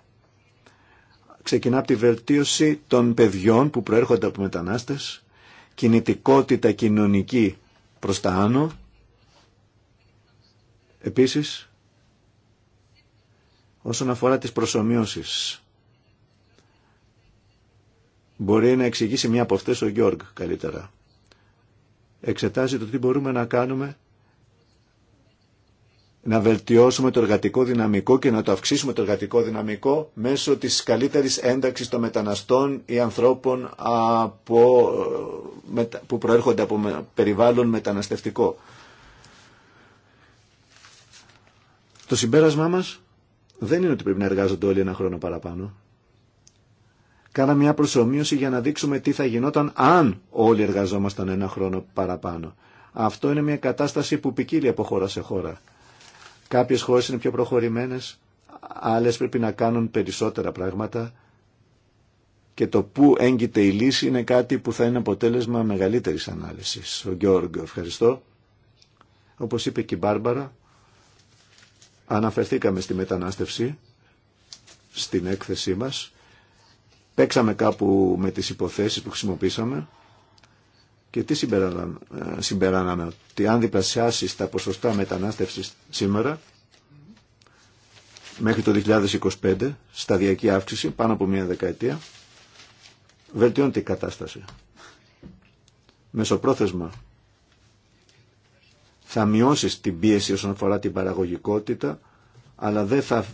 Ξεκινά από τη βελτίωση των παιδιών που προέρχονται από μετανάστες κινητικότητα κοινωνική προς τα άνω. Επίσης, όσον αφορά τις προσωμείωσεις, μπορεί να εξηγήσει μια από αυτές ο Γιώργ καλύτερα. Εξετάζει το τι μπορούμε να κάνουμε να βελτιώσουμε το εργατικό δυναμικό και να το αυξήσουμε το εργατικό δυναμικό μέσω της καλύτερης ένταξης των μεταναστών ή ανθρώπων από, ε, που προέρχονται από περιβάλλον μεταναστευτικό. Το συμπέρασμά μας δεν είναι ότι πρέπει να εργάζονται όλοι ένα χρόνο παραπάνω. Κάναμε μια προσωμείωση για να δείξουμε τι θα γινόταν αν όλοι εργαζόμασταν ένα χρόνο παραπάνω. Αυτό είναι μια κατάσταση που ποικίλει από χώρα σε χώρα. Κάποιες χώρες είναι πιο προχωρημένες, άλλες πρέπει να κάνουν περισσότερα πράγματα και το πού έγκυται η λύση είναι κάτι που θα είναι αποτέλεσμα μεγαλύτερης ανάλυσης. Ο Γιώργο, ευχαριστώ. Όπως είπε και η Μπάρμπαρα, αναφερθήκαμε στη μετανάστευση, στην έκθεσή μας. Παίξαμε κάπου με τις υποθέσεις που χρησιμοποίησαμε και τι συμπεράναμε, ε, ότι αν διπλασιάσει τα ποσοστά μετανάστευσης σήμερα, μέχρι το 2025, σταδιακή αύξηση, πάνω από μία δεκαετία, βελτιώνεται η κατάσταση. Μεσοπρόθεσμα θα μειώσεις την πίεση όσον αφορά την παραγωγικότητα, αλλά δεν θα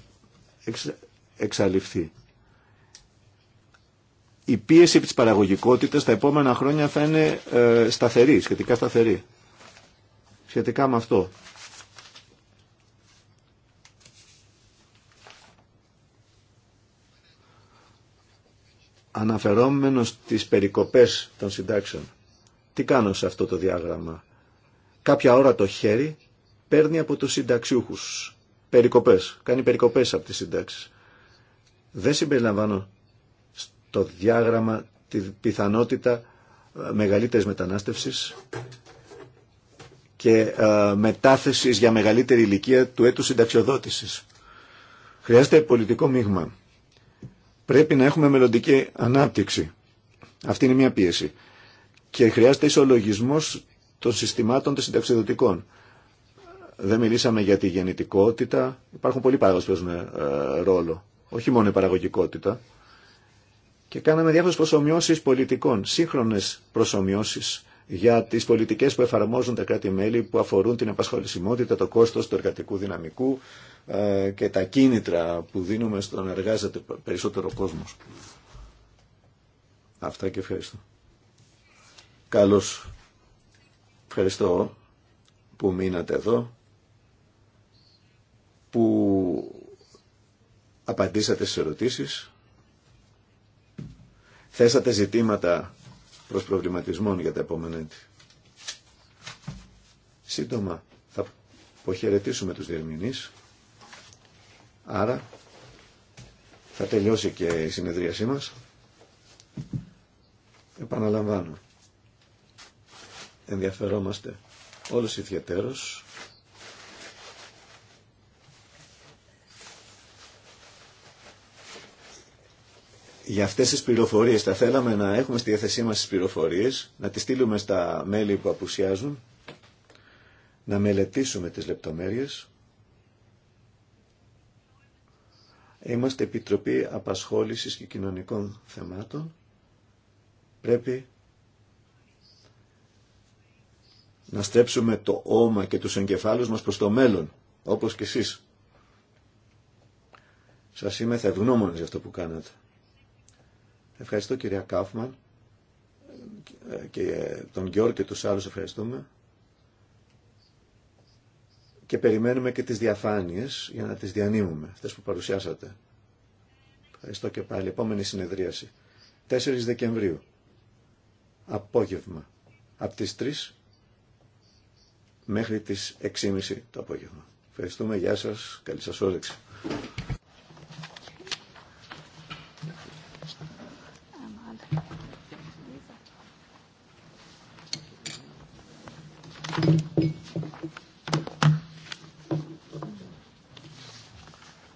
εξαλειφθεί η πίεση της παραγωγικότητας τα επόμενα χρόνια θα είναι ε, σταθερή, σχετικά σταθερή. Σχετικά με αυτό. Αναφερόμενος στις περικοπές των συντάξεων. Τι κάνω σε αυτό το διάγραμμα. Κάποια ώρα το χέρι παίρνει από τους συνταξιούχους. Περικοπές. Κάνει περικοπές από τις συντάξεις. Δεν συμπεριλαμβάνω το διάγραμμα τη πιθανότητα ε, μεγαλύτερης μετανάστευσης και ε, μετάθεσης για μεγαλύτερη ηλικία του έτους συνταξιοδότησης. Χρειάζεται πολιτικό μείγμα. Πρέπει να έχουμε μελλοντική ανάπτυξη. Αυτή είναι μια πίεση. Και χρειάζεται ισολογισμός των συστημάτων των συνταξιδοτικών. Δεν μιλήσαμε για τη γεννητικότητα. Υπάρχουν πολλοί παράγοντες που ε, ρόλο. Όχι μόνο η παραγωγικότητα και κάναμε διάφορες προσωμιώσεις πολιτικών, σύγχρονες προσωμιώσεις για τις πολιτικές που εφαρμόζουν τα κράτη-μέλη που αφορούν την απασχολησιμότητα, το κόστος του εργατικού δυναμικού ε, και τα κίνητρα που δίνουμε στον να εργάζεται περισσότερο κόσμος. Αυτά και ευχαριστώ. Καλώς. Ευχαριστώ που μείνατε εδώ, που απαντήσατε στις ερωτήσεις θέσατε ζητήματα προς προβληματισμών για τα επόμενα έτη. Σύντομα θα αποχαιρετήσουμε τους διερμηνείς, άρα θα τελειώσει και η συνεδρίασή μας. Επαναλαμβάνω, ενδιαφερόμαστε όλος ιδιαιτέρως για αυτές τις πληροφορίες. Θα θέλαμε να έχουμε στη διάθεσή μας τις πληροφορίες, να τις στείλουμε στα μέλη που απουσιάζουν, να μελετήσουμε τις λεπτομέρειες. Είμαστε Επιτροπή Απασχόλησης και Κοινωνικών Θεμάτων. Πρέπει να στρέψουμε το όμα και τους εγκεφάλους μας προς το μέλλον, όπως και εσείς. Σας είμαι θα για αυτό που κάνατε. Ευχαριστώ κυρία Κάφμαν και τον Γιώργο και τους άλλους ευχαριστούμε. Και περιμένουμε και τις διαφάνειες για να τις διανύμουμε, αυτές που παρουσιάσατε. Ευχαριστώ και πάλι. Επόμενη συνεδρίαση. 4 Δεκεμβρίου. Απόγευμα. Από τις 3 μέχρι τις 6.30 το απόγευμα. Ευχαριστούμε. Γεια σας. Καλή σας όρεξη.